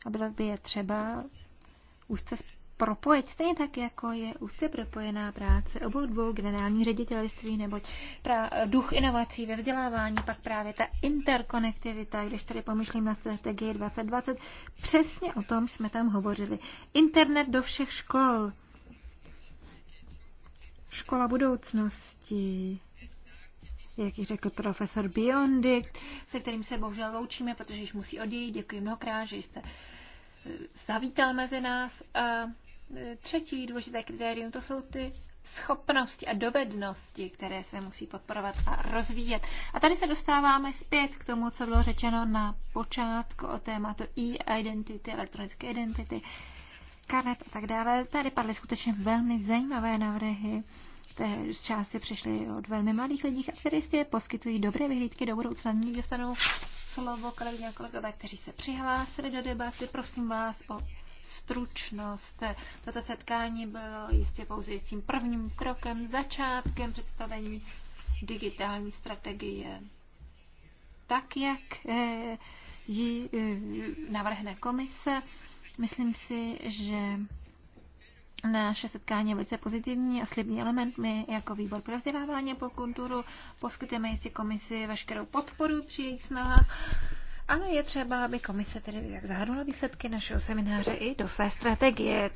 a bylo by je třeba úzce propojit, stejně tak, jako je úzce propojená práce obou dvou generální ředitelství, neboť pra, duch inovací ve vzdělávání, pak právě ta interkonektivita, když tady pomyšlím na strategii 2020, přesně o tom jsme tam hovořili. Internet do všech škol, škola budoucnosti, jak ji řekl profesor Biondy, se kterým se bohužel loučíme, protože již musí odejít. Děkuji mnohokrát, že jste eh, zavítal mezi nás. A eh, třetí důležité kritérium, to jsou ty schopnosti a dovednosti, které se musí podporovat a rozvíjet. A tady se dostáváme zpět k tomu, co bylo řečeno na počátku o tématu e-identity, elektronické identity, karet a tak dále. Tady padly skutečně velmi zajímavé návrhy jste z části přišli od velmi malých lidí a které si poskytují dobré vyhlídky do budoucna. Nyní dostanou slovo kolegyně a kolegové, kteří se přihlásili do debaty. Prosím vás o stručnost. Toto setkání bylo jistě pouze tím prvním krokem, začátkem představení digitální strategie. Tak, jak eh, ji eh, navrhne komise, myslím si, že naše setkání je velice pozitivní a slibní element. My jako výbor pro vzdělávání po kulturu poskytujeme jistě komisi veškerou podporu při jejich snahách. Ale je třeba, aby komise tedy jak zahrnula výsledky našeho semináře i do své strategie.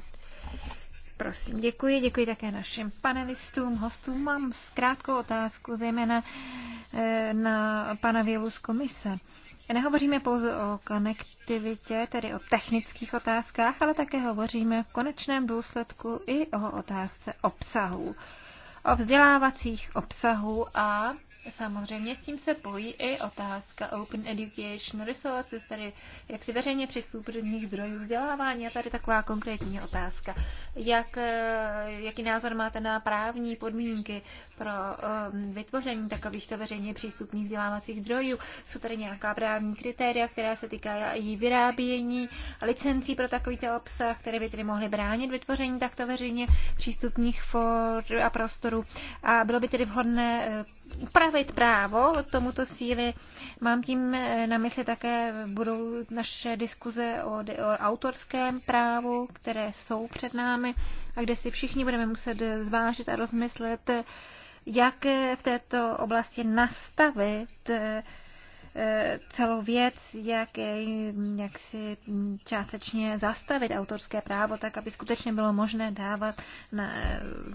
Prosím, děkuji. Děkuji také našim panelistům, hostům. Mám krátkou otázku, zejména eh, na pana Vělu z komise. Nehovoříme pouze o konektivitě, tedy o technických otázkách, ale také hovoříme v konečném důsledku i o otázce obsahu, o vzdělávacích obsahů a Samozřejmě s tím se pojí i otázka Open Education Resources, tady jak si veřejně přístupných zdrojů vzdělávání. A tady taková konkrétní otázka. Jak, eh, jaký názor máte na právní podmínky pro um, vytvoření takovýchto veřejně přístupných vzdělávacích zdrojů? Jsou tady nějaká právní kritéria, která se týkají vyrábění licencí pro takovýto obsah, které by tedy mohly bránit vytvoření takto veřejně přístupných for a prostorů? A bylo by tedy vhodné eh, upravit právo tomuto síly. Mám tím eh, na mysli také budou naše diskuze o, o autorském právu, které jsou před námi a kde si všichni budeme muset zvážit a rozmyslet, jak v této oblasti nastavit eh, celou věc, jak, jak si částečně zastavit autorské právo, tak aby skutečně bylo možné dávat na,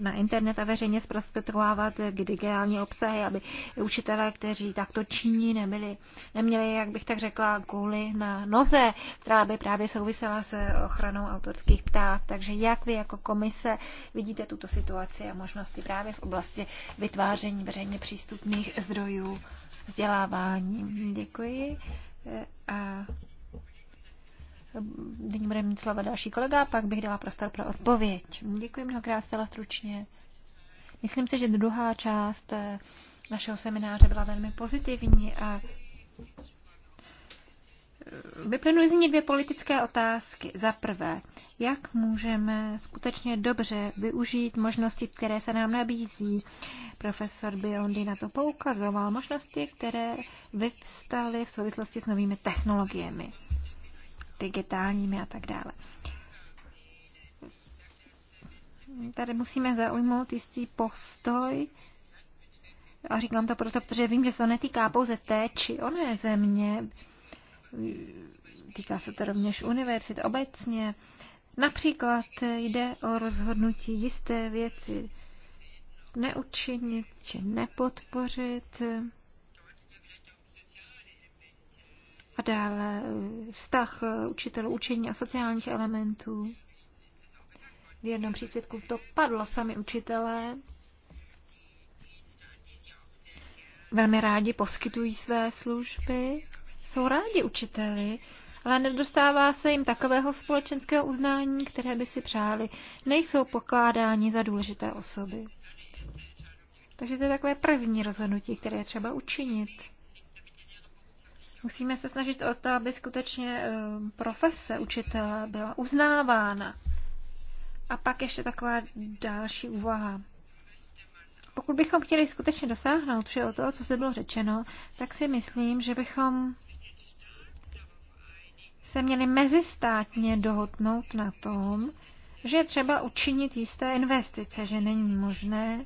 na internet a veřejně zprostředkovávat digitální obsahy, aby učitelé, kteří takto činí, nebyli, neměli, jak bych tak řekla, kůli na noze, která by právě souvisela s ochranou autorských práv. Takže jak vy jako komise vidíte tuto situaci a možnosti právě v oblasti vytváření veřejně přístupných zdrojů? vzdělávání. Děkuji. A nyní bude mít slovo další kolega, pak bych dala prostor pro odpověď. Děkuji mnohokrát, zcela stručně. Myslím si, že druhá část našeho semináře byla velmi pozitivní a Vyplynuly z ní dvě politické otázky. Za prvé, jak můžeme skutečně dobře využít možnosti, které se nám nabízí. Profesor Biondi na to poukazoval. Možnosti, které vyvstaly v souvislosti s novými technologiemi, digitálními a tak dále. Tady musíme zaujmout jistý postoj, a říkám to proto, protože vím, že se to netýká pouze té či oné země, Týká se to rovněž univerzit obecně. Například jde o rozhodnutí jisté věci neučinit či nepodpořit. A dále vztah učitelů učení a sociálních elementů. V jednom příspěvku to padlo sami učitelé. Velmi rádi poskytují své služby, jsou rádi učiteli, ale nedostává se jim takového společenského uznání, které by si přáli. Nejsou pokládáni za důležité osoby. Takže to je takové první rozhodnutí, které je třeba učinit. Musíme se snažit o to, aby skutečně eh, profese učitele byla uznávána. A pak ještě taková další úvaha. Pokud bychom chtěli skutečně dosáhnout všeho toho, co se bylo řečeno, tak si myslím, že bychom se měli mezistátně dohodnout na tom, že je třeba učinit jisté investice, že není možné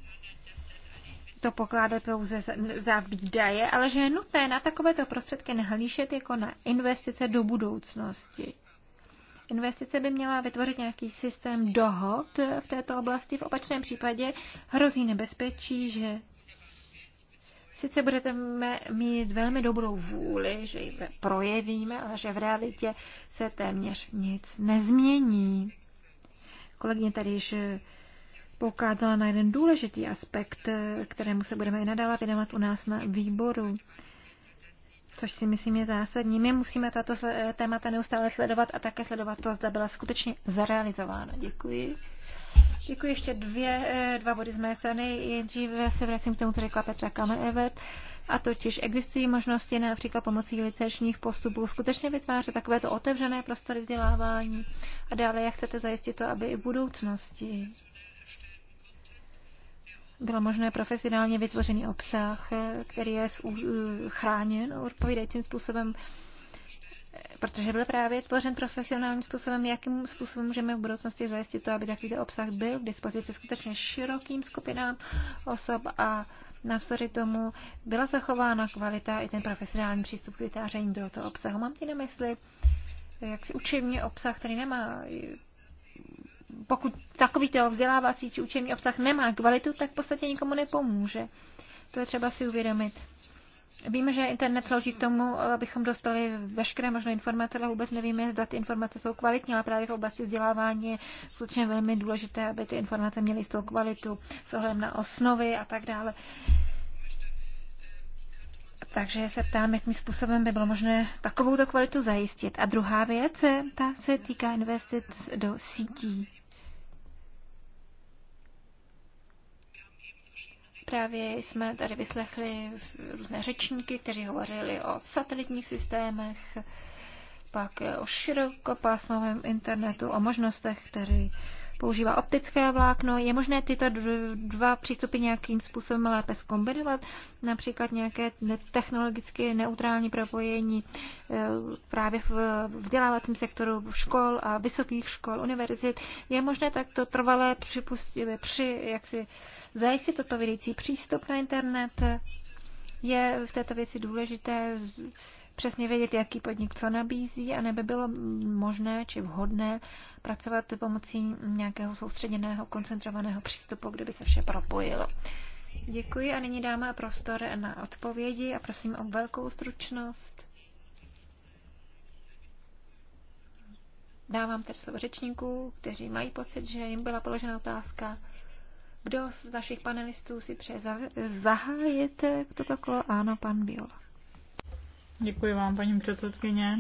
to pokládat pouze za výdaje, ale že je nutné na takovéto prostředky nehlíšet jako na investice do budoucnosti. Investice by měla vytvořit nějaký systém dohod v této oblasti. V opačném případě hrozí nebezpečí, že sice budete mít velmi dobrou vůli, že ji projevíme, ale že v realitě se téměř nic nezmění. Kolegyně tady již poukázala na jeden důležitý aspekt, kterému se budeme i nadále věnovat u nás na výboru což si myslím je zásadní. My musíme tato témata neustále sledovat a také sledovat to, zda byla skutečně zarealizována. Děkuji. Děkuji ještě dvě, eh, dva body z mé strany. Nejdříve se vracím k tomu, co řekla Petra Kamen-Evert. A totiž existují možnosti například pomocí licenčních postupů skutečně vytvářet takovéto otevřené prostory vzdělávání a dále, jak chcete zajistit to, aby i v budoucnosti bylo možné profesionálně vytvořený obsah, eh, který je eh, chráněn odpovídajícím způsobem protože byl právě tvořen profesionálním způsobem, jakým způsobem můžeme v budoucnosti zajistit to, aby takový obsah byl k dispozici skutečně širokým skupinám osob a navzdory tomu byla zachována kvalita i ten profesionální přístup k vytváření tohoto obsahu. Mám ti na mysli, jak si učební obsah, který nemá pokud takový toho vzdělávací či učení obsah nemá kvalitu, tak v podstatě nikomu nepomůže. To je třeba si uvědomit. Víme, že internet slouží k tomu, abychom dostali veškeré možné informace, ale vůbec nevíme, zda ty informace jsou kvalitní, ale právě v oblasti vzdělávání je skutečně velmi důležité, aby ty informace měly jistou kvalitu s ohledem na osnovy a tak dále. Takže se ptám, jakým způsobem by bylo možné takovouto kvalitu zajistit. A druhá věc, ta se týká investic do sítí. Právě jsme tady vyslechli různé řečníky, kteří hovořili o satelitních systémech, pak o širokopásmovém internetu, o možnostech, které používá optické vlákno. Je možné tyto dva přístupy nějakým způsobem lépe zkombinovat, například nějaké technologicky neutrální propojení eh, právě v vzdělávacím sektoru škol a vysokých škol, univerzit. Je možné takto trvalé připustit, eh, při, jak si zajistit odpovědající přístup na internet. Je v této věci důležité přesně vědět, jaký podnik co nabízí a neby bylo možné či vhodné pracovat pomocí nějakého soustředěného, koncentrovaného přístupu, kdyby se vše propojilo. Děkuji a nyní dáme prostor na odpovědi a prosím o velkou stručnost. Dávám teď slovo řečníků, kteří mají pocit, že jim byla položena otázka. Kdo z vašich panelistů si přeje zahájit toto kolo? Ano, pan Biola. Děkuji vám, paní předsedkyně.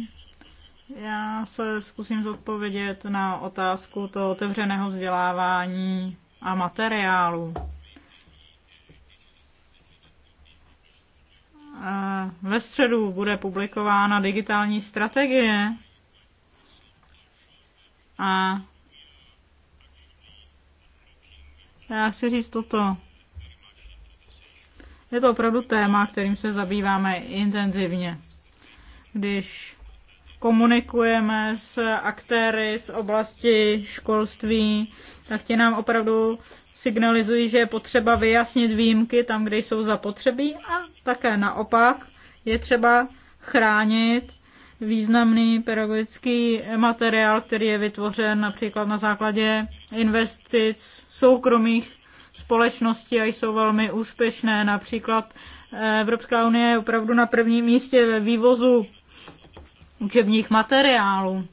Já se zkusím zodpovědět na otázku to otevřeného vzdělávání a materiálu. Ve středu bude publikována digitální strategie a já chci říct toto. Je to opravdu téma, kterým se zabýváme intenzivně. Když komunikujeme s aktéry z oblasti školství, tak ti nám opravdu signalizují, že je potřeba vyjasnit výjimky tam, kde jsou zapotřebí a také naopak je třeba chránit významný pedagogický materiál, který je vytvořen například na základě investic soukromých společnosti a jsou velmi úspěšné. Například eh, Evropská unie je opravdu na prvním místě ve vývozu učebních materiálů.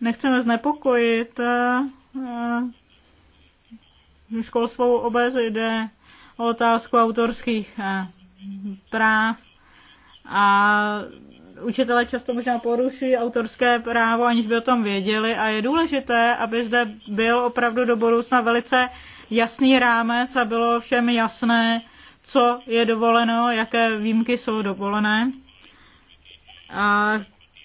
Nechceme znepokojit eh, eh, školskou obec, jde o otázku autorských práv a učitelé často možná porušují autorské právo, aniž by o tom věděli a je důležité, aby zde byl opravdu do budoucna velice jasný rámec a bylo všem jasné, co je dovoleno, jaké výjimky jsou dovolené. A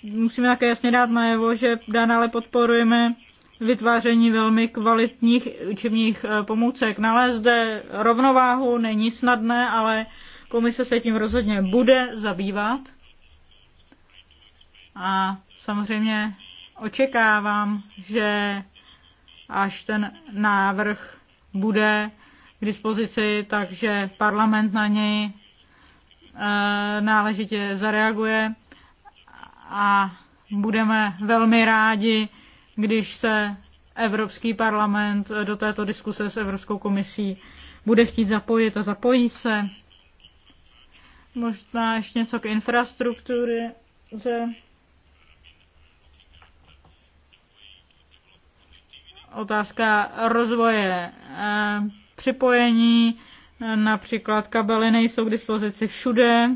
musíme také jasně dát najevo, že dále podporujeme vytváření velmi kvalitních učebních eh, pomůcek. Nalézt no zde rovnováhu není snadné, ale komise se tím rozhodně bude zabývat. A samozřejmě očekávám, že až ten návrh bude k dispozici, takže parlament na něj eh, náležitě zareaguje a budeme velmi rádi, když se Evropský parlament do této diskuse s Evropskou komisí bude chtít zapojit a zapojí se. Možná ještě něco k infrastruktuře. otázka rozvoje eh, připojení, eh, například kabely nejsou k dispozici všude,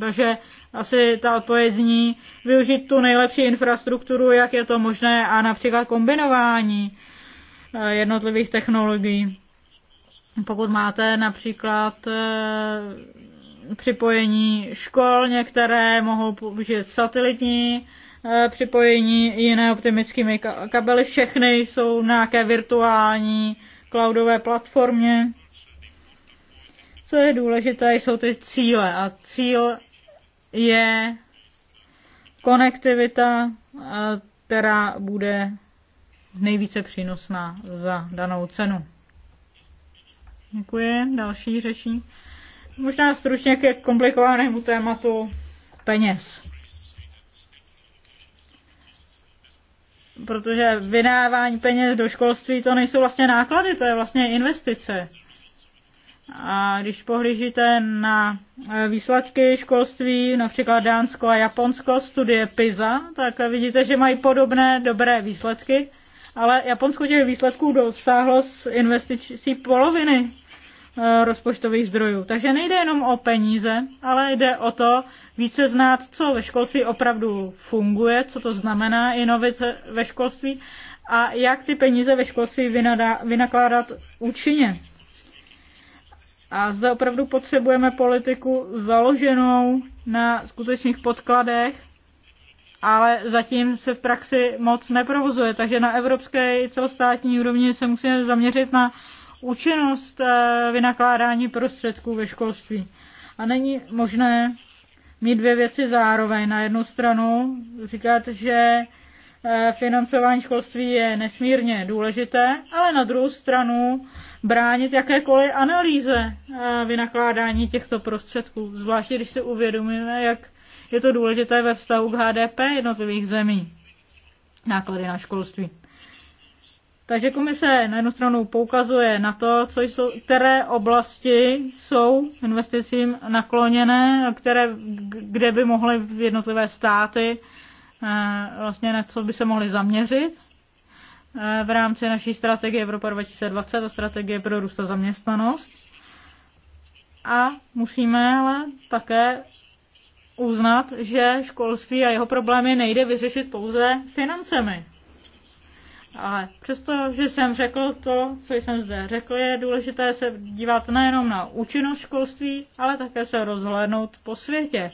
takže asi ta odpověď zní využít tu nejlepší infrastrukturu, jak je to možné, a například kombinování eh, jednotlivých technologií. Pokud máte například připojení škol, některé mohou použít satelitní Eh, připojení jiné optimickými kabely. Všechny jsou na nějaké virtuální cloudové platformě. Co je důležité, jsou ty cíle. A cíl je konektivita, eh, která bude nejvíce přínosná za danou cenu. Děkuji. Další řečník. Možná stručně ke komplikovanému tématu peněz. protože vydávání peněz do školství to nejsou vlastně náklady, to je vlastně investice. A když pohlížíte na e, výsledky školství, například Dánsko a Japonsko, studie PISA, tak vidíte, že mají podobné dobré výsledky, ale Japonsko těch výsledků dosáhlo s investicí poloviny. Eh, rozpočtových zdrojů. Takže nejde jenom o peníze, ale jde o to více znát, co ve školství opravdu funguje, co to znamená inovace ve školství a jak ty peníze ve školství vynakládat účinně. A zde opravdu potřebujeme politiku založenou na skutečných podkladech, ale zatím se v praxi moc neprovozuje. Takže na evropské i celostátní úrovni se musíme zaměřit na účinnost eh, vynakládání prostředků ve školství. A není možné mít dvě věci zároveň. Na jednu stranu říkat, že eh, financování školství je nesmírně důležité, ale na druhou stranu bránit jakékoliv analýze eh, vynakládání těchto prostředků, zvláště když si uvědomíme, jak je to důležité ve vztahu k HDP jednotlivých zemí, náklady na školství. Takže komise na jednu stranu poukazuje na to, co jsou, které oblasti jsou investicím nakloněné, které, kde by mohly jednotlivé státy eh, vlastně na co by se mohly zaměřit eh, v rámci naší strategie Evropa 2020 a strategie pro růst a zaměstnanost. A musíme ale také uznat, že školství a jeho problémy nejde vyřešit pouze financemi. Ale přesto, že jsem řekl to, co jsem zde řekl, je důležité se dívat nejenom na účinnost školství, ale také se rozhlédnout po světě.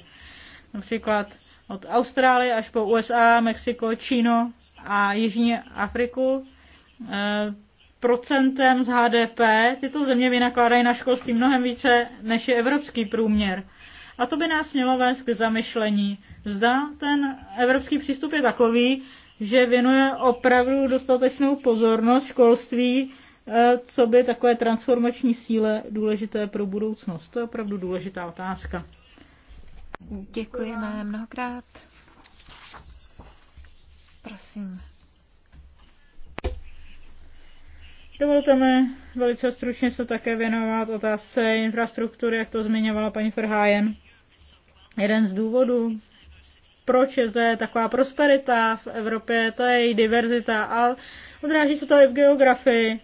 Například od Austrálie až po USA, Mexiko, Čínu a Jižní Afriku. E, procentem z HDP tyto země vynakládají na školství mnohem více než je evropský průměr. A to by nás mělo vést k zamyšlení. Zda ten evropský přístup je takový, že věnuje opravdu dostatečnou pozornost školství, eh, co by takové transformační síle důležité pro budoucnost. To je opravdu důležitá otázka. Děkujeme mnohokrát. Prosím. Dovolte mi velice stručně se také věnovat otázce infrastruktury, jak to zmiňovala paní Ferhájen. Jeden z důvodů, proč je zde taková prosperita v Evropě, to je její diverzita a odráží se to i v geografii.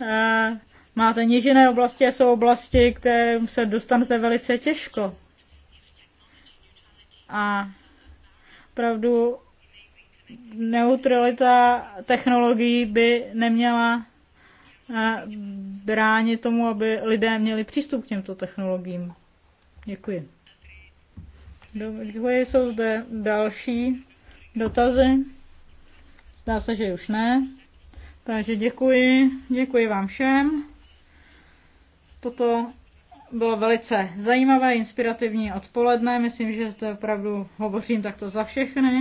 Eh, máte nížené oblasti a jsou oblasti, které se dostanete velice těžko. A opravdu neutralita technologií by neměla eh, bránit tomu, aby lidé měli přístup k těmto technologiím. Děkuji. Děkuji, jsou zde další dotazy. Zdá se, že už ne. Takže děkuji, děkuji vám všem. Toto bylo velice zajímavé, inspirativní odpoledne. Myslím, že zde opravdu hovořím takto za všechny.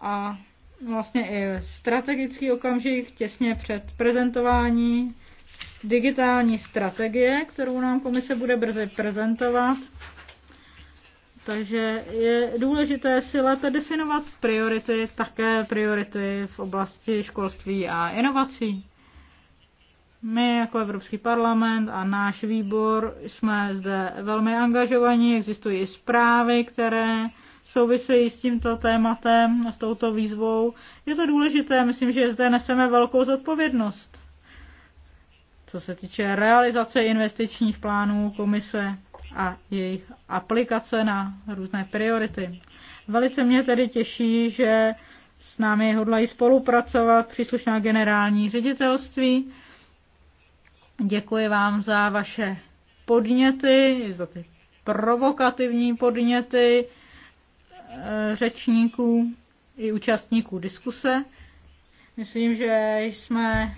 A vlastně i strategický okamžik těsně před prezentování digitální strategie, kterou nám komise bude brzy prezentovat. Takže je důležité si lépe definovat priority, také priority v oblasti školství a inovací. My jako Evropský parlament a náš výbor jsme zde velmi angažovaní, existují i zprávy, které souvisejí s tímto tématem, s touto výzvou. Je to důležité, myslím, že zde neseme velkou zodpovědnost. Co se týče realizace investičních plánů komise, a jejich aplikace na různé priority. Velice mě tedy těší, že s námi hodlají spolupracovat příslušná generální ředitelství. Děkuji vám za vaše podněty, za ty provokativní podněty eh, řečníků i účastníků diskuse. Myslím, že jsme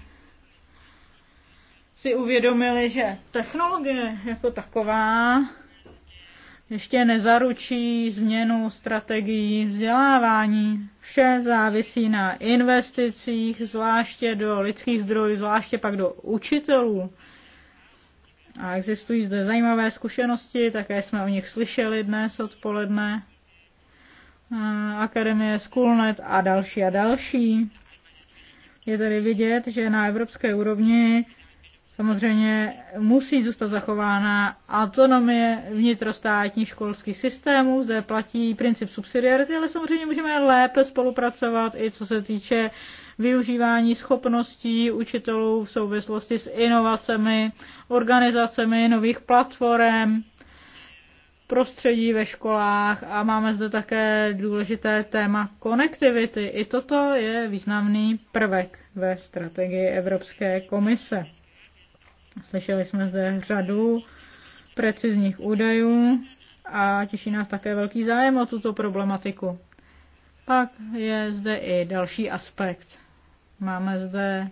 si uvědomili, že technologie jako taková ještě nezaručí změnu strategií vzdělávání. Vše závisí na investicích, zvláště do lidských zdrojů, zvláště pak do učitelů. A existují zde zajímavé zkušenosti, také jsme o nich slyšeli dnes odpoledne. Akademie Schoolnet a další a další. Je tedy vidět, že na evropské úrovni Samozřejmě musí zůstat zachována autonomie vnitrostátních školských systémů, zde platí princip subsidiarity, ale samozřejmě můžeme lépe spolupracovat i co se týče využívání schopností učitelů v souvislosti s inovacemi, organizacemi nových platform, prostředí ve školách a máme zde také důležité téma konektivity. I toto je významný prvek ve strategii Evropské komise. Slyšeli jsme zde řadu precizních údajů a těší nás také velký zájem o tuto problematiku. Pak je zde i další aspekt. Máme zde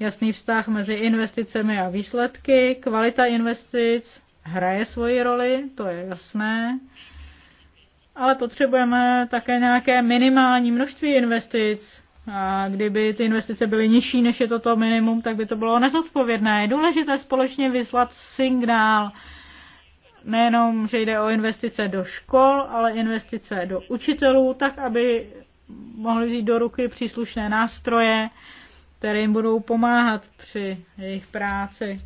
jasný vztah mezi investicemi a výsledky. Kvalita investic hraje svoji roli, to je jasné. Ale potřebujeme také nějaké minimální množství investic, a kdyby ty investice byly nižší než je toto minimum, tak by to bylo nezodpovědné. Je důležité společně vyslat signál, nejenom, že jde o investice do škol, ale investice do učitelů, tak aby mohli vzít do ruky příslušné nástroje, které jim budou pomáhat při jejich práci.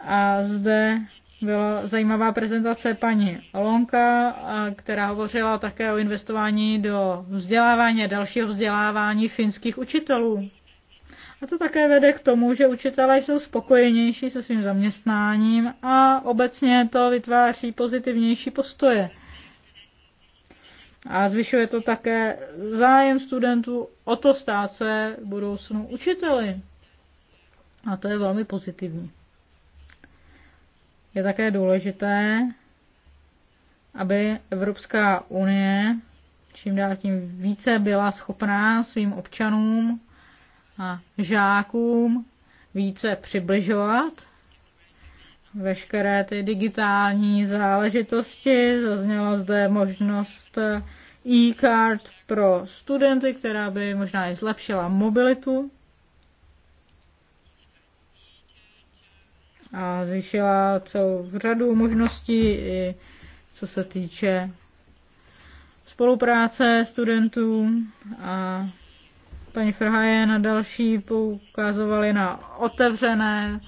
A zde byla zajímavá prezentace paní Lonka, která hovořila také o investování do vzdělávání a dalšího vzdělávání finských učitelů. A to také vede k tomu, že učitelé jsou spokojenější se svým zaměstnáním a obecně to vytváří pozitivnější postoje. A zvyšuje to také zájem studentů o to stát se v budoucnu učiteli. A to je velmi pozitivní. Je také důležité, aby Evropská unie čím dál tím více byla schopná svým občanům a žákům více přibližovat veškeré ty digitální záležitosti. Zazněla zde možnost e-card pro studenty, která by možná i zlepšila mobilitu a zvýšila celou řadu možností, i co se týče spolupráce studentů a paní Frhaje na další poukazovali na otevřené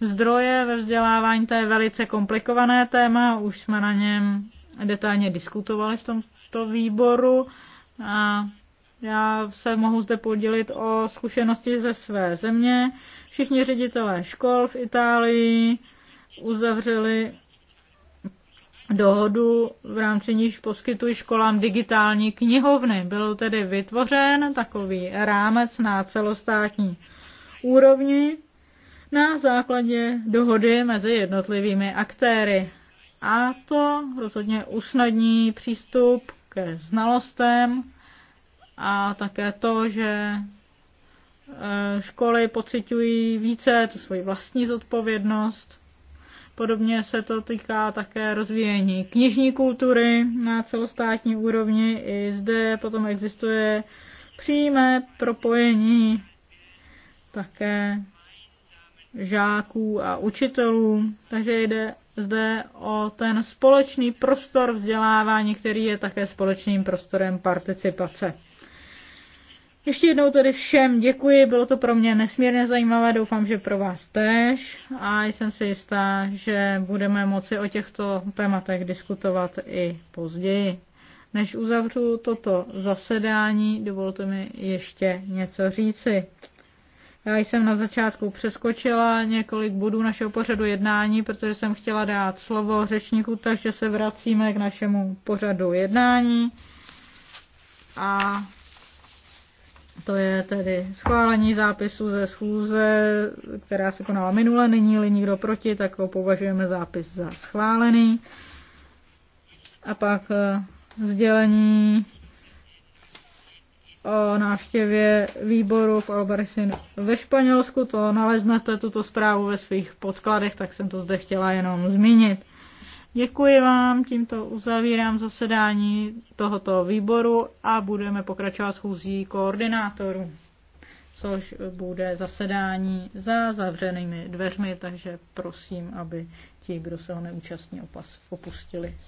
zdroje ve vzdělávání. To je velice komplikované téma, už jsme na něm detailně diskutovali v tomto výboru a já se mohu zde podělit o zkušenosti ze své země. Všichni ředitelé škol v Itálii uzavřeli dohodu, v rámci níž poskytují školám digitální knihovny. Byl tedy vytvořen takový rámec na celostátní úrovni na základě dohody mezi jednotlivými aktéry. A to rozhodně usnadní přístup ke znalostem, a také to, že eh, školy pocitují více tu svoji vlastní zodpovědnost. Podobně se to týká také rozvíjení knižní kultury na celostátní úrovni. I zde potom existuje přímé propojení také žáků a učitelů, takže jde zde o ten společný prostor vzdělávání, který je také společným prostorem participace. Ještě jednou tedy všem děkuji, bylo to pro mě nesmírně zajímavé, doufám, že pro vás tež a jsem si jistá, že budeme moci o těchto tématech diskutovat i později. Než uzavřu toto zasedání, dovolte mi ještě něco říci. Já jsem na začátku přeskočila několik bodů našeho pořadu jednání, protože jsem chtěla dát slovo řečníku, takže se vracíme k našemu pořadu jednání. A to je tedy schválení zápisu ze schůze, která se konala minule, není-li nikdo proti, tak ho považujeme zápis za schválený. A pak eh, sdělení o návštěvě výboru v Albarsin ve Španělsku. To naleznete tuto zprávu ve svých podkladech, tak jsem to zde chtěla jenom zmínit. Děkuji vám, tímto uzavírám zasedání tohoto výboru a budeme pokračovat schůzí koordinátorů, což bude zasedání za zavřenými dveřmi, takže prosím, aby ti, kdo se ho neúčastní, opustili.